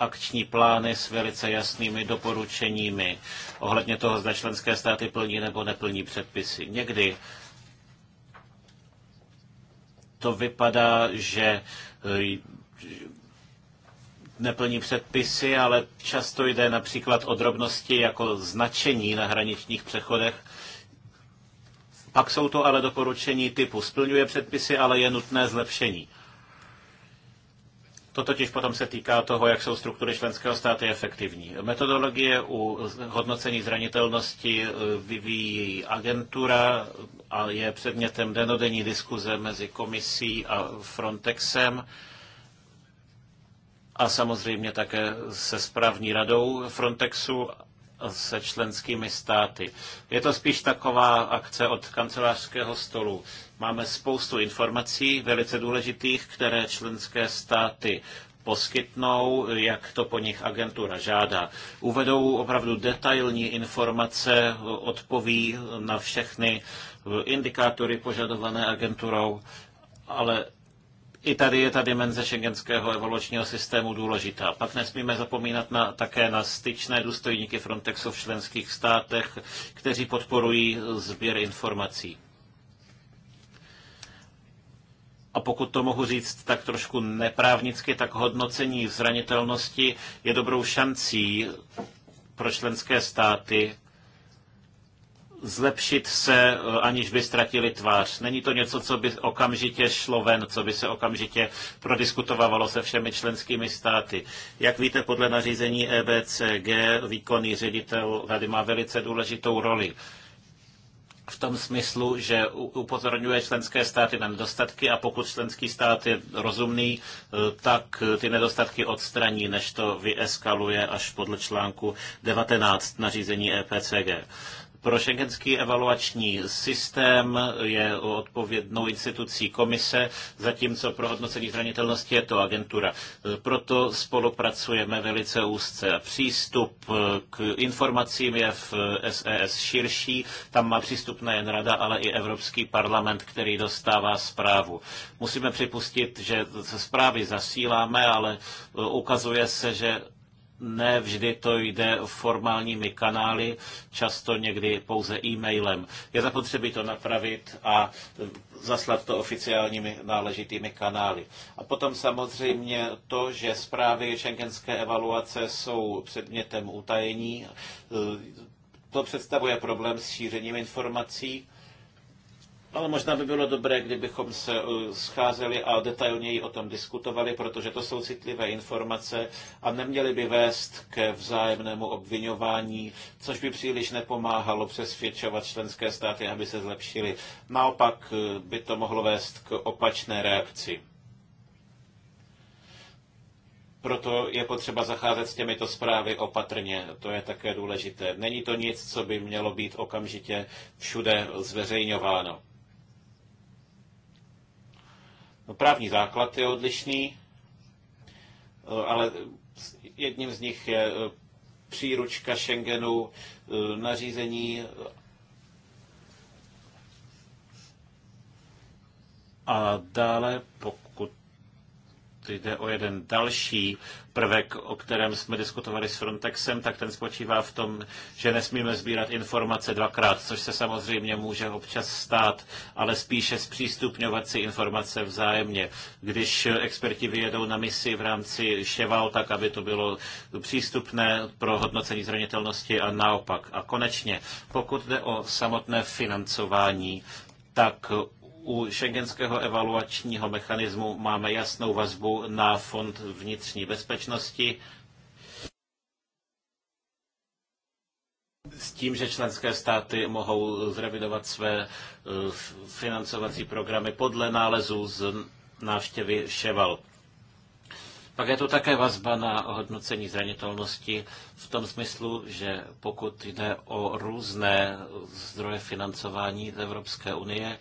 akční plány s velice jasnými doporučeními ohledně toho, zda členské státy plní nebo neplní předpisy. Někdy to vypadá, že e, neplní předpisy, ale často jde například o drobnosti jako značení na hraničních přechodech. Pak jsou to ale doporučení typu splňuje předpisy, ale je nutné zlepšení. To totiž potom se týká toho, jak jsou struktury členského státu efektivní. Metodologie u hodnocení zranitelnosti vyvíjí agentura a je předmětem denodenní diskuze mezi komisí a Frontexem a samozřejmě také se správní radou Frontexu se členskými státy. Je to spíš taková akce od kancelářského stolu. Máme spoustu informací, velice důležitých, které členské státy poskytnou, jak to po nich agentura žádá. Uvedou opravdu detailní informace, odpoví na všechny indikátory požadované agenturou, ale i tady je ta dimenze šengenského evolučního systému důležitá. Pak nesmíme zapomínat na, také na styčné důstojníky Frontexu v členských státech, kteří podporují sběr informací. a pokud to mohu říct tak trošku neprávnicky, tak hodnocení zranitelnosti je dobrou šancí pro členské státy zlepšit se, eh, aniž by ztratili tvář. Není to něco, co by okamžitě šlo ven, co by se okamžitě prodiskutovalo se všemi členskými státy. Jak víte, podle nařízení EBCG výkonný ředitel tady má velice důležitou roli v tom smyslu, že upozorňuje členské státy na nedostatky a pokud členský stát je rozumný, eh, tak eh, ty nedostatky odstraní, než to vyeskaluje až podle článku 19 nařízení EPCG. Pro šengenský evaluační systém je odpovědnou institucí komise, zatímco pro hodnocení zranitelnosti je to agentura. Proto spolupracujeme velice úzce. Přístup k informacím je v SES e širší, tam má přístup nejen rada, ale i Evropský parlament, který dostává zprávu. Musíme připustit, že zprávy zasíláme, ale ukazuje se, že ne vždy to jde formálními kanály, často někdy pouze e-mailem. Je zapotřebí to napravit a zaslat to oficiálními náležitými kanály. A potom samozřejmě to, že zprávy šengenské evaluace jsou předmětem utajení, to představuje problém s šířením informací ale možná by bylo dobré, kdybychom se eh, scházeli a detailněji o tom diskutovali, protože to jsou citlivé informace a neměly by vést ke vzájemnému obvinování, což by příliš nepomáhalo přesvědčovat členské státy, aby se zlepšili. Naopak eh, by to mohlo vést k opačné reakci. Proto je potřeba zacházet s těmito zprávy opatrně, to je také důležité. Není to nic, co by mělo být okamžitě všude zveřejňováno. No, právní základ je odlišný, eh, ale jedním z nich je eh, příručka Schengenu, eh, nařízení a dále, pokud jde o jeden další prvek, o kterém jsme diskutovali s Frontexem, tak ten spočívá v tom, že nesmíme sbírat informace dvakrát, což se samozřejmě může občas stát, ale spíše zpřístupňovat si informace vzájemně. Když experti vyjedou na misi v rámci Cheval, tak aby to bylo přístupné pro hodnocení zranitelnosti a naopak. A konečně, pokud jde o samotné financování, tak u šengenského evaluačního mechanismu máme jasnou vazbu na fond vnitřní bezpečnosti, s tím, že členské státy mohou zrevidovat své e, financovací programy podle nálezů z návštěvy Ševal. Pak je tu také vazba na hodnocení zranitelnosti v tom smyslu, že pokud jde o různé zdroje financování z Evropské unie,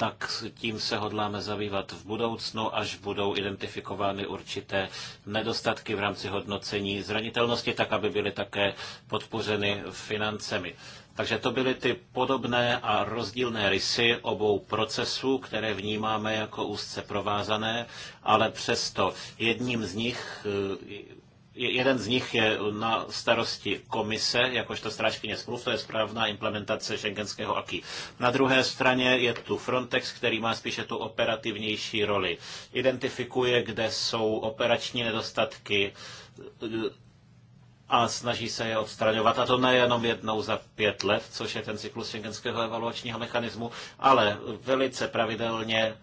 tak tím se hodláme zabývat v budoucnu, až budou identifikovány určité nedostatky v rámci hodnocení zranitelnosti, tak aby byly také podpořeny financemi. Takže to byly ty podobné a rozdílné rysy obou procesů, které vnímáme jako úzce provázané, ale přesto jedním z nich jeden z nich je na starosti komise, jakožto strážkyně smluv, to je správná implementace šengenského aký. Na druhé straně je tu Frontex, který má spíše tu operativnější roli. Identifikuje, kde jsou operační nedostatky, a snaží se je odstraňovat. A to nejenom jednou za pět let, což je ten cyklus šengenského evaluačního mechanismu, ale velice pravidelně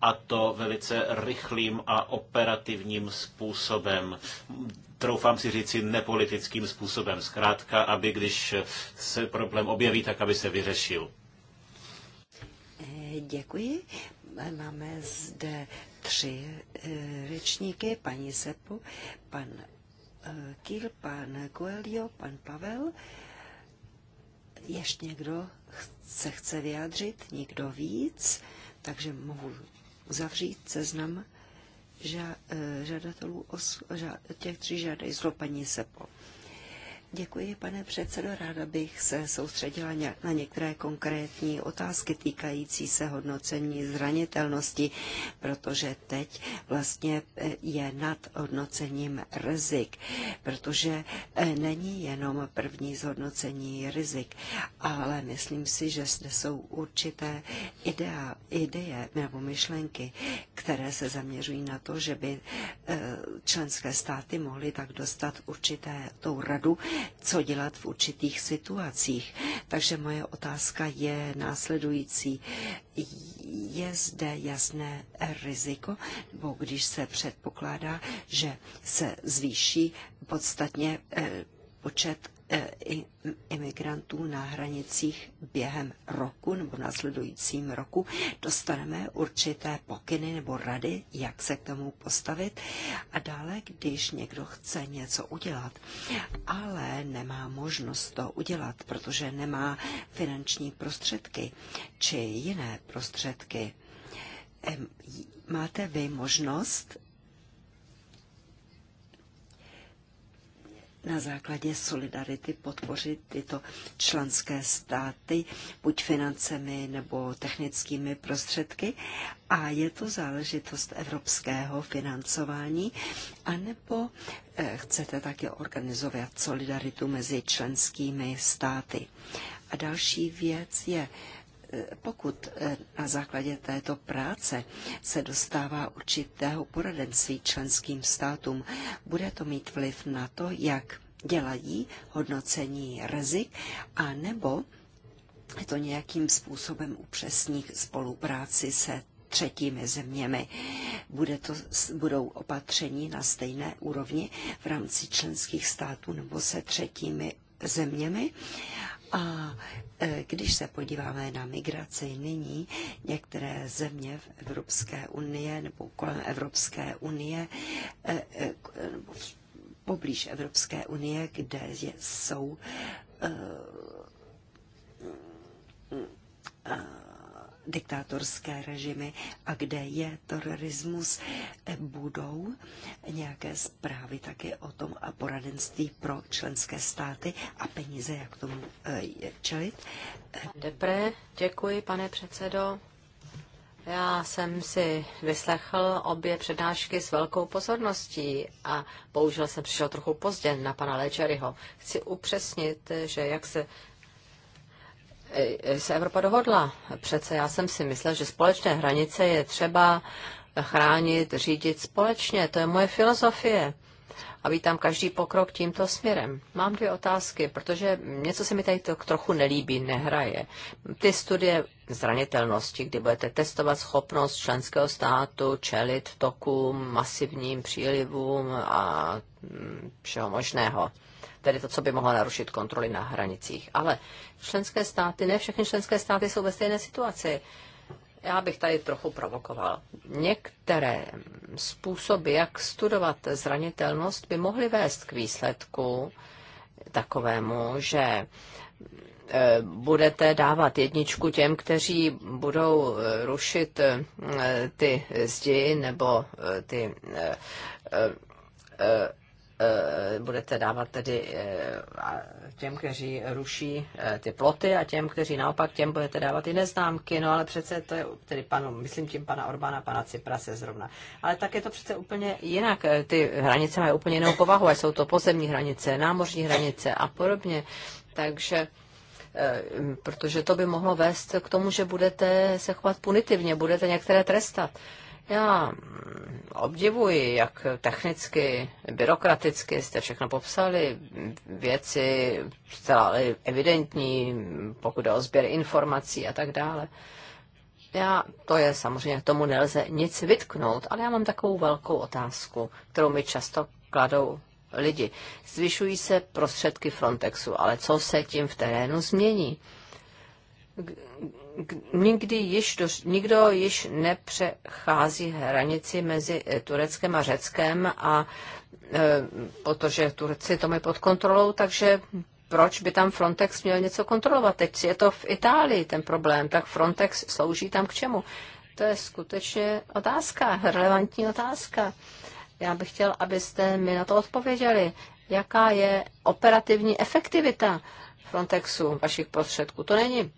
a to velice rychlým a operativním způsobem troufám si říci, nepolitickým způsobem. Zkrátka, aby když se problém objeví, tak aby se vyřešil. Eh, děkuji. Máme zde tři eh, řečníky, paní Sepu, pan eh, Kýl, pan Coelho, pan Pavel. Ještě někdo se chce vyjádřit, někdo víc, takže mohu uzavřít seznam Eh, žadatelů, těch, kteří žádají zlo paní Sepo. Děkuji, pane předsedo. Ráda bych se soustředila na některé konkrétní otázky týkající se hodnocení zranitelnosti, protože teď vlastně eh, je nad hodnocením rizik, protože eh, není jenom první zhodnocení rizik, ale myslím si, že zde jsou určité idea, ideje nebo myšlenky, které se zaměřují na to, že by eh, členské státy mohly tak dostat určité tou radu, co dělat v určitých situacích. Takže moje otázka je následující. Je zde jasné riziko, nebo když se předpokládá, že se zvýší podstatně eh, počet E, imigrantů na hranicích během roku nebo následujícím roku dostaneme určité pokyny nebo rady, jak se k tomu postavit. A dále, když někdo chce něco udělat, ale nemá možnost to udělat, protože nemá finanční prostředky či jiné prostředky, máte vy možnost na základě solidarity podpořit tyto členské státy, buď financemi nebo technickými prostředky. A je to záležitost evropského financování, anebo eh, chcete také organizovat solidaritu mezi členskými státy. A další věc je pokud eh, na základě této práce se dostává určitého poradenství členským státům, bude to mít vliv na to, jak dělají hodnocení rizik, a nebo to nějakým způsobem upřesní spolupráci se třetími zeměmi. Bude to, budou opatření na stejné úrovni v rámci členských států nebo se třetími zeměmi a e, když se podíváme na migraci nyní, některé země v Evropské unie nebo kolem Evropské unie, e, e, poblíž Evropské unie, kde jsou diktátorské režimy a kde je terorismus, eh, budou nějaké zprávy také o tom a poradenství pro členské státy a peníze, jak tomu eh, čelit. Depre, děkuji, pane předsedo. Já jsem si vyslechl obě přednášky s velkou pozorností a bohužel jsem přišel trochu pozdě na pana Léčeryho. Chci upřesnit, že jak se se Evropa dohodla. Přece já jsem si myslel, že společné hranice je třeba chránit, řídit společně. To je moje filozofie. A vítám každý pokrok tímto směrem. Mám dvě otázky, protože něco se mi tady to trochu nelíbí, nehraje. Ty studie zranitelnosti, kdy budete testovat schopnost členského státu čelit tokům, masivním přílivům a mm, všeho možného tedy to, co by mohlo narušit kontroly na hranicích. Ale členské státy, ne všechny členské státy jsou ve stejné situaci. Já bych tady trochu provokoval. Některé způsoby, jak studovat zranitelnost, by mohly vést k výsledku takovému, že e, budete dávat jedničku těm, kteří budou e, rušit e, ty zdi nebo ty Eh, budete dávat tedy eh, těm, kteří ruší eh, ty ploty a těm, kteří naopak, těm budete dávat jiné známky, no ale přece to je tedy panu, myslím tím pana Orbána, pana Ciprase zrovna. Ale tak je to přece úplně jinak, ty hranice mají úplně jinou povahu, a jsou to pozemní hranice, námořní hranice a podobně, takže protože to by mohlo vést k tomu, že budete se chovat punitivně, budete některé trestat. Já mm, obdivuji, jak technicky, byrokraticky jste všechno popsali, věci zcela evidentní, pokud jde o sběr informací a tak dále. Já, to je samozřejmě, tomu nelze nic vytknout, ale já mám takovou velkou otázku, kterou mi často kladou lidi. Zvyšují se prostředky Frontexu, ale co se tím v terénu změní? nikdy již, nikdo již nepřechází hranici mezi eh, Tureckem a Řeckem a eh, protože Turci to mají pod kontrolou, takže proč by tam Frontex měl něco kontrolovat? Teď je to v Itálii ten problém, tak Frontex slouží tam k čemu? To je skutečně otázka, relevantní otázka. Já bych chtěl, abyste mi na to odpověděli. Jaká je operativní efektivita Frontexu vašich prostředků? To není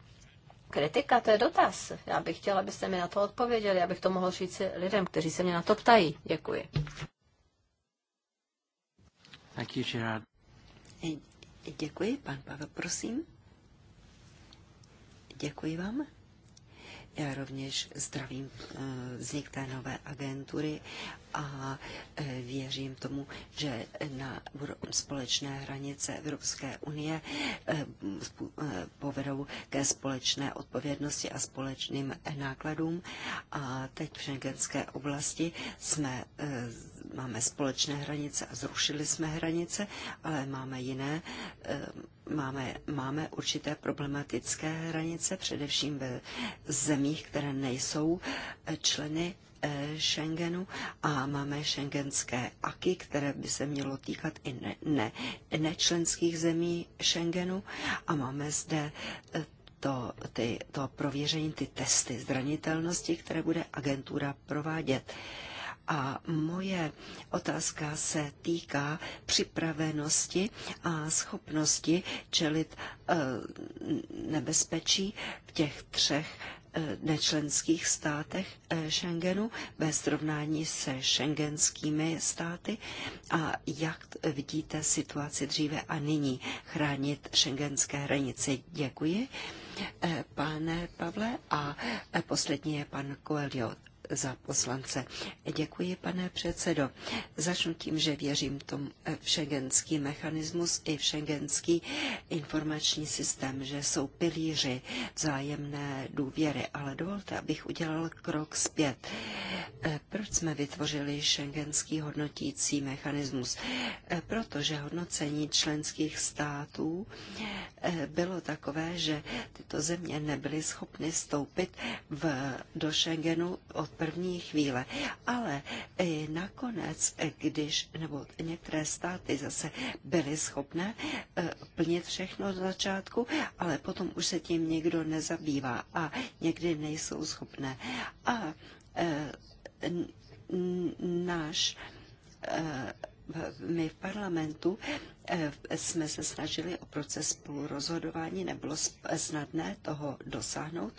kritika, to je dotaz. Já bych chtěla, abyste mi na to odpověděli, abych to mohl říct lidem, kteří se mě na to ptají. Děkuji. Thank you, Gerard. Děkuji, pan Pavel, prosím. Děkuji vám. Já rovněž zdravím eh, vznik té nové agentury a eh, věřím tomu, že na společné hranice Evropské unie eh, povedou ke společné odpovědnosti a společným nákladům. A teď v šengenské oblasti jsme máme společné hranice a zrušili jsme hranice, ale máme jiné, eh, máme, máme určité problematické hranice, především ve zemích, které nejsou eh, členy eh, Schengenu a máme šengenské aky, které by se mělo týkat i ne, ne, nečlenských zemí Schengenu a máme zde to, ty, to prověření, ty testy zranitelnosti, které bude agentura provádět. Uh, a moje otázka se týká připravenosti a schopnosti čelit eh, nebezpečí v těch třech eh, nečlenských státech eh, Schengenu ve srovnání se šengenskými státy a jak vidíte situaci dříve a nyní chránit šengenské hranice. Děkuji, pane Pavle. A poslední je pan Coelho za poslance. Děkuji, pane předsedo. Začnu tím, že věřím tomu eh, v šengenský mechanismus i v šengenský informační systém, že jsou pilíři vzájemné důvěry, ale dovolte, abych udělal krok zpět. Eh, proč jsme vytvořili šengenský hodnotící mechanismus? Eh, protože hodnocení členských států bylo takové, že tyto země nebyly schopny vstoupit v, do Schengenu od první chvíle. Ale nakonec, když, nebo některé státy zase byly schopné e, plnit všechno od začátku, ale potom už se tím někdo nezabývá a někdy nejsou schopné. A e, náš e, my v parlamentu Eh, jsme se snažili o proces spolurozhodování, nebylo snadné toho dosáhnout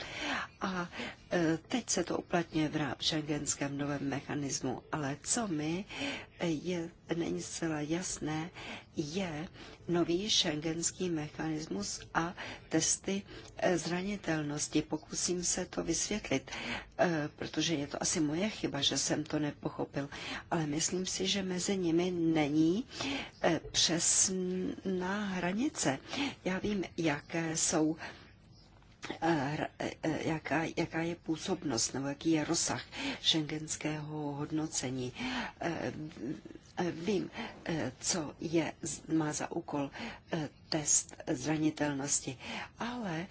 a eh, teď se to uplatňuje v šengenském novém mechanismu, ale co my je, není zcela jasné, je nový šengenský mechanismus a testy eh, zranitelnosti. Pokusím se to vysvětlit, eh, protože je to asi moje chyba, že jsem to nepochopil, ale myslím si, že mezi nimi není eh, přesná hranice. Já vím, jaké jsou Eh, eh, eh, jaká, jaká je působnost nebo jaký je rozsah šengenského hodnocení. Vím, co je, má za úkol test zranitelnosti, ale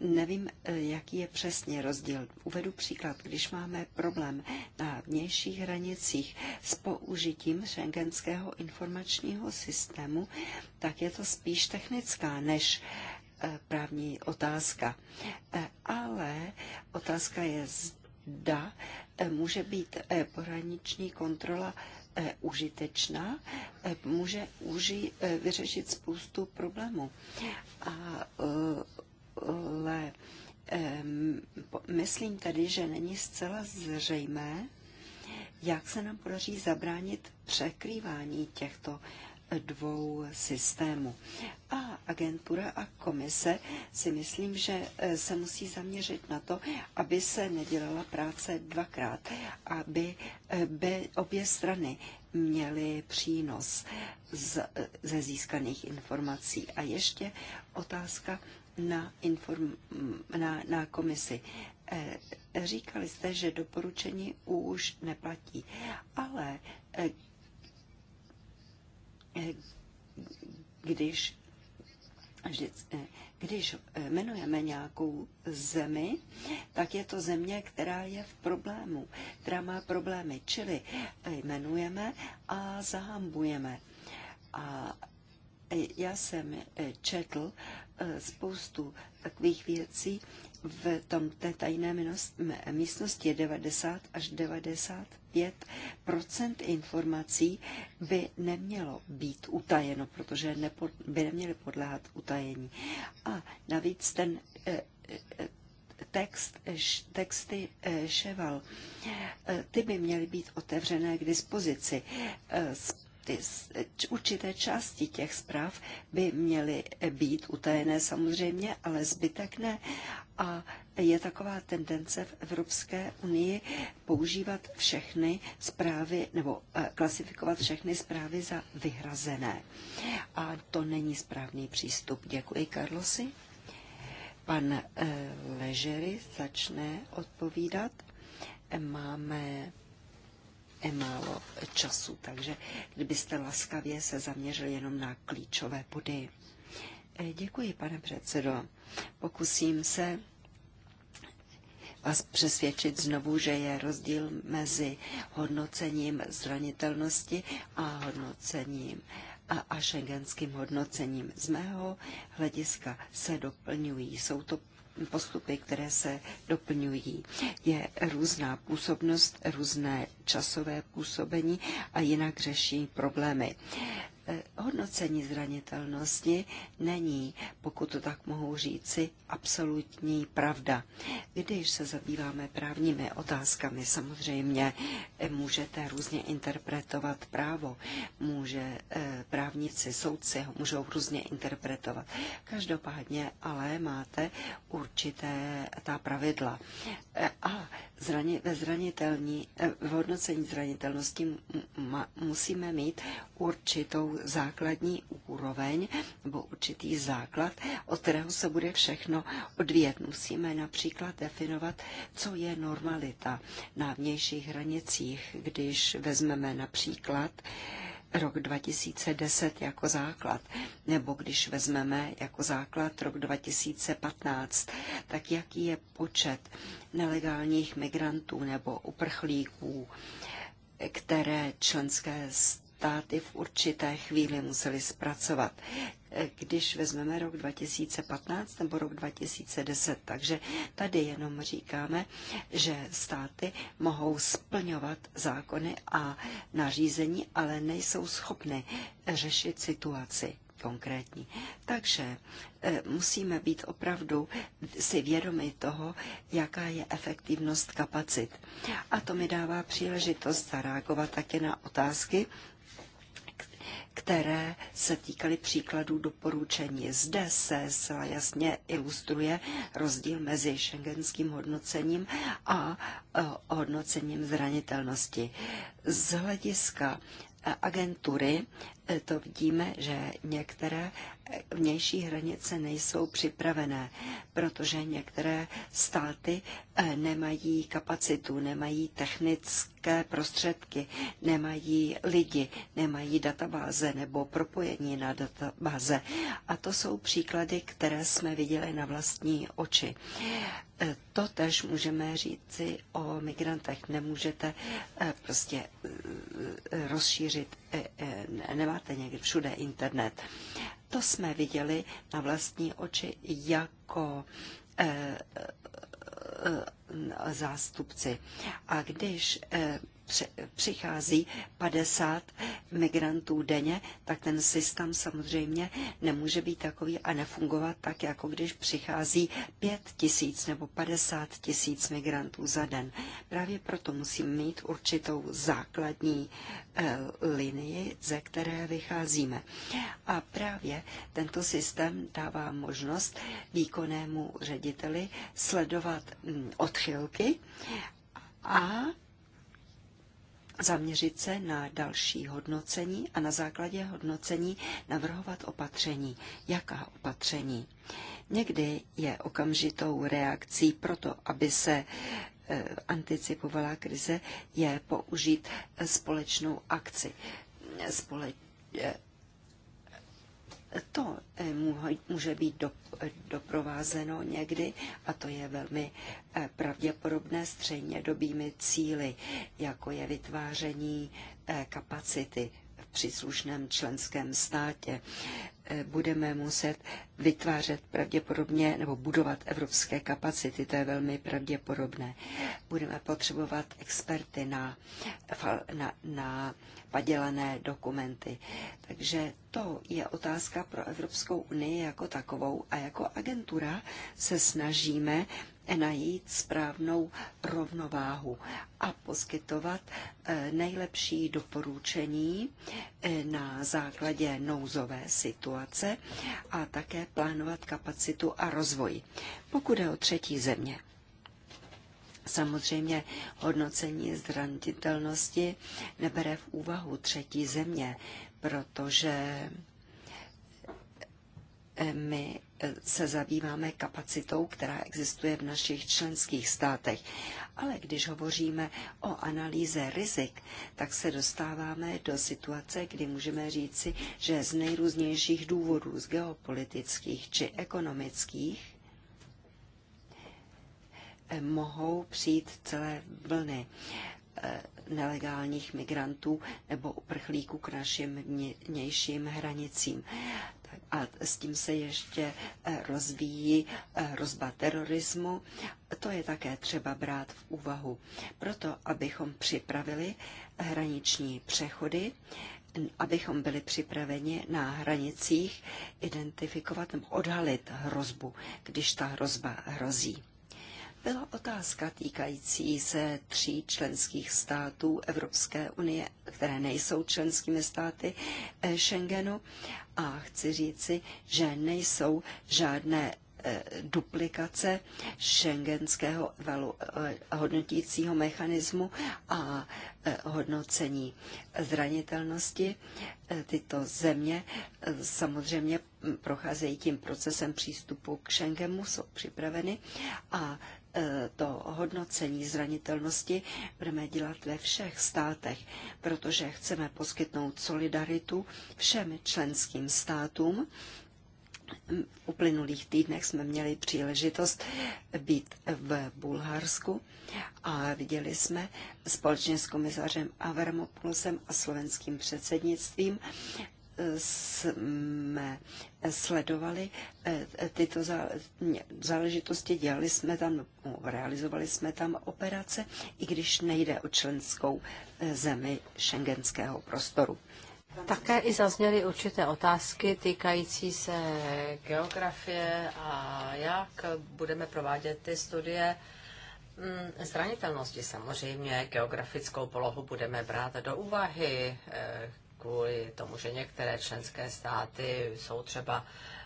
nevím, jaký je přesně rozdíl. Uvedu příklad, když máme problém na vnějších hranicích s použitím šengenského informačního systému, tak je to spíš technická než Eh, právní otázka. Eh, ale otázka je, zda eh, může být pohraniční kontrola užitečná, může uži, vyřešit spoustu problémů. Ale myslím tady, že není zcela zřejmé, jak se nám podaří zabránit překrývání těchto dvou systémů. A agentura a komise si myslím, že e, se musí zaměřit na to, aby se nedělala práce dvakrát, aby e, obě strany měly přínos z, e, ze získaných informací. A ještě otázka na, inform, na, na komisi. Říkali jste, že doporučení už neplatí, ale Eh, když, eh, když jmenujeme nějakou zemi, tak je to země, která je v problému, která má problémy, čili eh, jmenujeme a zahambujeme. A já jsem četl spoustu takových věcí, v tom té tajné místnosti je 90 až 95 informací by nemělo být utajeno, protože by neměly podléhat utajení. A navíc ten e, e, text, texty Ševal, e, ty by měly být otevřené k dispozici ty, určité části těch zpráv by měly být utajené samozřejmě, ale zbytek ne. A je taková tendence v Evropské unii používat všechny zprávy nebo eh, klasifikovat všechny zprávy za vyhrazené. A to není správný přístup. Děkuji, Karlosi. Pan eh, Ležery začne odpovídat. Máme málo času, takže kdybyste laskavě se zaměřili jenom na klíčové body. Eh, děkuji, pane předsedo. Pokusím se vás přesvědčit znovu, že je rozdíl mezi hodnocením zranitelnosti a hodnocením a, a šengenským hodnocením. Z mého hlediska se doplňují. Jsou to postupy, které se doplňují. Je různá působnost, různé časové působení a jinak řeší problémy. Eh, hodnocení zranitelnosti není, pokud to tak mohu říci, absolutní pravda. Když se zabýváme právními otázkami, samozřejmě eh, můžete různě interpretovat právo, může eh, právníci, soudci ho můžou různě interpretovat. Každopádně ale máte určité ta pravidla. Eh, a zrani, ve zranitelní, eh, v hodnocení zranitelnosti musíme mít určitou základní úroveň nebo určitý základ, od kterého se bude všechno odvíjet. Musíme například definovat, co je normalita na vnějších hranicích, když vezmeme například eh, rok 2010 jako základ, nebo když vezmeme jako základ rok 2015, tak jaký je počet nelegálních migrantů nebo uprchlíků, které členské státy v určité chvíli museli zpracovat. Eh, když vezmeme rok 2015 nebo rok 2010, takže tady jenom říkáme, že státy mohou splňovat zákony a nařízení, ale nejsou schopny řešit situaci konkrétní. Takže eh, musíme být opravdu si vědomi toho, jaká je efektivnost kapacit. A to mi dává příležitost zareagovat také na otázky, které se týkaly příkladů doporučení. Zde se zcela jasně ilustruje rozdíl mezi šengenským hodnocením a e, hodnocením zranitelnosti. Z hlediska e, agentury to vidíme, že některé vnější hranice nejsou připravené, protože některé státy eh, nemají kapacitu, nemají technické prostředky, nemají lidi, nemají databáze nebo propojení na databáze. A to jsou příklady, které jsme viděli na vlastní oči. Eh, to tež můžeme říci o migrantech. Nemůžete eh, prostě rozšířit E, e, nemáte někde všude internet. To jsme viděli na vlastní oči jako e, zástupci. A když přichází 50 migrantů denně, tak ten systém samozřejmě nemůže být takový a nefungovat tak, jako když přichází 5 tisíc nebo 50 tisíc migrantů za den. Právě proto musím mít určitou základní eh, linii, ze které vycházíme. A právě tento systém dává možnost výkonnému řediteli sledovat mm, odchylky a zaměřit se na další hodnocení a na základě hodnocení navrhovat opatření. Jaká opatření? Někdy je okamžitou reakcí proto, aby se eh, anticipovala krize, je použít společnou akci. Společ, eh, to eh, může být doprovázeno někdy a to je velmi eh, pravděpodobné dobými cíly, jako je vytváření eh, kapacity příslušném členském státě. Eh, budeme muset vytvářet pravděpodobně nebo budovat evropské kapacity, to je velmi pravděpodobné. Budeme potřebovat experty na, na, na padělané dokumenty. Takže to je otázka pro Evropskou unii jako takovou a jako agentura se snažíme najít správnou rovnováhu a poskytovat eh, nejlepší doporučení eh, na základě nouzové situace a také plánovat kapacitu a rozvoj. Pokud je o třetí země, Samozřejmě hodnocení zranitelnosti nebere v úvahu třetí země, protože eh, my se zabýváme kapacitou, která existuje v našich členských státech. Ale když hovoříme o analýze rizik, tak se dostáváme do situace, kdy můžeme říci, že z nejrůznějších důvodů, z geopolitických či ekonomických, mohou přijít celé vlny eh, nelegálních migrantů nebo uprchlíků k našim vnějším hranicím a s tím se ještě eh, rozvíjí eh, rozba terorismu. To je také třeba brát v úvahu. Proto, abychom připravili hraniční přechody, abychom byli připraveni na hranicích identifikovat nebo odhalit hrozbu, když ta hrozba hrozí. Byla otázka týkající se tří členských států Evropské unie, které nejsou členskými státy eh, Schengenu a chci říci, že nejsou žádné eh, duplikace šengenského eh, hodnotícího mechanismu a eh, hodnocení zranitelnosti. Tyto země samozřejmě procházejí tím procesem přístupu k Schengenu, jsou připraveny a E, to hodnocení zranitelnosti budeme dělat ve všech státech, protože chceme poskytnout solidaritu všem členským státům. V uplynulých týdnech jsme měli příležitost být v Bulharsku a viděli jsme společně s komisařem Avramopoulosem a slovenským předsednictvím jsme sledovali eh, tyto záležitosti, dělali jsme tam, no, realizovali jsme tam operace, i když nejde o členskou eh, zemi šengenského prostoru. Také i zazněly určité otázky týkající se geografie a jak budeme provádět ty studie. Mm, zranitelnosti samozřejmě, geografickou polohu budeme brát do úvahy, eh, kvůli tomu, že některé členské státy jsou třeba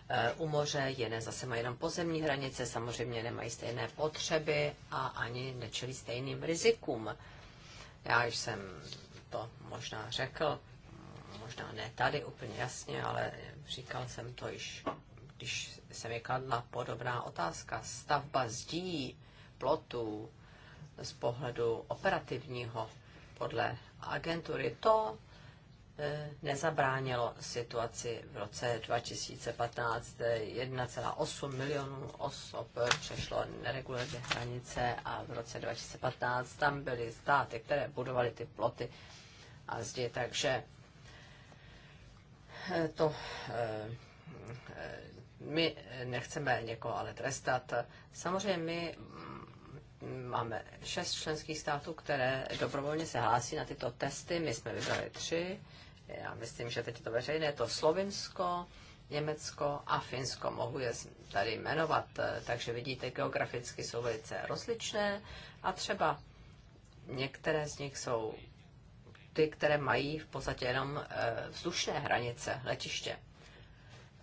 e, u moře, jiné zase mají jenom pozemní hranice, samozřejmě nemají stejné potřeby a ani nečelí stejným rizikům. Já jsem to možná řekl, možná ne tady úplně jasně, ale říkal jsem to již, když se mi kladla podobná otázka. Stavba zdí, plotů z pohledu operativního podle agentury, to Eh, nezabránilo situaci v roce 2015. 1,8 milionů osob přešlo neregulérně hranice a v roce 2015 tam byly státy, které budovaly ty ploty a zdi, takže eh, to eh, my nechceme někoho ale trestat. Samozřejmě my mm, máme šest členských států, které dobrovolně se hlásí na tyto testy. My jsme vybrali tři já myslím, že teď je to veřejné, to Slovinsko, Německo a Finsko. Mohu je tady jmenovat, eh, takže vidíte, geograficky jsou velice rozličné a třeba některé z nich jsou ty, které mají v podstatě jenom eh, vzdušné hranice, letiště.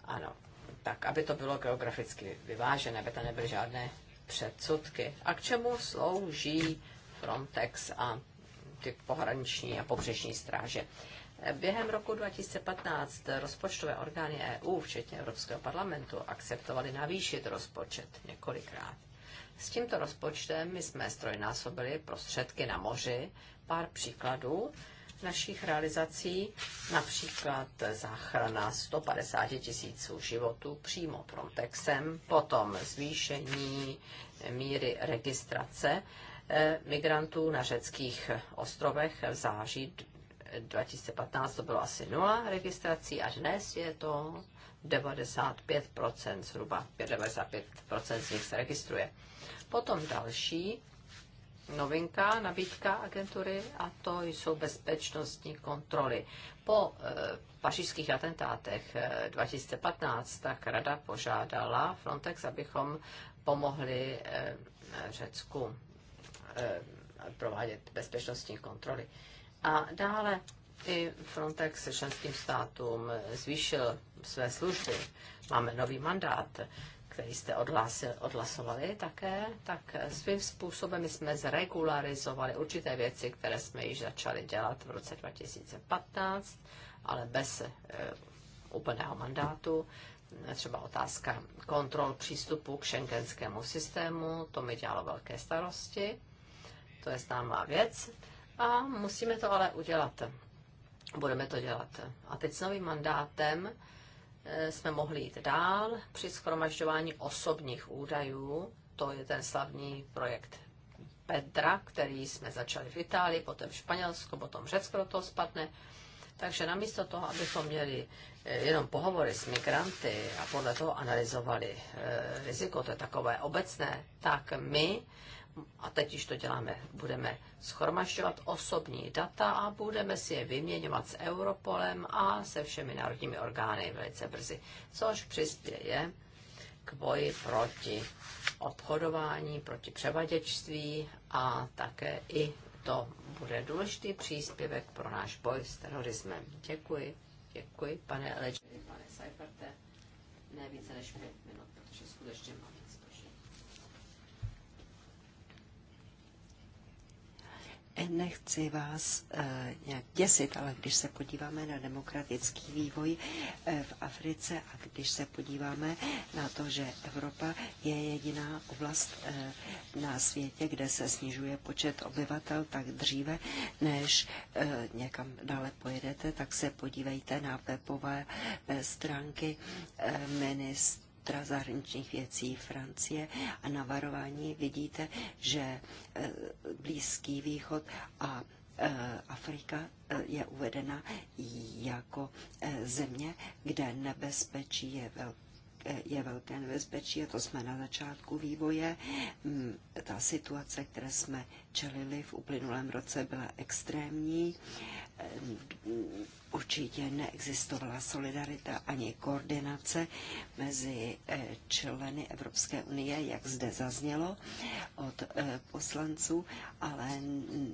Ano, tak aby to bylo geograficky vyvážené, aby tam nebyly žádné předsudky. A k čemu slouží Frontex a ty pohraniční a pobřežní stráže? Během roku 2015 rozpočtové orgány EU, včetně Evropského parlamentu, akceptovaly navýšit rozpočet několikrát. S tímto rozpočtem my jsme strojnásobili prostředky na moři. Pár příkladů našich realizací, například záchrana 150 tisíců životů přímo Frontexem, potom zvýšení míry registrace eh, migrantů na řeckých ostrovech v září 2015 to bylo asi nula registrací a dnes je to 95%, zhruba 95% z nich se registruje. Potom další novinka, nabídka agentury a to jsou bezpečnostní kontroly. Po e, pařížských atentátech eh, e, 2015 tak rada požádala Frontex, abychom pomohli e, Řecku e, provádět bezpečnostní kontroly. E, a dále i Frontex členským státům zvýšil své služby. Máme nový mandát, který jste odhlasil, odhlasovali také, tak svým způsobem jsme zregularizovali určité věci, které jsme již začali dělat v roce 2015, ale bez e, úplného mandátu. Třeba otázka kontrol přístupu k šengenskému systému, to mi dělalo velké starosti. To je známá věc a musíme to ale udělat. Budeme to dělat. A teď s novým mandátem eh, jsme mohli jít dál při schromažďování osobních údajů. To je ten slavný projekt Pedra, který jsme začali v Itálii, potom v Španělsku, potom v Řecku do toho spadne. Takže namísto toho, abychom měli eh, jenom pohovory s migranty a podle toho analyzovali eh, riziko, to je takové obecné, tak my a teď již to děláme, budeme schromažďovat osobní data a budeme si je vyměňovat s Europolem a se všemi národními orgány velice brzy, což přispěje k boji proti obchodování, proti převaděčství a také i to bude důležitý příspěvek pro náš boj s terorismem. Děkuji, děkuji, pane leč. pane Seiferte, ne více než pět minut, protože skutečně máme. Nechci vás e, nějak děsit, ale když se podíváme na demokratický vývoj e, v Africe a když se podíváme na to, že Evropa je jediná oblast e, na světě, kde se snižuje počet obyvatel tak dříve, než e, někam dále pojedete, tak se podívejte na webové stránky e, ministra ministra zahraničních věcí Francie a na varování vidíte, že e, Blízký východ a e, Afrika e, je uvedena jako země, kde nebezpečí je velké je velké nebezpečí a to jsme na začátku vývoje. Ta situace, které jsme čelili v uplynulém roce, byla extrémní určitě neexistovala solidarita ani koordinace mezi eh, členy Evropské unie, jak zde zaznělo od eh, poslanců, ale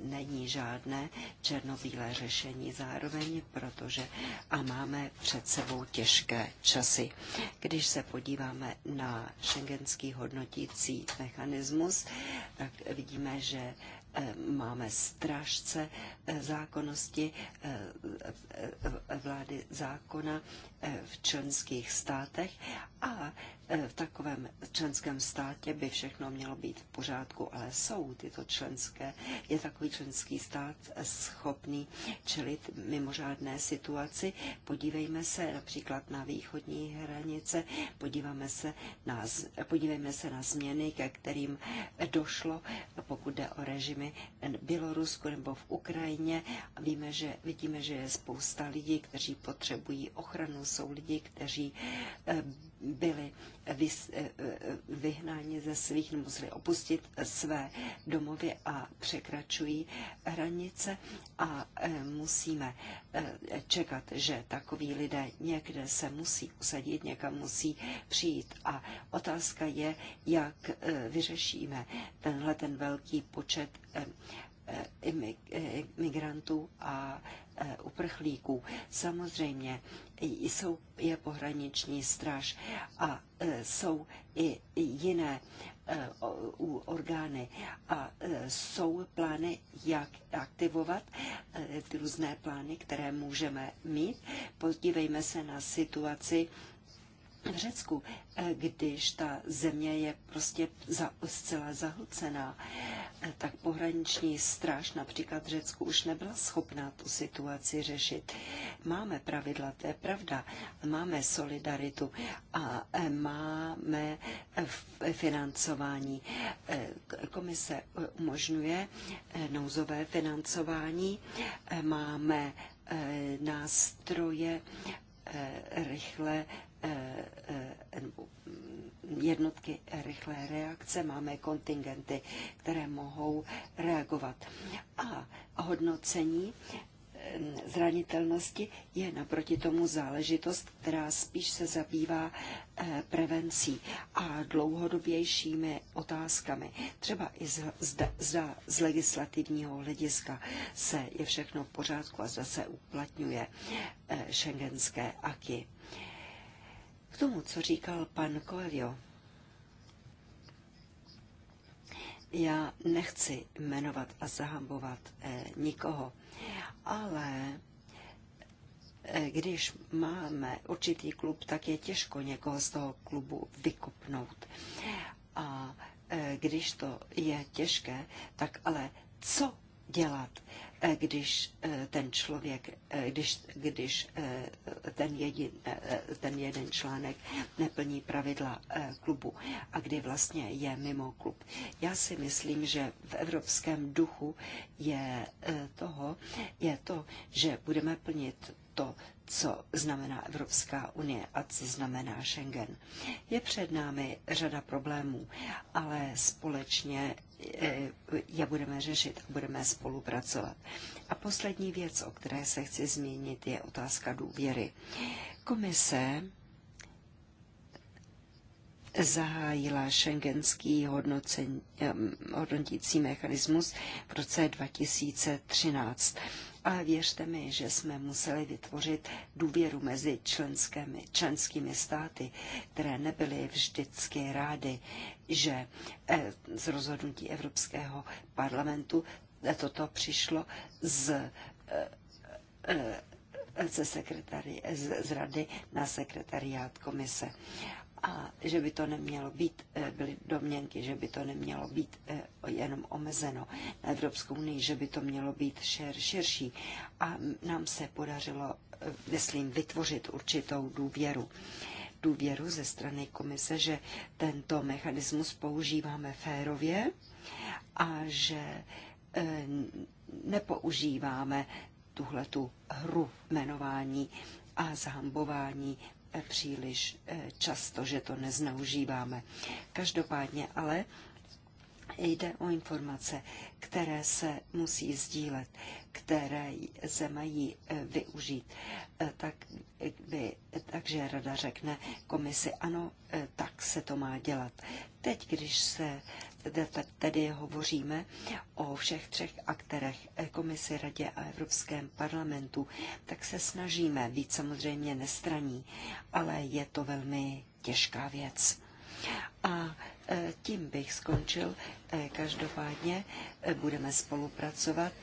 není žádné černobílé řešení zároveň, protože a máme před sebou těžké časy. Když se podíváme na šengenský hodnotící mechanismus, tak vidíme, že Eh, máme strážce eh, zákonnosti eh, vlády zákona v členských státech a v takovém členském státě by všechno mělo být v pořádku, ale jsou tyto členské, je takový členský stát schopný čelit mimořádné situaci. Podívejme se například na východní hranice, podíváme se na, podívejme se na změny, ke kterým došlo, pokud jde o režimy v Bělorusku nebo v Ukrajině. Víme, že, vidíme, že je spousta lidí, kteří potřebují ochranu, jsou lidi, kteří eh, byli eh, eh, vyhnáni ze svých, museli opustit své domovy a překračují hranice a eh, musíme čekat, že takoví lidé někde se musí usadit, někam musí přijít. A otázka je, jak vyřešíme tenhle ten velký počet migrantů a Eh, uprchlíků. Samozřejmě jsou, je pohraniční straž a eh, jsou i jiné eh, orgány a jsou plány, jak aktivovat ty různé plány, které můžeme mít. Podívejme se na situaci v Řecku, eh, když ta země je prostě za, zcela zahlcená, eh, tak pohraniční stráž například v Řecku už nebyla schopná tu situaci řešit. Máme pravidla, to je pravda, máme solidaritu a eh, máme financování. Komise umožňuje nouzové financování, máme nástroje rychle Eh, eh, nebo mm, jednotky rychlé reakce, máme kontingenty, které mohou reagovat. A hodnocení eh, zranitelnosti je naproti tomu záležitost, která spíš se zabývá prevencí a dlouhodobějšími otázkami. Třeba i zda, zda z legislativního hlediska se je všechno v pořádku a zase uplatňuje šengenské aky tomu, co říkal pan Coelho, já nechci jmenovat a zahambovat eh, nikoho, ale eh, když máme určitý klub, tak je těžko někoho z toho klubu vykopnout. A eh, když to je těžké, tak ale co dělat? Eh, Eh, když eh, ten člověk, eh, když, když ten, jedin, ten jeden článek neplní pravidla klubu a kdy vlastně je mimo klub. Já si myslím, že v evropském duchu je toho, je to, že budeme plnit to, co znamená Evropská unie a co znamená Schengen. Je před námi řada problémů, ale společně eh, je budeme řešit a budeme spolupracovat. A poslední věc, o které se chci zmínit, je otázka důvěry. Komise zahájila šengenský eh, hodnotící mechanismus v roce 2013 ale věřte mi, že jsme museli vytvořit důvěru mezi členskými, členskými státy, které nebyly vždycky rády, že eh, z rozhodnutí Evropského parlamentu eh, toto přišlo z eh, ze sekretari, z, z rady na sekretariát komise a že by to nemělo být, eh, byly domněnky, že by to nemělo být eh, jenom omezeno na Evropskou unii, že by to mělo být šir, širší. A nám se podařilo, eh, myslím, vytvořit určitou důvěru. Důvěru ze strany komise, že tento mechanismus používáme férově a že nepoužíváme tuhle tu hru jmenování a zahambování příliš eh, často, že to neznaužíváme. Každopádně ale jde o informace, které se musí sdílet, které se mají eh, využít. Eh, tak by, takže rada řekne komisi, ano, tak se to má dělat. Teď, když se tedy hovoříme o všech třech akterech, eh, komisi, radě a Evropském parlamentu, tak se snažíme být samozřejmě nestraní, ale je to velmi těžká věc. A eh, tím bych skončil. Eh, každopádně budeme spolupracovat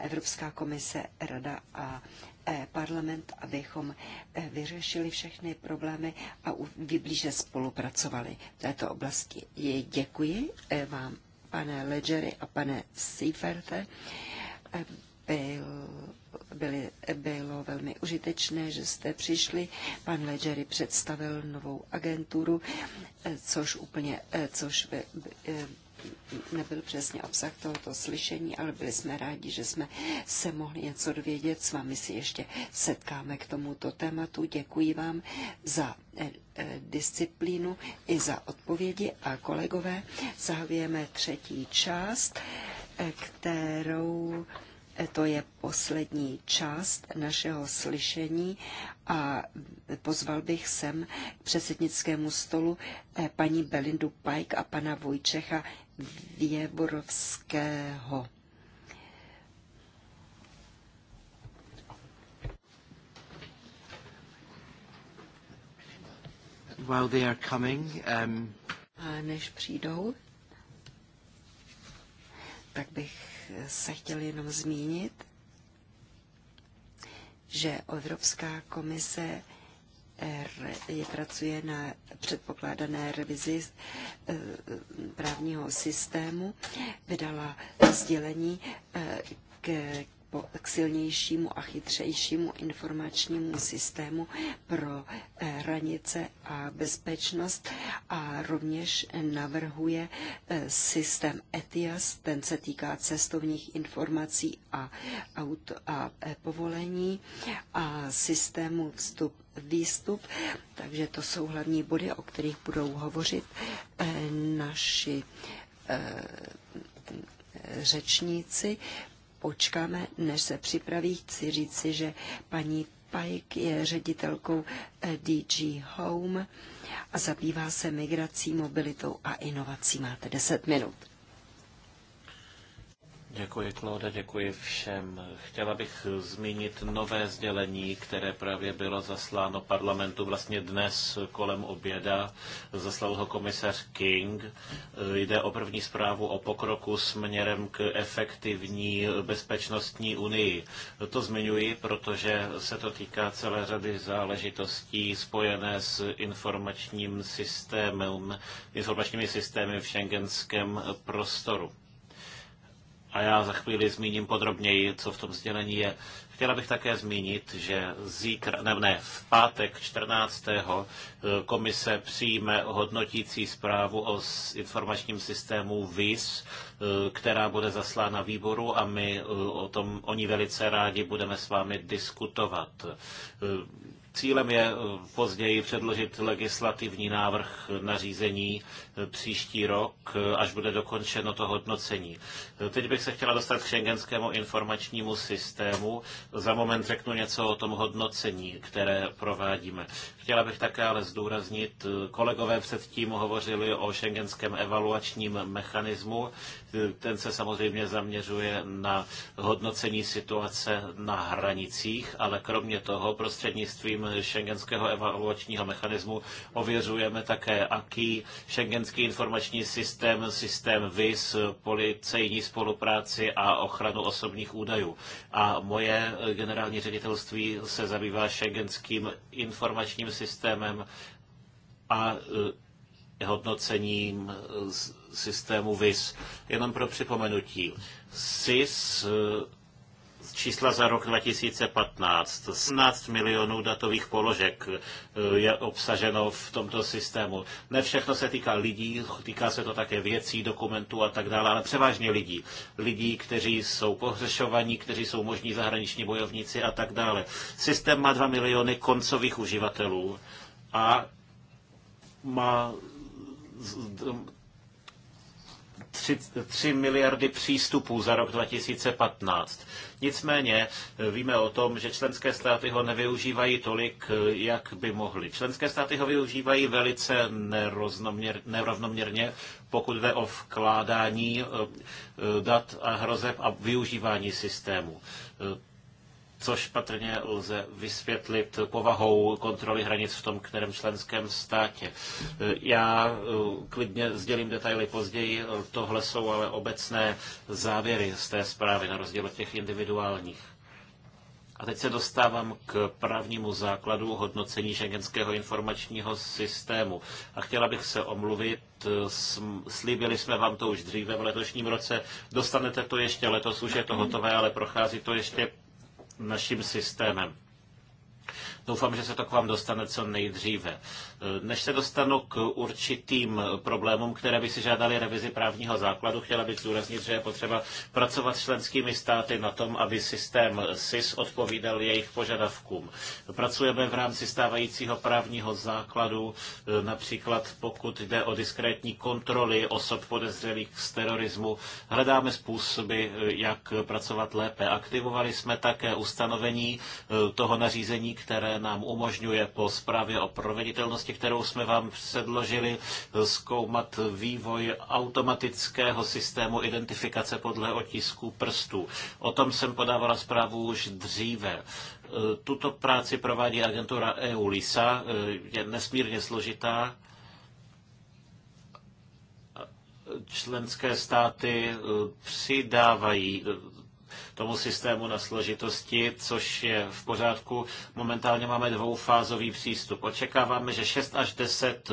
Evropská komise, Rada a E, parlament, abychom e, vyřešili všechny problémy a vyblíže spolupracovali v této oblasti. Děkuji e, vám, pane Ledgery a pane Seiferte. Byl, byly, bylo velmi užitečné, že jste přišli. Pan Ledgery představil novou agenturu, což úplně, což by, by, nebyl přesně obsah tohoto slyšení, ale byli jsme rádi, že jsme se mohli něco dovědět. S vámi si ještě setkáme k tomuto tématu. Děkuji vám za eh, eh, disciplínu i za odpovědi a kolegové. Zahajujeme třetí část, eh, kterou to je poslední část našeho slyšení a pozval bych sem k předsednickému stolu paní Belindu Pajk a pana Vojčecha Věborovského. While they are coming, um... A než přijdou, tak bych se chtěl jenom zmínit, že Evropská komise je pracuje na předpokládané revizi eh, právního systému, vydala sdělení, eh, k, po, k silnějšímu a chytřejšímu informačnímu systému pro eh, hranice a bezpečnost a rovněž navrhuje eh, systém ETIAS, ten se týká cestovních informací a, aut, a eh, povolení a systému vstup výstup, takže to jsou hlavní body, o kterých budou hovořit naši řečníci počkáme, než se připraví. Chci říci, že paní Pike je ředitelkou eh, DG Home a zabývá se migrací, mobilitou a inovací. Máte 10 minut. Děkuji, Claude, děkuji všem. Chtěla bych zmínit nové sdělení, které právě bylo zasláno parlamentu vlastně dnes kolem oběda. Zaslal ho komisař King. Jde o první zprávu o pokroku směrem k efektivní bezpečnostní unii. To zmiňuji, protože se to týká celé řady záležitostí spojené s informačním systémem, informačními systémy v šengenském prostoru a já za chvíli zmíním podrobněji, co v tom sdělení je. Chtěla bych také zmínit, že zítra, ne, ne, v pátek 14. Eh, komise přijme hodnotící zprávu o informačním systému VIS, eh, která bude zaslána výboru a my eh, o tom, oni velice rádi budeme s vámi diskutovat. Cílem je eh, později předložit legislativní návrh nařízení eh, příští rok, eh, až bude dokončeno to hodnocení. Teď bych se chtěla dostat k šengenskému informačnímu systému. Za moment řeknu něco o tom hodnocení, které provádíme. Chtěla bych také ale zdůraznit, eh, kolegové předtím hovořili o šengenském evaluačním mechanismu. Eh, ten se samozřejmě zaměřuje na hodnocení situace na hranicích, ale kromě toho prostřednictvím šengenského evaluačního mechanismu ověřujeme také aký šengenský informační systém, systém VIS, policejní spolupráci a ochranu osobních údajů. A moje eh, generální ředitelství se zabývá šengenským informačním systémem a e, hodnocením e, systému VIS. Jenom pro připomenutí. SIS čísla za rok 2015. 17 milionů datových položek eh, je obsaženo v tomto systému. Ne všechno se týká lidí, týká se to také věcí, dokumentů a tak dále, ale převážně lidí. Lidí, kteří jsou pohřešovaní, kteří jsou možní zahraniční bojovníci a tak dále. Systém má 2 miliony koncových uživatelů a má 3, 3 miliardy přístupů za rok 2015. Nicméně eh, víme o tom, že členské státy ho nevyužívají tolik, eh, jak by mohly. Členské státy ho využívají velice nerovnoměrně, pokud jde o vkládání eh, dat a hrozeb a využívání systému což patrně lze vysvětlit povahou kontroly hranic v tom kterém členském státě. Já eh, klidně sdělím detaily později, tohle jsou ale obecné závěry z té zprávy, na rozdíl od těch individuálních. A teď se dostávám k právnímu základu hodnocení šengenského informačního systému. A chtěla bych se omluvit, eh, slíbili jsme vám to už dříve v letošním roce, dostanete to ještě letos, už je to hotové, ale prochází to ještě naším systémem. Doufám, že se to k vám dostane co nejdříve. Než se dostanu k určitým problémům, které by si žádali revizi právního základu, chtěla bych zdůraznit, že je potřeba pracovat s členskými státy na tom, aby systém SIS odpovídal jejich požadavkům. Pracujeme v rámci stávajícího právního základu, e, například pokud jde o diskrétní kontroly osob podezřelých z terorismu. Hledáme způsoby, e, jak pracovat lépe. Aktivovali jsme také ustanovení e, toho nařízení, které nám umožňuje po zprávě o proveditelnosti části, kterou jsme vám předložili, eh, zkoumat vývoj automatického systému identifikace podle otisků prstů. O tom jsem podávala zprávu už dříve. Eh, tuto práci provádí agentura EULISA, eh, je nesmírně složitá. Členské státy přidávají tomu systému na složitosti, což je v pořádku. Momentálně máme dvoufázový přístup. Očekáváme, že 6 až 10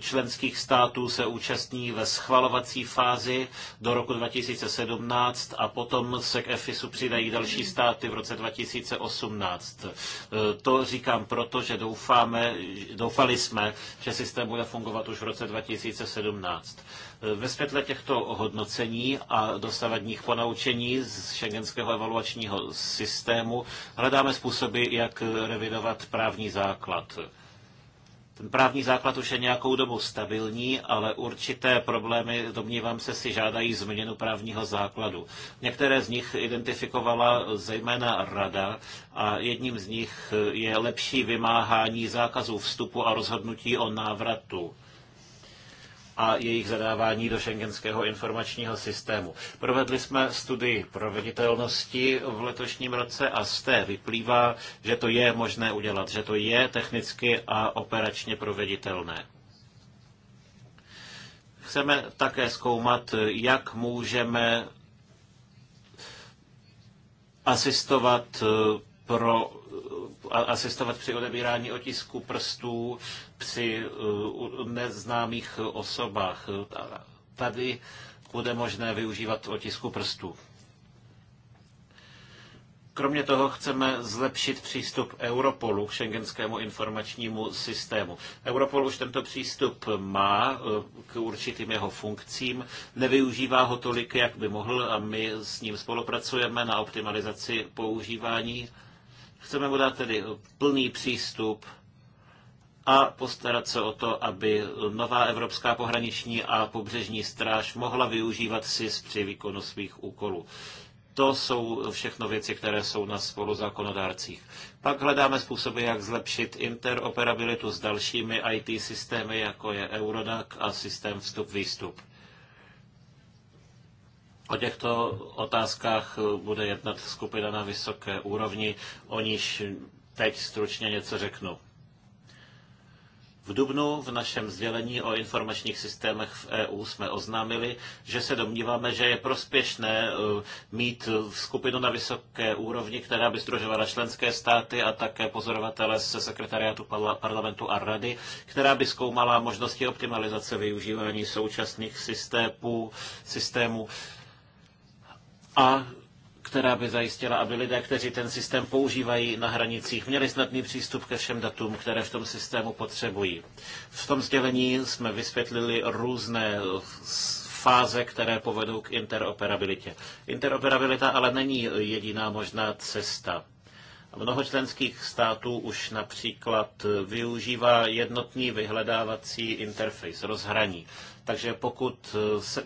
členských států se účastní ve schvalovací fázi do roku 2017 a potom se k EFISu přidají další státy v roce 2018. To říkám proto, že doufáme, doufali jsme, že systém bude fungovat už v roce 2017. Ve světle těchto hodnocení a dosavadních ponaučení z šengenského evaluačního systému hledáme způsoby, jak revidovat právní základ. Ten právní základ už je nějakou dobu stabilní, ale určité problémy, domnívám se, si žádají změnu právního základu. Některé z nich identifikovala zejména rada a jedním z nich je lepší vymáhání zákazů vstupu a rozhodnutí o návratu a jejich zadávání do šengenského informačního systému. Provedli jsme studii proveditelnosti v letošním roce a z té vyplývá, že to je možné udělat, že to je technicky a operačně proveditelné chceme také zkoumat, jak můžeme asistovat eh, pro asistovat při odebírání otisku prstů při uh, neznámých osobách. Tady bude možné využívat otisku prstů. Kromě toho chceme zlepšit přístup Europolu k šengenskému informačnímu systému. Europol už tento přístup má uh, k určitým jeho funkcím, nevyužívá ho tolik, jak by mohl a my s ním spolupracujeme na optimalizaci používání Chceme mu dát tedy plný přístup a postarat se o to, aby nová Evropská pohraniční a pobřežní stráž mohla využívat SIS při výkonu svých úkolů. To jsou všechno věci, které jsou na spoluzákonodárcích. Pak hledáme způsoby, jak zlepšit interoperabilitu s dalšími IT systémy, jako je Eurodac a systém vstup-výstup. O těchto otázkách eh, bude jednat skupina na vysoké úrovni, o níž teď stručně něco řeknu. V dubnu v našem sdělení o informačních systémech v EU jsme oznámili, že se domníváme, že je prospěšné eh, mít skupinu na vysoké úrovni, která by združovala členské státy a také pozorovatele ze sekretariátu parlamentu a rady, která by zkoumala možnosti optimalizace využívání současných systémů, systémů a která by zajistila, aby lidé, kteří ten systém používají na hranicích, měli snadný přístup ke všem datům, které v tom systému potřebují. V tom sdělení jsme vysvětlili různé fáze, které povedou k interoperabilitě. Interoperabilita ale není jediná možná cesta. Mnoho členských států už například využívá jednotný vyhledávací interface rozhraní. Takže pokud se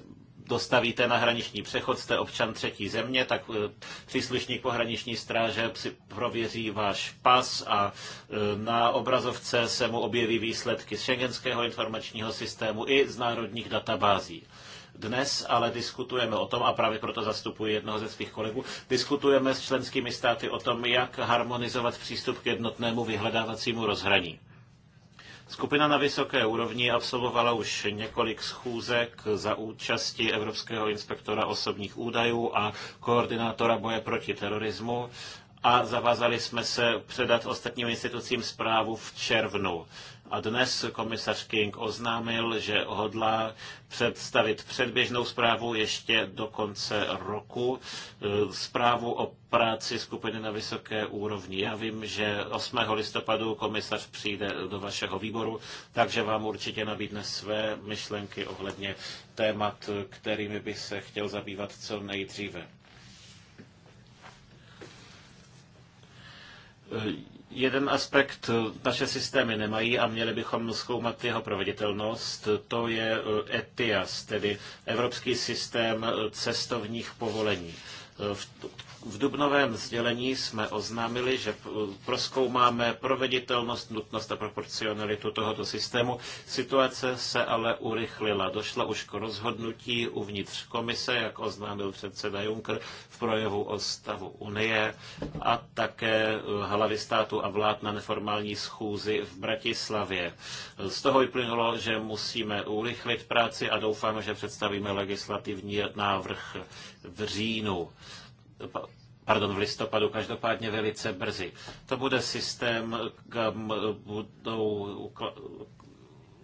dostavíte na hraniční přechod, jste občan třetí země, tak eh, příslušník pohraniční stráže si prověří váš pas a eh, na obrazovce se mu objeví výsledky z šengenského informačního systému i z národních databází. Dnes ale diskutujeme o tom, a právě proto zastupuji jednoho ze svých kolegů, diskutujeme s členskými státy o tom, jak harmonizovat přístup k jednotnému vyhledávacímu rozhraní. Skupina na vysoké úrovni absolvovala už několik schůzek za účasti Evropského inspektora osobních údajů a koordinátora boje proti terorismu a zavázali jsme se předat ostatním institucím zprávu v červnu. A dnes komisař King oznámil, že hodlá představit předběžnou zprávu ještě do konce roku, e, zprávu o práci skupiny na vysoké úrovni. Já vím, že 8. listopadu komisař přijde do vašeho výboru, takže vám určitě nabídne své myšlenky ohledně témat, kterými by se chtěl zabývat co nejdříve e, Jeden aspekt eh, naše systémy nemají a měli bychom zkoumat jeho proveditelnost, to je eh, ETIAS, tedy Evropský systém eh, cestovních povolení. V v dubnovém sdělení jsme oznámili, že proskoumáme proveditelnost, nutnost a proporcionalitu tohoto systému. Situace se ale urychlila. Došlo už k rozhodnutí uvnitř komise, jak oznámil předseda Juncker v projevu o stavu Unie a také eh, hlavy státu a vlád na neformální schůzi v Bratislavě. Z toho vyplynulo, že musíme urychlit práci a doufáme, že představíme legislativní návrh v říjnu pardon, v listopadu, každopádně velice brzy. To bude systém, kam budou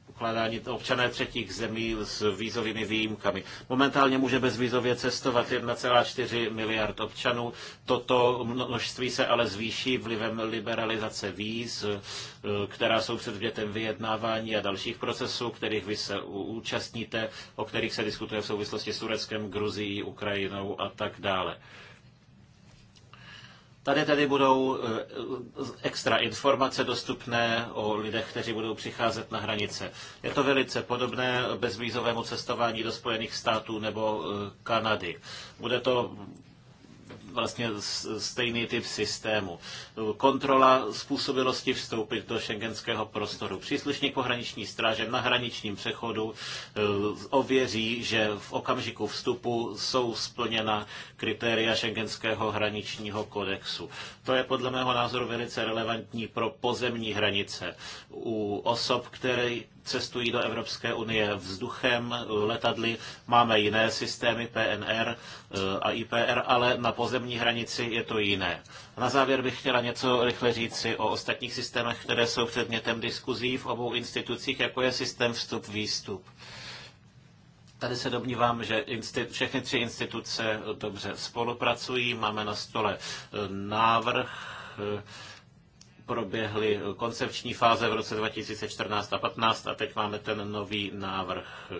ukládání občané třetích zemí s vízovými výjimkami. Momentálně může bezvízově cestovat 1,4 miliard občanů. Toto množství se ale zvýší vlivem liberalizace víz, která jsou předmětem vyjednávání a dalších procesů, kterých vy se účastníte, o kterých se diskutuje v souvislosti s Tureckem, Gruzií, Ukrajinou a tak dále. Tady tedy budou eh, extra informace dostupné o lidech, kteří budou přicházet na hranice. Je to velice podobné bezvízovému cestování do Spojených států nebo eh, Kanady. Bude to vlastně stejný typ systému. Kontrola způsobilosti vstoupit do šengenského prostoru. Příslušník pohraniční stráže na hraničním přechodu e, ověří, že v okamžiku vstupu jsou splněna kritéria šengenského hraničního kodexu. To je podle mého názoru velice relevantní pro pozemní hranice u osob, které cestují do Evropské unie vzduchem, letadly. Máme jiné systémy PNR eh, a IPR, ale na pozemní hranici je to jiné. Na závěr bych chtěla něco rychle říci o ostatních systémech, které jsou předmětem diskuzí v obou institucích, jako je systém vstup-výstup. Tady se domnívám, že všechny tři instituce dobře spolupracují. Máme na stole eh, návrh eh, proběhly koncepční fáze v roce 2014 a 15 a teď máme ten nový návrh.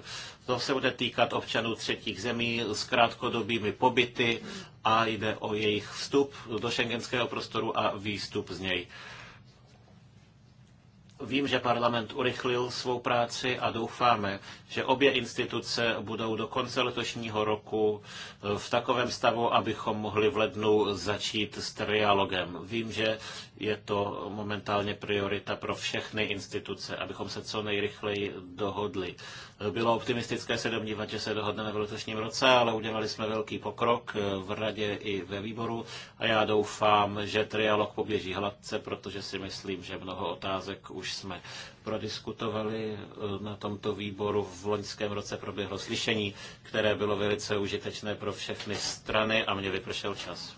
To se bude týkat občanů třetích zemí s krátkodobými pobyty a jde o jejich vstup do šengenského prostoru a výstup z něj. Vím, že parlament urychlil svou práci a doufáme, že obě instituce budou do konce letošního roku v takovém stavu, abychom mohli v lednu začít s trialogem. Vím, že je to momentálně priorita pro všechny instituce, abychom se co nejrychleji dohodli. Bylo optimistické se domnívat, že se dohodneme v letošním roce, ale udělali jsme velký pokrok eh, v radě i ve výboru a já doufám, že trialog poběží hladce, protože si myslím, že mnoho otázek už jsme prodiskutovali eh, na tomto výboru. V loňském roce proběhlo slyšení, které bylo velice užitečné pro všechny strany a mě vypršel čas.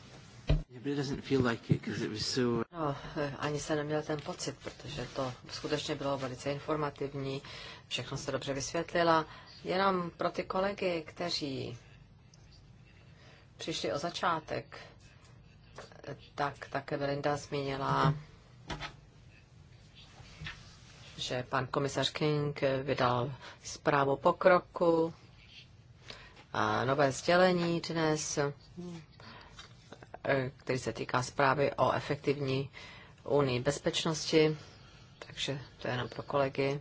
No, ani se neměl ten pocit, protože to skutečně bylo velice informativní, všechno se dobře vysvětlila. Jenom pro ty kolegy, kteří přišli o začátek, tak také Belinda zmínila, že pan komisař King vydal zprávu pokroku a nové sdělení dnes. Eh, který se týká zprávy o efektivní unii bezpečnosti, takže to je jenom pro kolegy.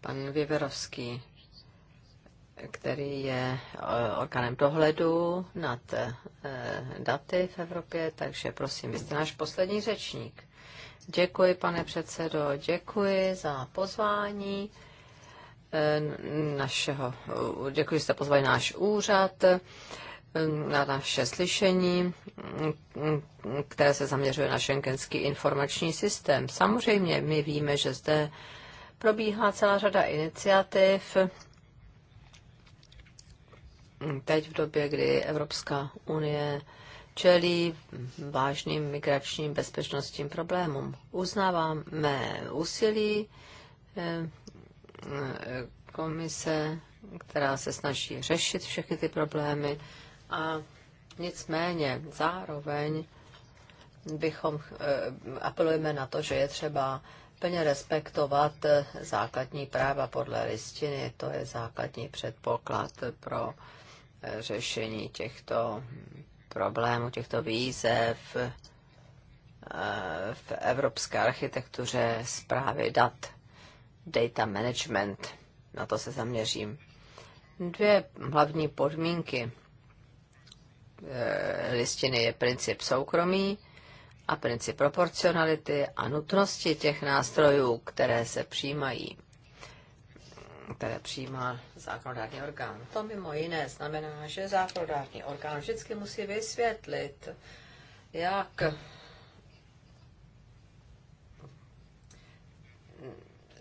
Pan Věverovský, který je eh, orgánem dohledu nad eh, daty v Evropě, takže prosím, vy jste náš poslední řečník. Děkuji, pane předsedo, děkuji za pozvání. Eh, našeho, děkuji, že jste pozvali náš úřad eh, na naše slyšení, eh, které se zaměřuje na šenkenský informační systém. Samozřejmě my víme, že zde probíhá celá řada iniciativ. Teď v době, kdy Evropská unie čelí vážným migračním bezpečnostním problémům. Uznáváme úsilí komise, která se snaží řešit všechny ty problémy a nicméně zároveň bychom eh, apelujeme na to, že je třeba plně respektovat eh, základní práva podle listiny. To je základní předpoklad pro eh, řešení těchto problémů, těchto výzev v evropské architektuře zprávy dat data management. Na to se zaměřím. Dvě hlavní podmínky e, listiny je princip soukromí a princip proporcionality a nutnosti těch nástrojů, které se přijímají, které přijímá zákonodárný orgán. To mimo jiné znamená, že zákonodárný orgán vždycky musí vysvětlit, jak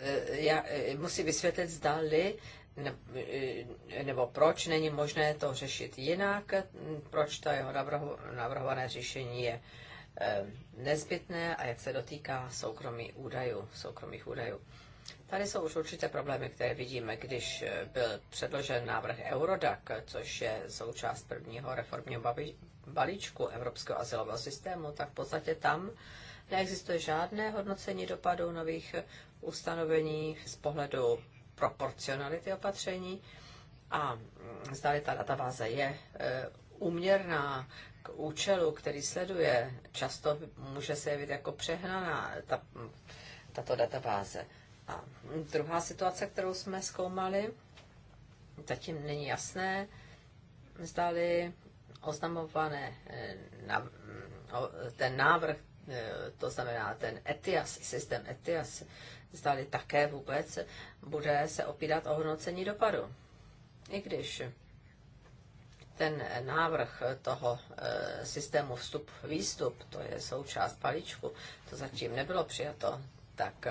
Eh, já, eh, musí vysvětlit, zdali eh, nebo proč není možné to řešit jinak, hm, proč to jeho navrhované řešení je nezbytné a jak se dotýká soukromí údajů, soukromých údajů. Tady jsou už určité problémy, které vidíme, když byl předložen návrh Eurodac, což je součást prvního reformního balíčku Evropského asilového systému, tak v podstatě tam neexistuje žádné hodnocení dopadů nových ustanovení z pohledu proporcionality opatření a zdali ta databáze je e, uměrná k účelu, který sleduje. Často může se jevit jako přehnaná ta, tato databáze. A druhá situace, kterou jsme zkoumali, zatím není jasné, zdali oznamované e, na, ten návrh, e, to znamená ten ETIAS, systém ETIAS, zdali také vůbec bude se opírat o hodnocení dopadu. I když ten návrh toho e, systému vstup-výstup, to je součást palíčku, to zatím nebylo přijato, tak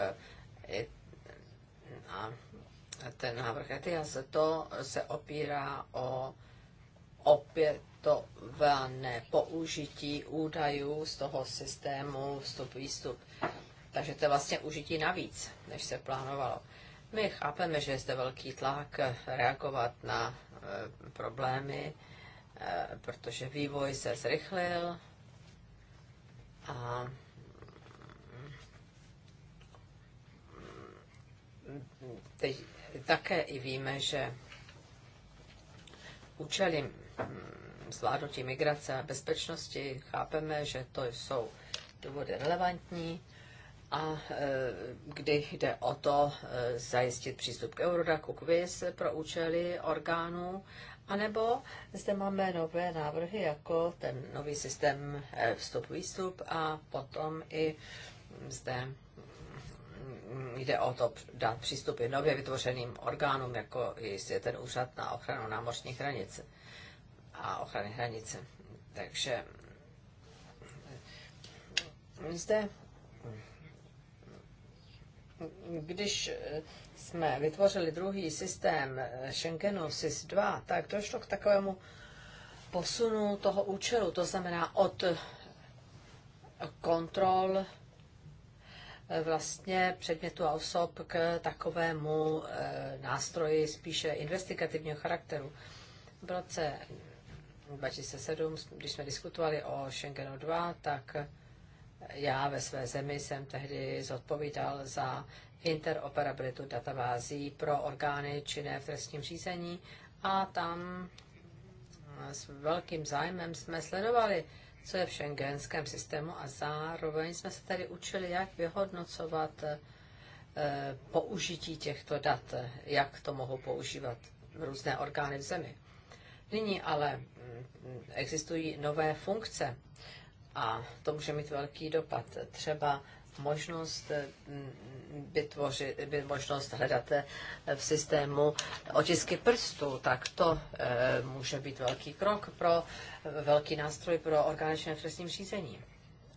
e, a ten návrh ETIAS, to se opírá o opětované použití údajů z toho systému vstup-výstup. vstup výstup takže to je vlastně užití navíc, než se plánovalo. My chápeme, že je zde velký tlak eh, reagovat na e, problémy, e, protože vývoj se zrychlil a mm, teď také i víme, že účely mm, zvládnutí migrace a bezpečnosti chápeme, že to jsou důvody relevantní a e, kdy jde o to e, zajistit přístup k Eurodacu quiz pro účely orgánů, anebo zde máme nové návrhy, jako ten nový systém e, vstup-výstup a potom i zde mm, jde o to dát přístup nově vytvořeným orgánům, jako je ten úřad na ochranu námořních hranic a ochrany hranice. Takže mm, zde když eh, jsme vytvořili druhý systém eh, Schengenu SIS-2, tak došlo k takovému posunu toho účelu, to znamená od eh, kontrol vlastně předmětu a osob k takovému nástroji spíše investigativního charakteru. V roce 2007, když jsme diskutovali o Schengenu 2, tak já ve své zemi jsem tehdy zodpovídal za interoperabilitu databází pro orgány činné v trestním řízení a tam s velkým zájmem jsme sledovali, co je v šengenském systému a zároveň jsme se tady učili, jak vyhodnocovat eh, použití těchto dat, jak to mohou používat různé orgány v zemi. Nyní ale mm, existují nové funkce a to může mít velký dopad. Třeba možnost eh, vytvořit, možnost hledat eh, v systému otisky prstů, tak to eh, může být velký krok pro velký nástroj pro orgány v trestním řízení.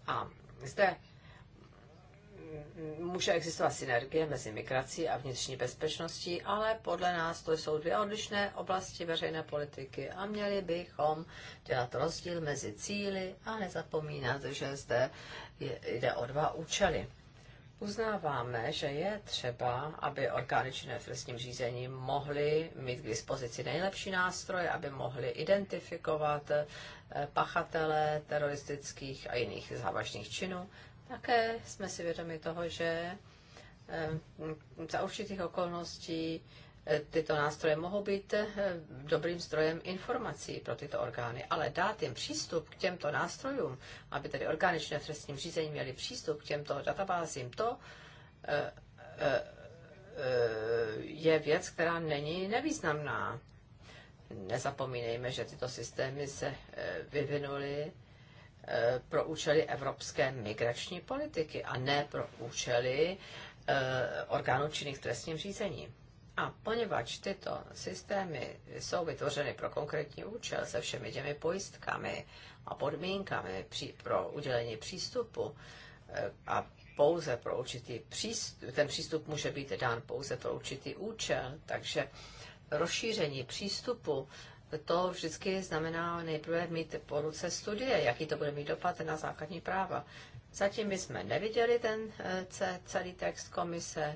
A zde může existovat synergie mezi migrací a vnitřní bezpečností, ale podle nás to jsou dvě odlišné oblasti veřejné politiky a měli bychom dělat rozdíl mezi cíly a nezapomínat, že zde jde o dva účely. Uznáváme, že je třeba, aby orgány činné v trestním řízení mohly mít k dispozici nejlepší nástroje, aby mohly identifikovat eh, pachatele teroristických a jiných závažných činů, také jsme si vědomi toho, že eh, za určitých okolností eh, tyto nástroje mohou být eh, dobrým zdrojem informací pro tyto orgány, ale dát jim přístup k těmto nástrojům, aby tedy orgány v trestním řízení měli přístup k těmto databázím, to je věc, která není nevýznamná. Nezapomínejme, že tyto systémy se vyvinuly Eh, pro účely evropské migrační politiky a ne pro účely eh, orgánů činných v trestním řízení. A poněvadž tyto systémy jsou vytvořeny pro konkrétní účel se všemi těmi pojistkami a podmínkami při, pro udělení přístupu eh, a pouze pro určitý přístup, ten přístup může být dán pouze pro určitý účel, takže rozšíření přístupu to vždycky znamená nejprve mít po ruce studie, jaký to bude mít dopad na základní práva. Zatím my jsme neviděli ten eh, celý text komise,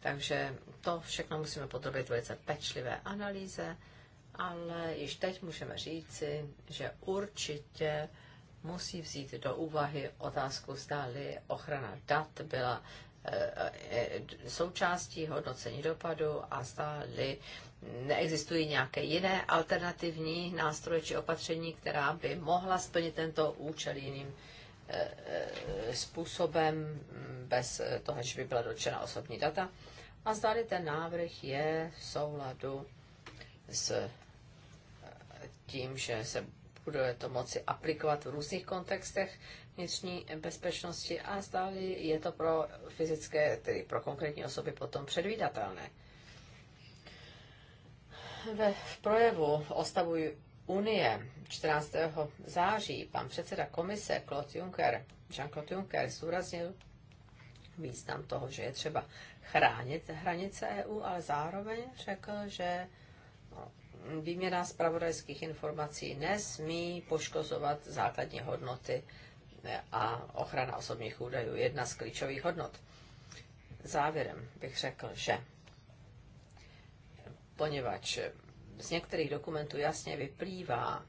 takže to všechno musíme podrobit velice pečlivé analýze, ale již teď můžeme říci, že určitě musí vzít do úvahy otázku, zdali ochrana dat byla eh, eh, součástí hodnocení dopadu a stály neexistují nějaké jiné alternativní nástroje či opatření, která by mohla splnit tento účel jiným eh, eh, způsobem, mm, bez eh, toho, že by byla dotčena osobní data. A zdali ten návrh je v souladu s tím, že se bude to moci aplikovat v různých kontextech vnitřní bezpečnosti a zdali je to pro fyzické, tedy pro konkrétní osoby potom předvídatelné ve, v projevu o stavu Unie 14. září pan předseda komise Claude Juncker, Jean-Claude Juncker zúraznil význam toho, že je třeba chránit hranice EU, ale zároveň řekl, že no, výměna zpravodajských informací nesmí poškozovat základní hodnoty a ochrana osobních údajů, jedna z klíčových hodnot. Závěrem bych řekl, že poněvadž z některých dokumentů jasně vyplývá,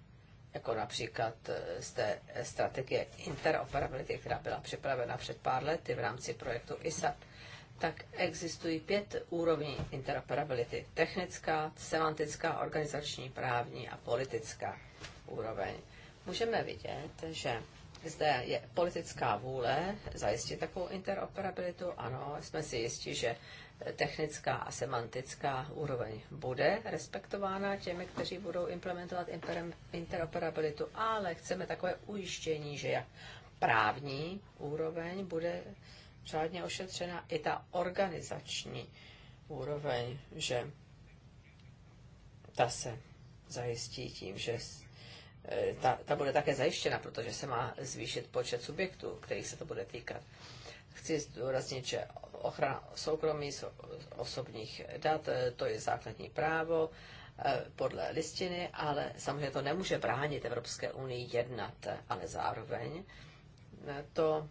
jako například eh, z té strategie interoperability, která byla připravena před pár lety v rámci projektu ISAP, tak existují pět úrovní interoperability. Technická, semantická, organizační, právní a politická úroveň. Můžeme vidět, že zde je politická vůle zajistit takovou interoperabilitu. Ano, jsme si jistí, že technická a semantická úroveň bude respektována těmi, kteří budou implementovat interoperabilitu, ale chceme takové ujištění, že jak právní úroveň bude řádně ošetřena i ta organizační úroveň, že ta se zajistí tím, že e, ta, ta bude také zajištěna, protože se má zvýšit počet subjektů, kterých se to bude týkat. Chci zdůraznit, že ochrana soukromí osobních dat, eh, to je základní právo eh, podle listiny, ale samozřejmě to nemůže bránit Evropské unii jednat, eh, ale zároveň to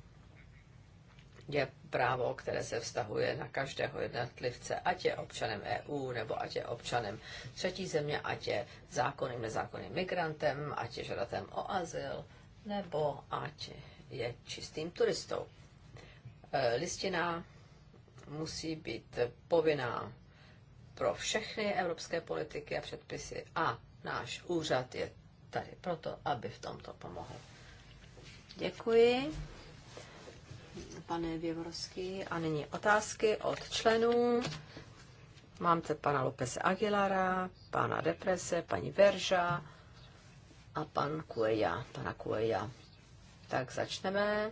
je právo, které se vztahuje na každého jednotlivce, ať je občanem EU, nebo ať je občanem třetí země, ať je zákonným, nezákonným migrantem, ať je žadatem o azyl, nebo ať je čistým turistou. Listina musí být povinná pro všechny evropské politiky a předpisy a náš úřad je tady proto, aby v tomto pomohl. Děkuji, pane Věvorský. A nyní otázky od členů. Mám zde pana López Aguilara, pana Deprese, paní Verža a pan Kueja, pana Kueja. Tak začneme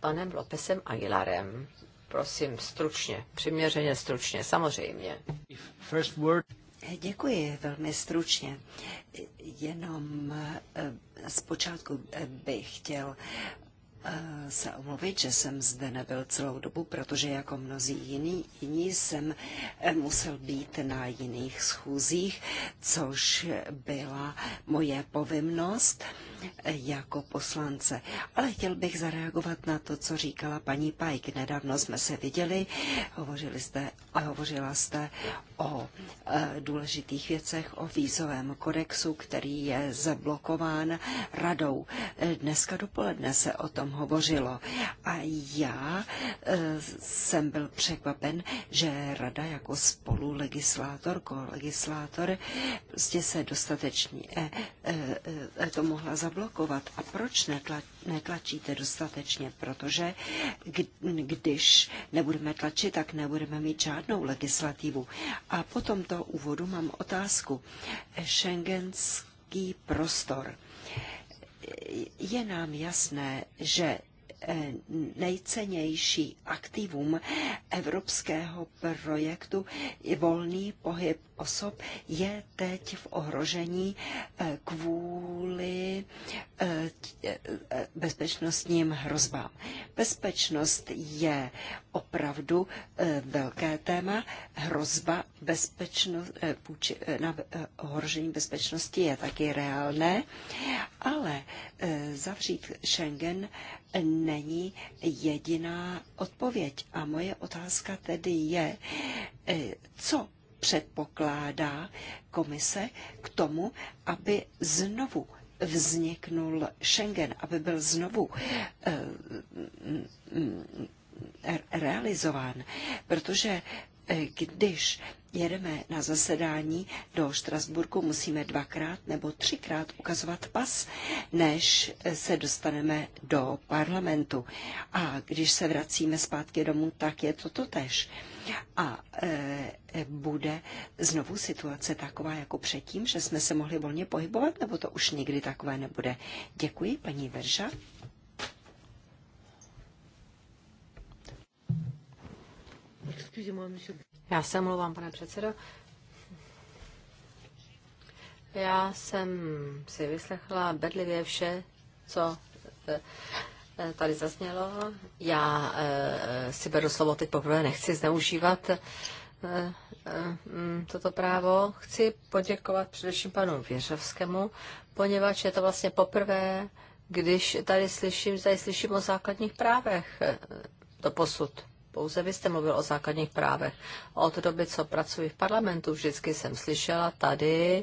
panem Lópezem Aguilarem. Prosím, stručně, přiměřeně stručně, samozřejmě. First word. Děkuji velmi stručně. Jenom eh, zpočátku eh, bych chtěl Eh, se omluvit, že jsem zde nebyl celou dobu, protože jako mnozí jiní, jiní jsem eh, musel být na jiných schůzích, což byla moje povinnost eh, jako poslance. Ale chtěl bych zareagovat na to, co říkala paní Pajk. Nedávno jsme se viděli, hovořili jste a hovořila jste o e, důležitých věcech, o vízovém kodexu, který je zablokován radou. E, dneska dopoledne se o tom hovořilo a já e, jsem byl překvapen, že rada jako spolulegislátor, kolegislátor, prostě se dostatečně to mohla zablokovat. A proč netlačí? netlačíte dostatečně, protože když nebudeme tlačit, tak nebudeme mít žádnou legislativu. A po tomto úvodu mám otázku. Schengenský prostor. Je nám jasné, že eh, nejcennější aktivum evropského projektu volný pohyb osob je teď v ohrožení eh, kvůli eh, eh, bezpečnostním hrozbám. Bezpečnost je opravdu velké téma. Hrozba bezpečnost, na ohrožení bezpečnosti je taky reálné, ale zavřít Schengen není jediná odpověď. A moje otázka tedy je, co předpokládá komise k tomu, aby znovu vzniknul Schengen, aby byl znovu eh, mm, mm, mm, realizován, protože eh, když jedeme na zasedání do Štrasburku, musíme dvakrát nebo třikrát ukazovat pas, než se dostaneme do parlamentu. A když se vracíme zpátky domů, tak je to totež. A e, e, bude znovu situace taková jako předtím, že jsme se mohli volně pohybovat, nebo to už nikdy takové nebude. Děkuji, paní Verža. Excusez-moi, monsieur. Já se mluvám pane předsedo. Já jsem si vyslechla bedlivě vše, co eh, eh, tady zaznělo. Já eh, si beru slovo teď poprvé, nechci zneužívat mm, toto právo. Chci poděkovat především panu Věřovskému, poněvadž je to vlastně poprvé, když tady slyším, tady slyším o základních právech do posud pouze vy jste mluvil o základních právech. Od doby, co pracuji v parlamentu, vždycky jsem slyšela tady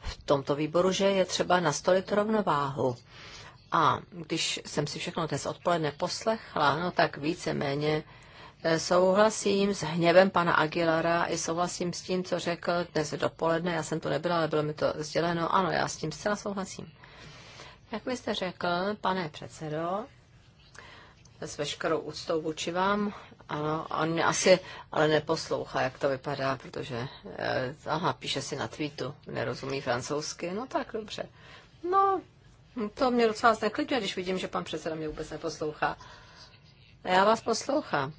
v tomto výboru, že je třeba nastolit rovnováhu. A když jsem si všechno dnes odpoledne poslechla, no tak víceméně e, souhlasím s hněvem pana Aguilara i souhlasím s tím, co řekl dnes dopoledne. Já jsem tu nebyla, ale bylo mi to sděleno. Ano, já s tím zcela souhlasím. Jak jste řekl, pane předsedo, s veškerou úctou vůči vám, ano, on mě asi ale neposlouchá, jak to vypadá, protože, eh, aha, píše si na tweetu, nerozumí francouzsky, no tak dobře. No, to mě docela zneklidňuje, když vidím, že pan předseda mě vůbec neposlouchá. Já vás poslouchám.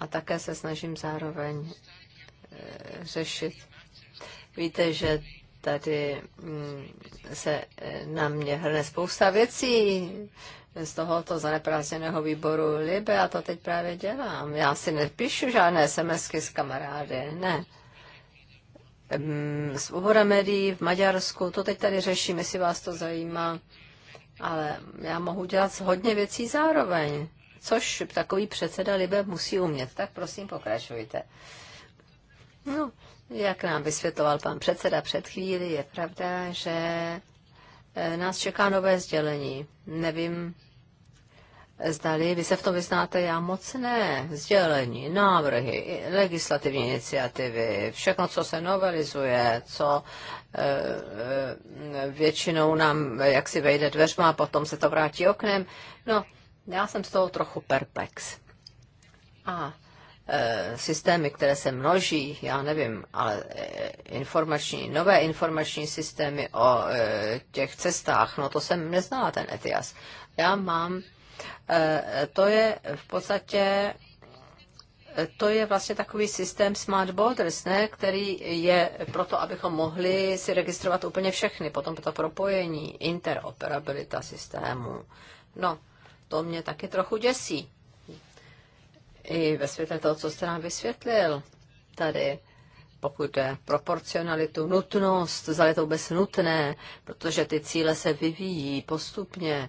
A také se snažím zároveň eh, řešit. Víte, že tady mm, se eh, na mě hrne spousta věcí, z tohoto zaneprázdněného výboru Libe, a to teď právě dělám. Já si nepíšu žádné SMSky s kamarády, ne. Svoboda mm, médií v Maďarsku, to teď tady řeším, jestli vás to zajímá. Ale já mohu dělat hodně věcí zároveň, což takový předseda Libe musí umět. Tak prosím, pokračujte. No, jak nám vysvětloval pan předseda před chvíli, je pravda, že eh, nás čeká nové sdělení. Nevím, Zdali vy se v tom vyznáte, já moc ne. Sdělení, návrhy, legislativní iniciativy, všechno, co se novelizuje, co e, většinou nám jak si vejde dveřma a potom se to vrátí oknem. No, já jsem z toho trochu perplex. A eh, systémy, které se množí, já nevím, ale informační, nové informační systémy o těch cestách, no to jsem neznala ten Etias. Já mám Eh, to je v podstatě eh, to je vlastně takový systém Smart Borders, ne? který je proto, abychom mohli si registrovat úplně všechny. Potom to propojení, interoperabilita systému. No, to mě taky trochu děsí. I ve světle toho, co jste nám vysvětlil tady, pokud je proporcionalitu, nutnost, zda je to vůbec nutné, protože ty cíle se vyvíjí postupně. Uh,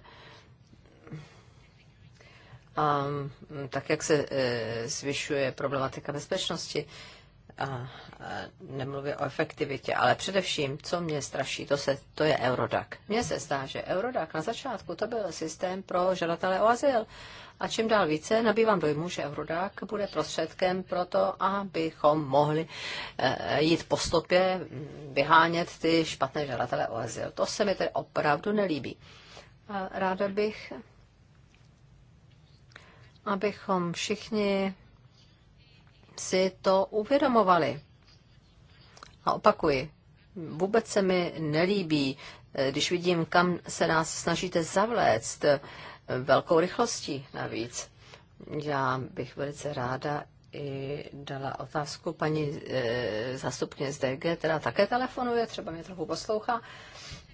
a mm, tak, jak se e, zvyšuje problematika bezpečnosti, a nemluvě o efektivitě, ale především, co mě straší, to, se, to je Eurodac. Mně se zdá, že Eurodac na začátku to byl systém pro žadatele o azyl. A čím dál více nabývám dojmu, že Eurodac bude prostředkem pro to, abychom mohli e, jít po stopě, mm, vyhánět ty špatné žadatele o azyl. To se mi tedy opravdu nelíbí. A ráda bych abychom všichni si to uvědomovali. A opakuji, vůbec se mi nelíbí, eh, když vidím, kam se nás snažíte zavléct eh, velkou rychlostí navíc. Já bych velice ráda i dala otázku paní e, eh, zastupně z DG, která také telefonuje, třeba mě trochu poslouchá.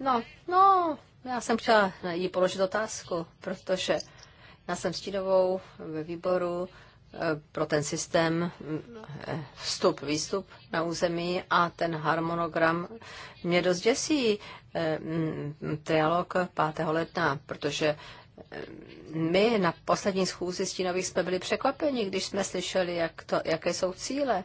No, no, já jsem chtěla jí položit otázku, protože já jsem stínovou ve výboru eh, pro ten systém eh, vstup, výstup na území a ten harmonogram mě dost děsí eh, mm, trialog 5. ledna, protože my na poslední schůzi stínových jsme byli překvapeni, když jsme slyšeli, jak to, jaké jsou cíle.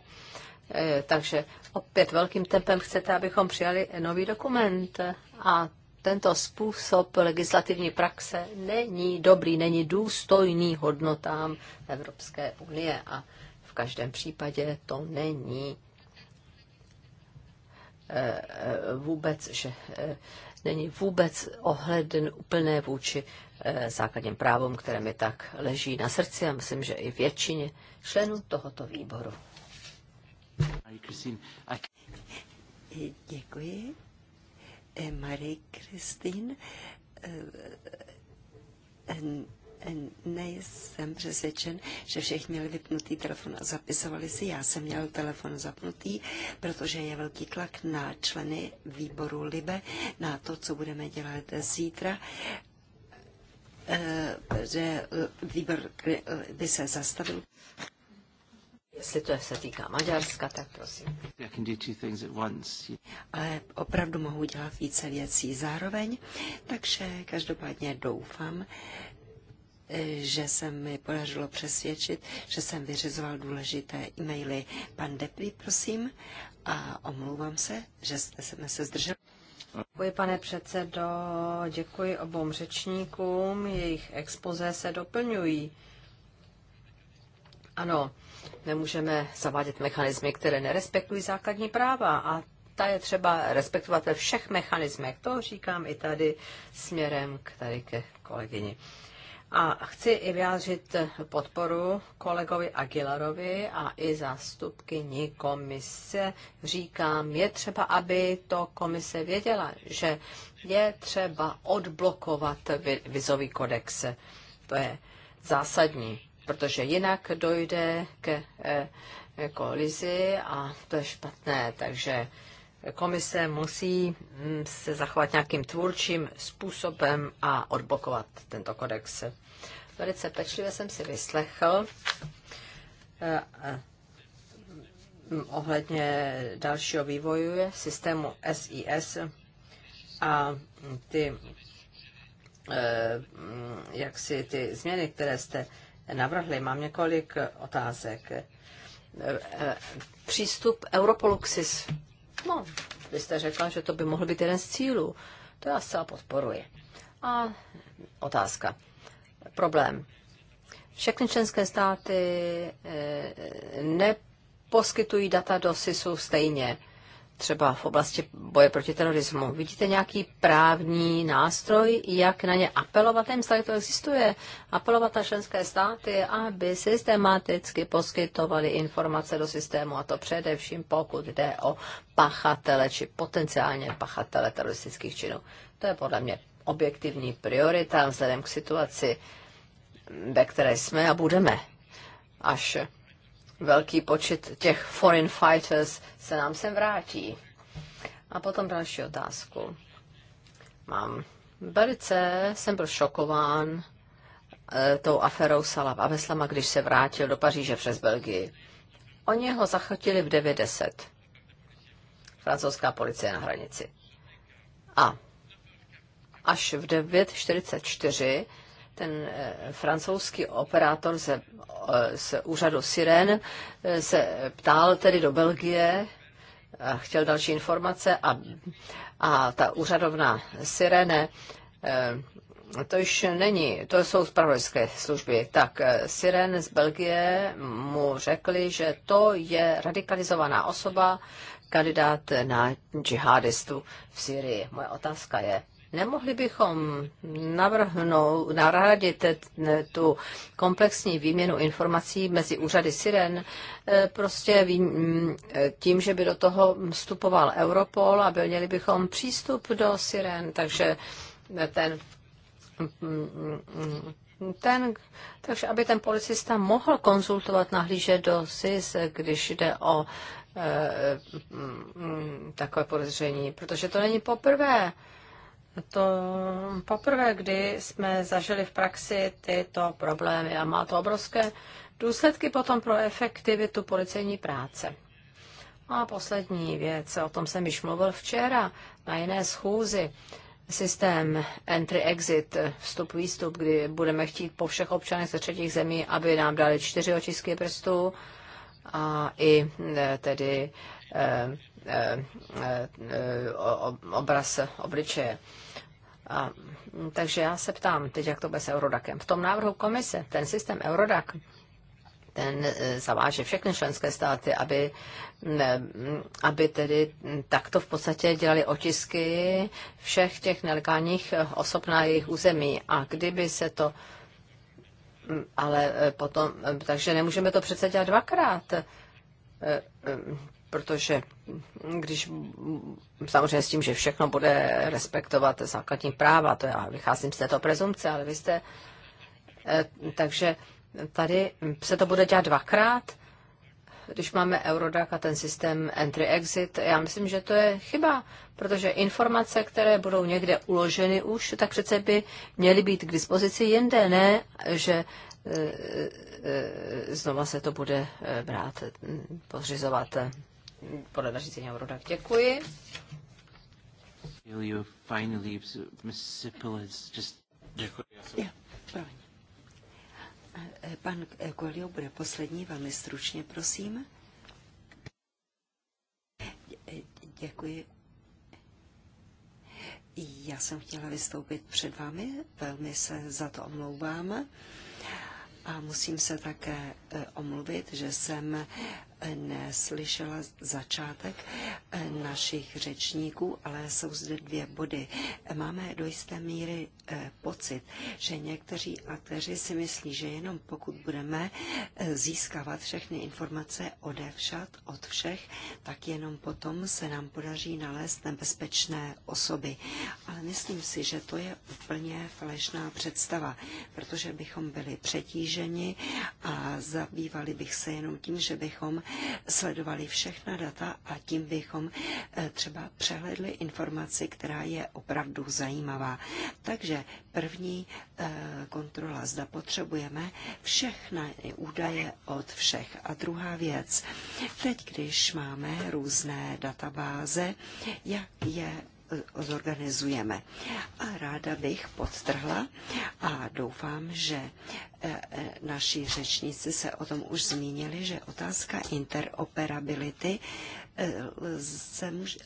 Takže opět velkým tempem chcete, abychom přijali nový dokument a tento způsob legislativní praxe není dobrý, není důstojný hodnotám Evropské unie a v každém případě to není eh, eh, vůbec, že eh, není vůbec ohleden úplné vůči základním právům, které mi tak leží na srdci a myslím, že i většině členů tohoto výboru. Děkuji. Eh, Marie Kristín. Eh, eh, nejsem přesvědčen, že všichni měli vypnutý telefon a zapisovali si. Já jsem měl telefon zapnutý, protože je velký tlak na členy výboru LIBE, na to, co budeme dělat zítra že výbor by se zastavil. Jestli to se týká Maďarska, tak prosím. Ale opravdu mohu dělat více věcí zároveň, takže každopádně doufám, že se mi podařilo přesvědčit, že jsem vyřizoval důležité e-maily. Pan Depri, prosím, a omlouvám se, že jsme se zdrželi. Děkuji, pane předsedo, děkuji obou řečníkům, jejich expoze se doplňují. Ano, Nemůžeme zavádět mechanismy, které nerespektují základní práva a ta je třeba respektovat ve všech mechanismech. To říkám i tady směrem k tady ke kolegyni. A chci i vyjádřit podporu kolegovi Aguilarovi a i zástupkyni komise. Říkám, je třeba, aby to komise věděla, že je třeba odblokovat vizový kodex. To je zásadní protože jinak dojde eh, ke kolizi a to je špatné, takže komise musí mm, se zachovat nějakým tvůrčím způsobem a odblokovat tento kodex. Velice pečlivě jsem si vyslechl eh, eh, ohledně dalšího vývoje systému SIS a ty mm, jak si ty změny, které jste navrhli. Mám několik otázek. E, e, přístup Europolu k No, vy jste řekla, že to by mohl být jeden z cílů. To já zcela podporuji. A otázka. Problém. Všechny členské státy e, neposkytují data do SISu stejně třeba v oblasti boje proti terorismu. Vidíte nějaký právní nástroj, jak na ně apelovat? Nevím, jestli to existuje. Apelovat na členské státy, aby systematicky poskytovali informace do systému, a to především pokud jde o pachatele či potenciálně pachatele teroristických činů. To je podle mě objektivní priorita vzhledem k situaci, ve které jsme a budeme, až velký počet těch foreign fighters se nám sem vrátí. A potom další otázku. Mám. Velice jsem byl šokován e, tou aferou Salab Aveslama, když se vrátil do Paříže přes Belgii. Oni ho zachotili v 9.10. Francouzská policie na hranici. A až v 9.44 ten eh, francouzský operátor ze, eh, z úřadu Siren eh, se ptal tedy do Belgie, a chtěl další informace a, a ta úřadovna Sirene, to již není, to jsou zpravodajské služby. Tak Siren z Belgie mu řekli, že to je radikalizovaná osoba, kandidát na džihadistu v Syrii. Moje otázka je, Nemohli bychom navrhnout, naradit tu komplexní výměnu informací mezi úřady Siren eh, prostě eh, tím, že by do toho vstupoval Europol a měli bychom přístup do Siren, takže ten ten, takže aby ten policista mohl konzultovat, nahlížet do SIS, když jde o e, takové podezření, protože to není poprvé, to poprvé, kdy jsme zažili v praxi tyto problémy a má to obrovské důsledky potom pro efektivitu policejní práce. A poslední věc, o tom jsem již mluvil včera na jiné schůzi, systém entry-exit, vstup-výstup, kdy budeme chtít po všech občanech ze třetích zemí, aby nám dali čtyři otisky prstů a i e, tedy eh, Eh, eh, eh, obraz obličeje. A, takže já se ptám teď, jak to bude s Eurodakem. V tom návrhu komise ten systém eurodak ten zaváže všechny členské státy, aby, aby tedy takto v podstatě dělali otisky všech těch nelegálních osob na jejich území. A kdyby se to mm, ale potom, takže nemůžeme to přece dělat dvakrát protože když samozřejmě s tím, že všechno bude respektovat základní práva, to já vycházím z této prezumce, ale vy jste, eh, takže tady se to bude dělat dvakrát, když máme Eurodac a ten systém entry-exit, já myslím, že to je chyba, protože informace, které budou někde uloženy už, tak přece by měly být k dispozici jinde, ne, že eh, eh, znova se to bude brát, pořizovat podle nařízení Eurodac. Děkuji. Děkuji. E, pan Kolio e, bude poslední, velmi stručně, prosím. E, děkuji. Já jsem chtěla vystoupit před vámi, velmi se za to omlouvám. A musím se také omluvit, že jsem neslyšela začátek eh, našich řečníků, ale jsou zde dvě body. Máme do jisté míry eh, pocit, že někteří aktéři si myslí, že jenom pokud budeme eh, získávat všechny informace odevšat, od všech, tak jenom potom se nám podaří nalézt nebezpečné osoby. Ale myslím si, že to je úplně falešná představa, protože bychom byli přetíženi a zabývali bych se jenom tím, že bychom sledovali všechna data a tím bychom eh, třeba přehledli informaci, která je opravdu zajímavá. Takže první eh, kontrola, zda potřebujeme všechny údaje od všech. A druhá věc, teď, když máme různé databáze, jak je zorganizujeme. A ráda bych podtrhla a doufám, že e, e, naši řečníci se o tom už zmínili, že otázka interoperability e, se může,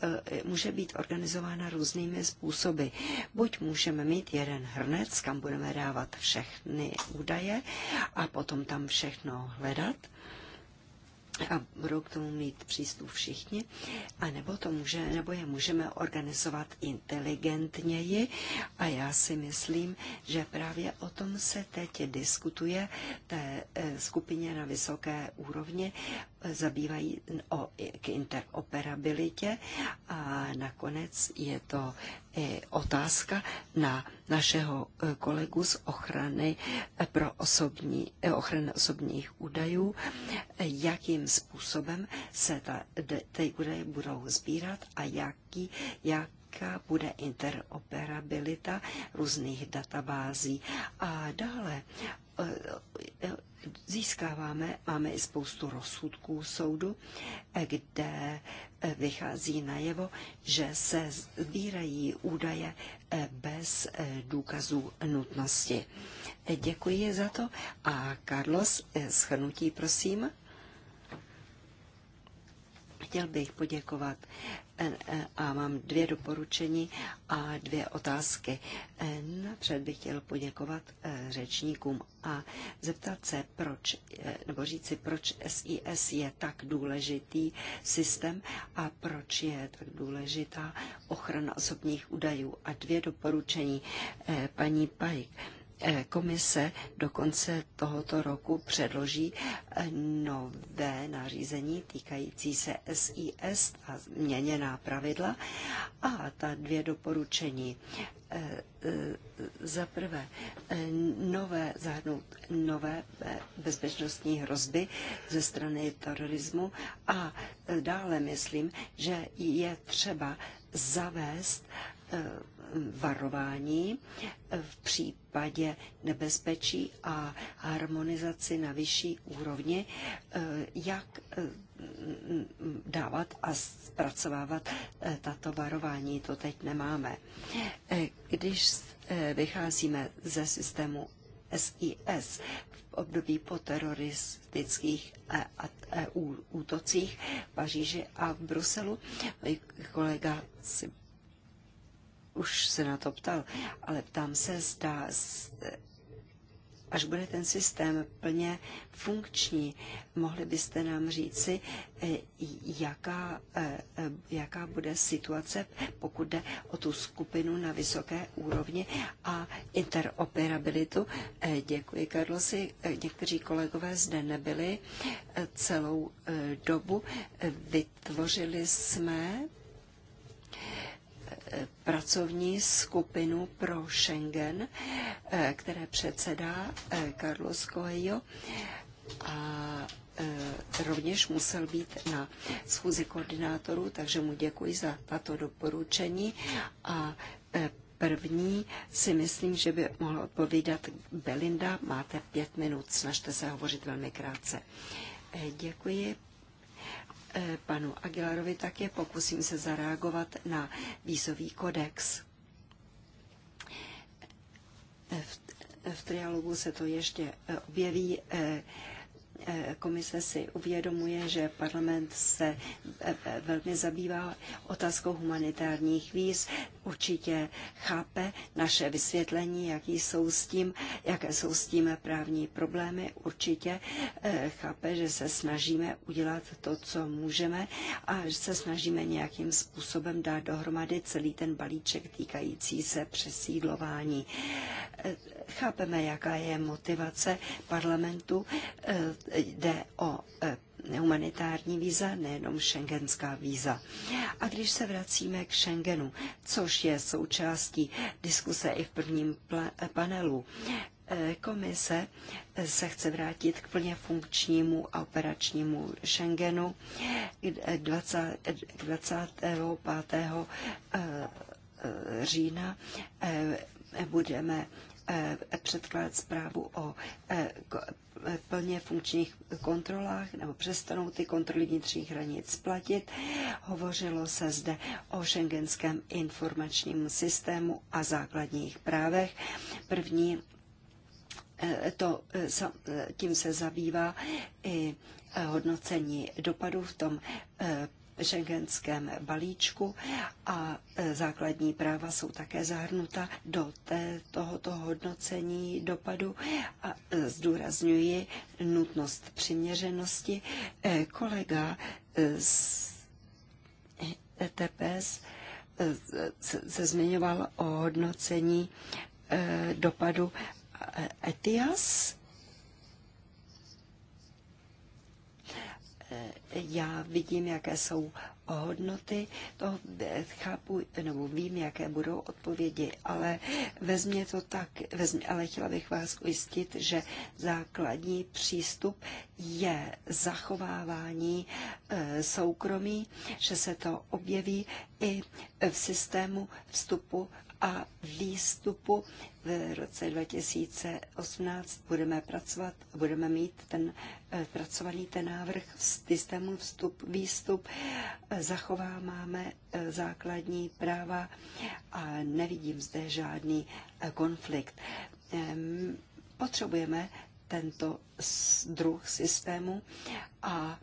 může být organizována různými způsoby. Buď můžeme mít jeden hrnec, kam budeme dávat všechny údaje a potom tam všechno hledat, a budou k tomu mít přístup všichni, a nebo, to může, nebo je můžeme organizovat inteligentněji a já si myslím, že právě o tom se teď diskutuje té eh, skupině na vysoké úrovni zabývají o, k interoperabilitě a nakonec je to e, otázka na našeho e, kolegu z ochrany e, pro osobní, ochrany osobních údajů, jakým způsobem se ta, ty údaje budou sbírat a jaký, jak jaká bude interoperabilita různých databází. A dále eh, získáváme, máme i spoustu rozsudků soudu, eh, kde eh, vychází najevo, že se sbírají údaje bez důkazů nutnosti. Děkuji za to a Carlos, schrnutí prosím. Chtěl bych poděkovat E, a mám dvě doporučení a dvě otázky. Napřed bych chtěl poděkovat e, řečníkům a zeptat se, proč, e, nebo říci, proč SIS je tak důležitý systém a proč je tak důležitá ochrana osobních údajů. A dvě doporučení paní Pajk Eh, komise do konce tohoto roku předloží eh, nové nařízení týkající se SIS a změněná pravidla a ta dvě doporučení. Eh, za prvé, nové, zahrnout nové bezpečnostní hrozby ze strany terorismu a dále myslím, že je třeba zavést varování v případě nebezpečí a harmonizaci na vyšší úrovni, eh, jak eh, dávat a zpracovávat eh, tato varování. To teď nemáme. Když vycházíme ze systému SIS v období po teroristických útocích v Paříži a v Bruselu, kolega si už se na to ptal, ale tam se zdá, až bude ten systém plně funkční, mohli byste nám říci, eh, jaká, eh, jaká bude situace, pokud jde o tu skupinu na vysoké úrovni a interoperabilitu. Eh, děkuji, Karlosi. Někteří kolegové zde nebyli celou dobu. Vytvořili jsme Eh, pracovní skupinu pro Schengen, eh, které předsedá eh, Carlos Coelho a rovněž musel být na schůzi koordinátorů, takže mu děkuji za tato doporučení a První si myslím, že by mohla odpovídat Belinda. Máte pět minut, snažte se hovořit velmi krátce. Děkuji, Eh, panu Aguilarovi také pokusím se zareagovat na vízový kodex. Eh, v, eh, v trialogu se to ještě objeví. Eh, komise si uvědomuje, že parlament se eh, eh, velmi zabývá otázkou humanitárních víz. Určitě chápe naše vysvětlení, jaký jsou s tím, jaké jsou s tím právní problémy. Určitě chápe, že se snažíme udělat to, co můžeme a že se snažíme nějakým způsobem dát dohromady celý ten balíček týkající se přesídlování chápeme, jaká je motivace parlamentu. Eh, jde o eh, humanitární víza, nejenom šengenská víza. A když se vracíme k Schengenu, což je součástí diskuse i v prvním panelu, eh, komise se chce vrátit k plně funkčnímu a operačnímu Schengenu 20, 25. října budeme Eh, předkládat zprávu o eh, eh, plně funkčních kontrolách nebo přestanou ty kontroly vnitřních hranic platit. Hovořilo se zde o šengenském informačním systému a základních právech. První to, tím se zabývá i hodnocení dopadů v tom šengenském balíčku a e, základní práva jsou také zahrnuta do té, tohoto hodnocení dopadu a e, zdůrazňuji nutnost přiměřenosti. E, kolega z ETPS se zmiňoval o hodnocení dopadu ETIAS Eh, já vidím, jaké jsou hodnoty, to eh, chápu, nebo vím, jaké budou odpovědi, ale vezmě to tak, vezmě, ale chtěla bych vás ujistit, že základní přístup je zachovávání eh, soukromí, že se to objeví i v systému vstupu a výstupu v roce 2018 budeme pracovat budeme mít ten eh, pracovaný ten návrh v systému vstup, výstup. Zachováváme eh, základní práva a nevidím zde žádný eh, konflikt. Ehm, potřebujeme tento druh systému a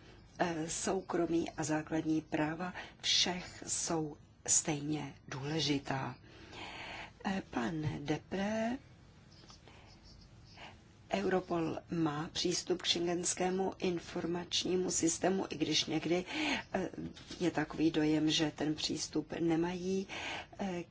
soukromí a základní práva všech jsou stejně důležitá. Eh, pan Depré, Europol má přístup k šengenskému informačnímu systému, i když někdy eh, je takový dojem, že ten přístup nemají. Eh,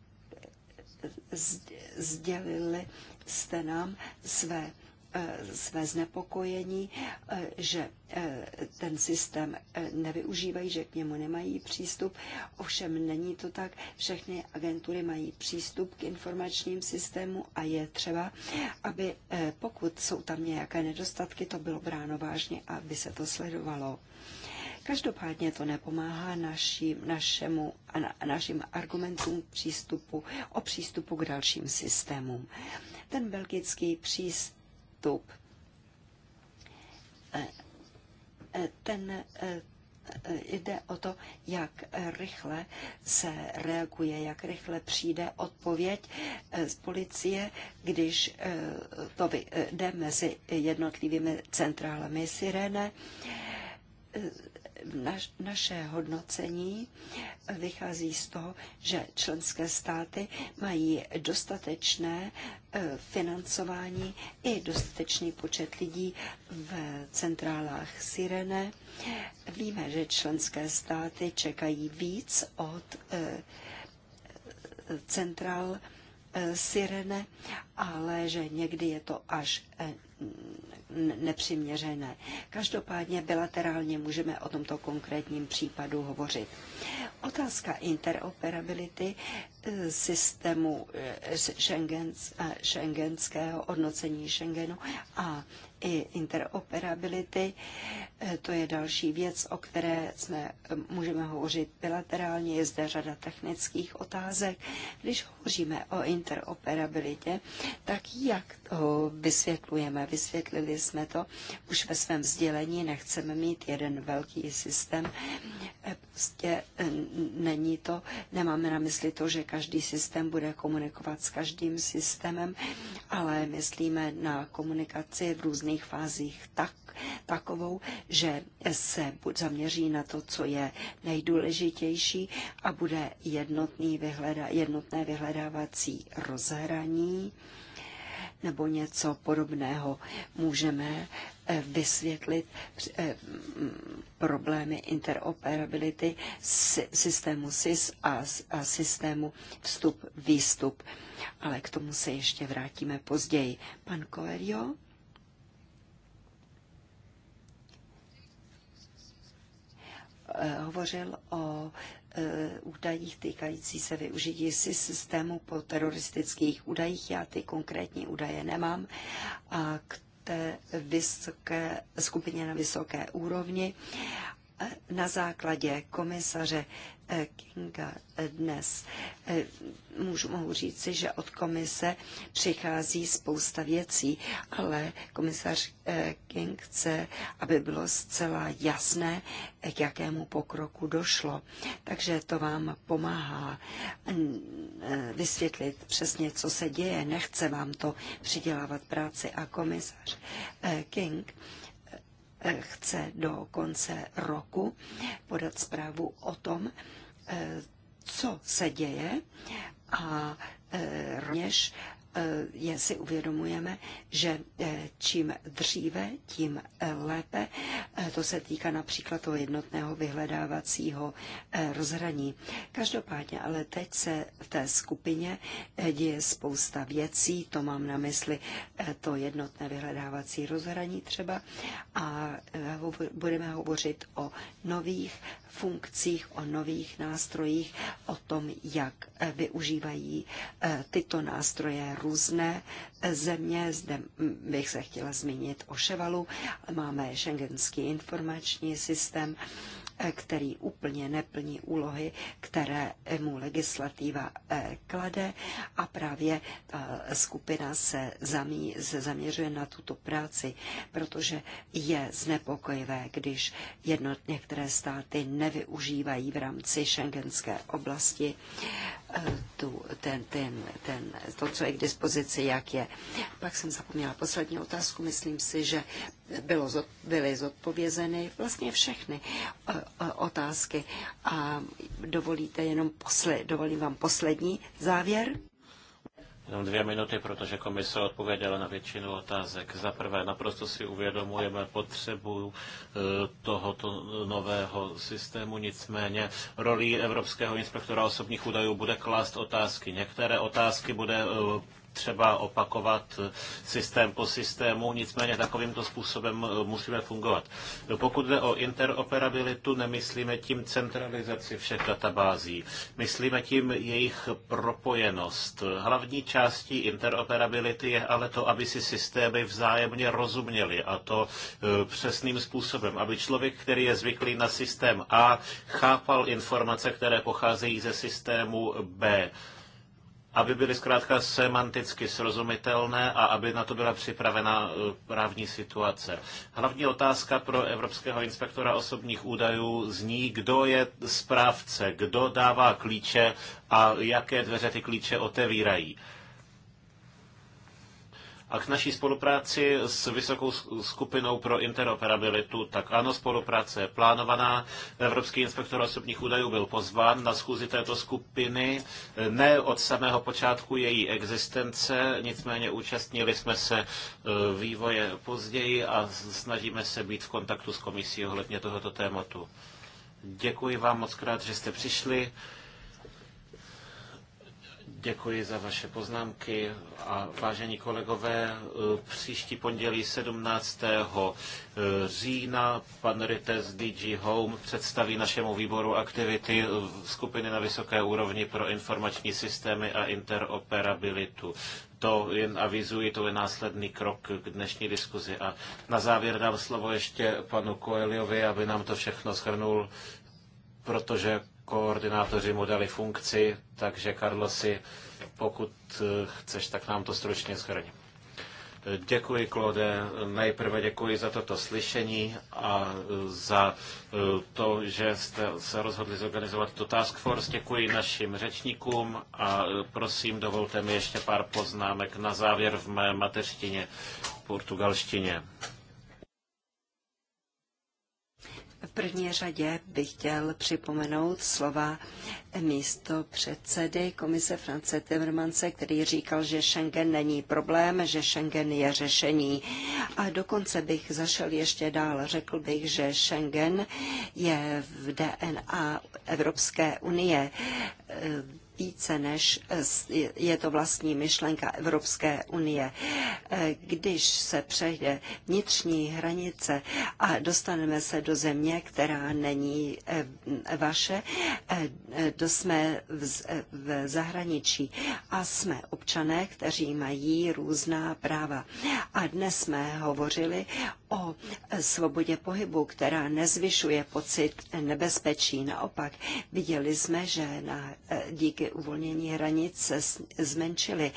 sdělili jste nám své Eh, své znepokojení, eh, že eh, ten systém nevyužívají, že k němu nemají přístup. Ovšem není to tak. Všechny agentury mají přístup k informačním systému a je třeba, aby pokud jsou tam nějaké nedostatky, to bylo bráno vážně a aby se to sledovalo. Každopádně to nepomáhá našim, našemu, na, našim argumentům přístupu, o přístupu k dalším systémům. Ten belgický přístup postup. Eh, eh, ten eh, jde o to, jak rychle se reaguje, jak rychle přijde odpověď z policie, když to jde mezi jednotlivými centrálami Sirene naš, naše hodnocení vychází z toho, že členské státy mají dostatečné e, financování i dostatečný počet lidí v centrálách Sirene. Víme, že členské státy čekají víc od e, centrál e, Sirene, ale že někdy je to až nepřiměřené. Každopádně bilaterálně můžeme o tomto konkrétním případu hovořit. Otázka interoperability eh, systému šengens, eh, šengenského odnocení Schengenu a i interoperability. Eh, to je další věc, o které jsme, můžeme hovořit bilaterálně. Je zde řada technických otázek. Když hovoříme o interoperabilitě, tak jak to vysvětlujeme? Vysvětlili jsme to už ve svém vzdělení, nechceme mít jeden velký systém. E, prostě e, není to, nemáme na mysli to, že každý systém bude komunikovat s každým systémem, ale myslíme na komunikaci v různých fázích tak, takovou, že se zaměří na to, co je nejdůležitější a bude jednotný vyhleda, jednotné vyhledávací rozhraní nebo něco podobného. Můžeme eh, vysvětlit eh, problémy interoperability systému SIS a systému vstup-výstup. Ale k tomu se ještě vrátíme později. Pan Coelho? Eh, hovořil o Eh, údajích týkající se využití si systému po teroristických údajích. Já ty konkrétní údaje nemám. A k té vysoké, skupině na vysoké úrovni eh, na základě komisaře E, Kinga e, dnes. E, můžu, mohu říci, že od komise přichází spousta věcí, ale komisař King chce, aby bylo zcela jasné, k jakému pokroku došlo. Takže to vám pomáhá vysvětlit přesně, co se děje. Nechce vám to přidělávat práci a komisař King chce do konce roku podat zprávu o tom, Eh, co se děje a eh, rovněž eh, je si uvědomujeme, že čím dříve, tím lépe. To se týká například toho jednotného vyhledávacího rozhraní. Každopádně, ale teď se v té skupině děje spousta věcí, to mám na mysli to jednotné vyhledávací rozhraní třeba a budeme hovořit o nových funkcích, o nových nástrojích, o tom, jak eh, využívají eh, tyto nástroje různé eh, země. Zde bych se chtěla zmínit o Ševalu. Máme šengenský informační systém, který úplně neplní úlohy, které mu legislativa eh, klade a právě ta eh, skupina se, zamí, se zaměřuje na tuto práci, protože je znepokojivé, když jednot některé státy nevyužívají v rámci šengenské oblasti eh, tu, ten, ten, ten, to, co je k dispozici, jak je. Pak jsem zapomněla poslední otázku. Myslím si, že bylo, byly zodpovězeny vlastně všechny e, e, otázky. A dovolíte jenom posle, dovolím vám poslední závěr? Jenom dvě minuty, protože komise odpověděla na většinu otázek. Za prvé, naprosto si uvědomujeme potřebu e, tohoto nového systému, nicméně roli Evropského inspektora osobních údajů bude klást otázky. Některé otázky bude třeba opakovat systém po systému, nicméně takovýmto způsobem eh, musíme fungovat. No, pokud jde o interoperabilitu, nemyslíme tím centralizaci všech databází, myslíme tím jejich propojenost. Hlavní částí interoperability je ale to, aby si systémy vzájemně rozuměly a to eh, přesným způsobem, aby člověk, který je zvyklý na systém A, chápal informace, které pocházejí ze systému B aby byly zkrátka semanticky srozumitelné a aby na to byla připravena eh, právní situace. Hlavní otázka pro Evropského inspektora osobních údajů zní, kdo je správce, kdo dává klíče a jaké dveře ty klíče otevírají. A k naší spolupráci s Vysokou skupinou pro interoperabilitu, tak ano, spolupráce je plánovaná. Evropský inspektor osobních údajů byl pozván na schůzi této skupiny, ne od samého počátku její existence, nicméně účastnili jsme se e, vývoje později a snažíme se být v kontaktu s komisí ohledně tohoto tématu. Děkuji vám moc krát, že jste přišli. Děkuji za vaše poznámky a vážení kolegové, eh, příští pondělí 17. Eh, října pan Rites DG Home představí našemu výboru aktivity eh, skupiny na vysoké úrovni pro informační systémy a interoperabilitu. To jen avizuji, to je následný krok k dnešní diskuzi. A na závěr dám slovo ještě panu Koeliovi, aby nám to všechno shrnul, protože koordinátoři mu dali funkci, takže Karlosi, pokud eh, chceš, tak nám to stručně shrni. Děkuji, Klode. Nejprve děkuji za toto slyšení a eh, za eh, to, že jste se rozhodli zorganizovat tu task force. Děkuji našim řečníkům a prosím, dovolte mi ještě pár poznámek na závěr v mé mateřtině, portugalštině. V první řadě bych chtěl připomenout slova místo předsedy komise France Timmermanse, který říkal, že Schengen není problém, že Schengen je řešení. A dokonce bych zašel ještě dál. Řekl bych, že Schengen je v DNA Evropské unie více, než eh, je to vlastní myšlenka Evropské unie. Eh, když se přejde vnitřní hranice a dostaneme se do země, která není eh, vaše, jsme v zahraničí a jsme občané, kteří mají různá práva. A dnes jsme hovořili o svobodě pohybu, která nezvyšuje pocit nebezpečí. Naopak, viděli jsme, že na, e, díky uvolnění hranic se zmenšili,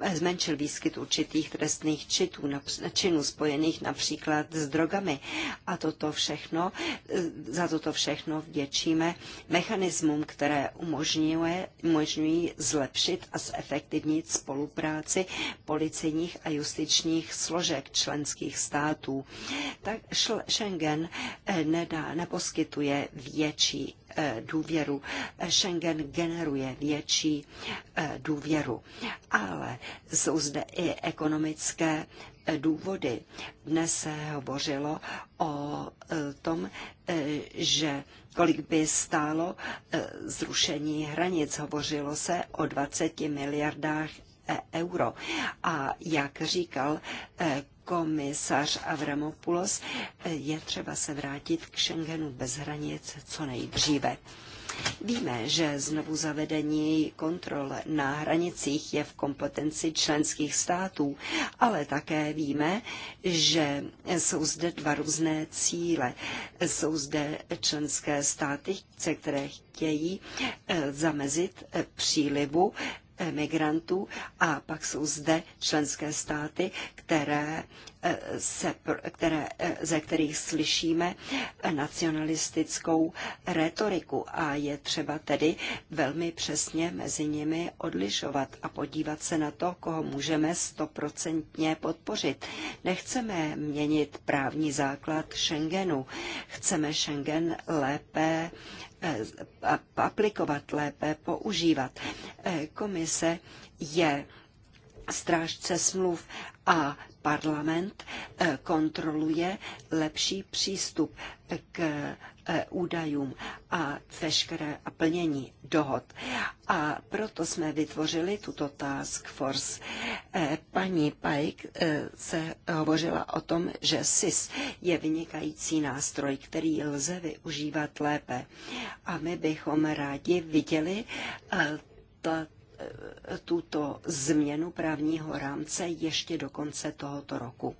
e, zmenšil výskyt určitých trestných čitů, činů spojených například s drogami. A toto všechno, e, za toto všechno vděčíme mechanismům, které umožňuje, umožňují zlepšit a zefektivnit spolupráci policejních a justičních složek členských států tak Schengen eh, nedá, neposkytuje větší eh, důvěru. Eh, Schengen generuje větší důvěru. Ale jsou zde i ekonomické důvody. Dnes se hovořilo o tom, že kolik by stálo zrušení hranic. Hovořilo se o 20 miliardách euro. A jak říkal komisař Avramopoulos, eh, je třeba se vrátit k Schengenu bez hranic co nejdříve. Víme, že znovu zavedení kontrol na hranicích je v kompetenci členských států, ale také víme, že jsou zde dva různé cíle. Jsou zde členské státy, které chtějí eh, zamezit eh, přílivu migrantů a pak jsou zde členské státy, které, eh, se, které, eh, ze kterých slyšíme eh, nacionalistickou retoriku a je třeba tedy velmi přesně mezi nimi odlišovat a podívat se na to, koho můžeme stoprocentně podpořit. Nechceme měnit právní základ Schengenu, chceme Schengen lépe Eh, aplikovat lépe, používat. Eh, komise je strážce smluv a parlament eh, kontroluje lepší přístup k Eh, údajům a veškeré a plnění dohod. A proto jsme vytvořili tuto task force. Eh, paní Pike eh, se hovořila o tom, že SIS je vynikající nástroj, který lze využívat lépe. A my bychom rádi viděli ta, tuto změnu právního rámce ještě do konce tohoto roku.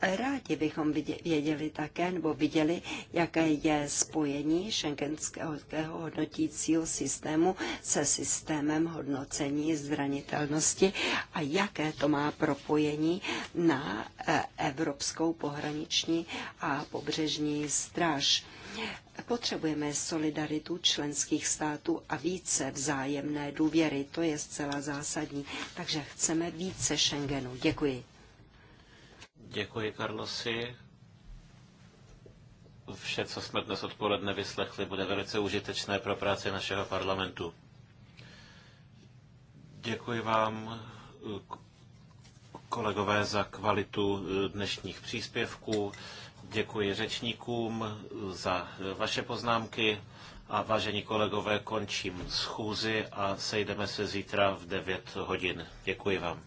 Rádi bychom věděli také, nebo viděli, jaké je spojení šengenského hodnotícího systému se systémem hodnocení zranitelnosti a jaké to má propojení na eh, Evropskou pohraniční a pobřežní stráž. Potřebujeme solidaritu členských států a více vzájemné důvěry. To je zcela zásadní. Takže chceme více Schengenu. Děkuji. Děkuji, Carlosi. Vše, co jsme dnes odpoledne vyslechli, bude velice užitečné pro práci našeho parlamentu. Děkuji vám, kolegové, za kvalitu dnešních příspěvků. Děkuji řečníkům za vaše poznámky a vážení kolegové, končím schůzi a sejdeme se zítra v 9 hodin. Děkuji vám.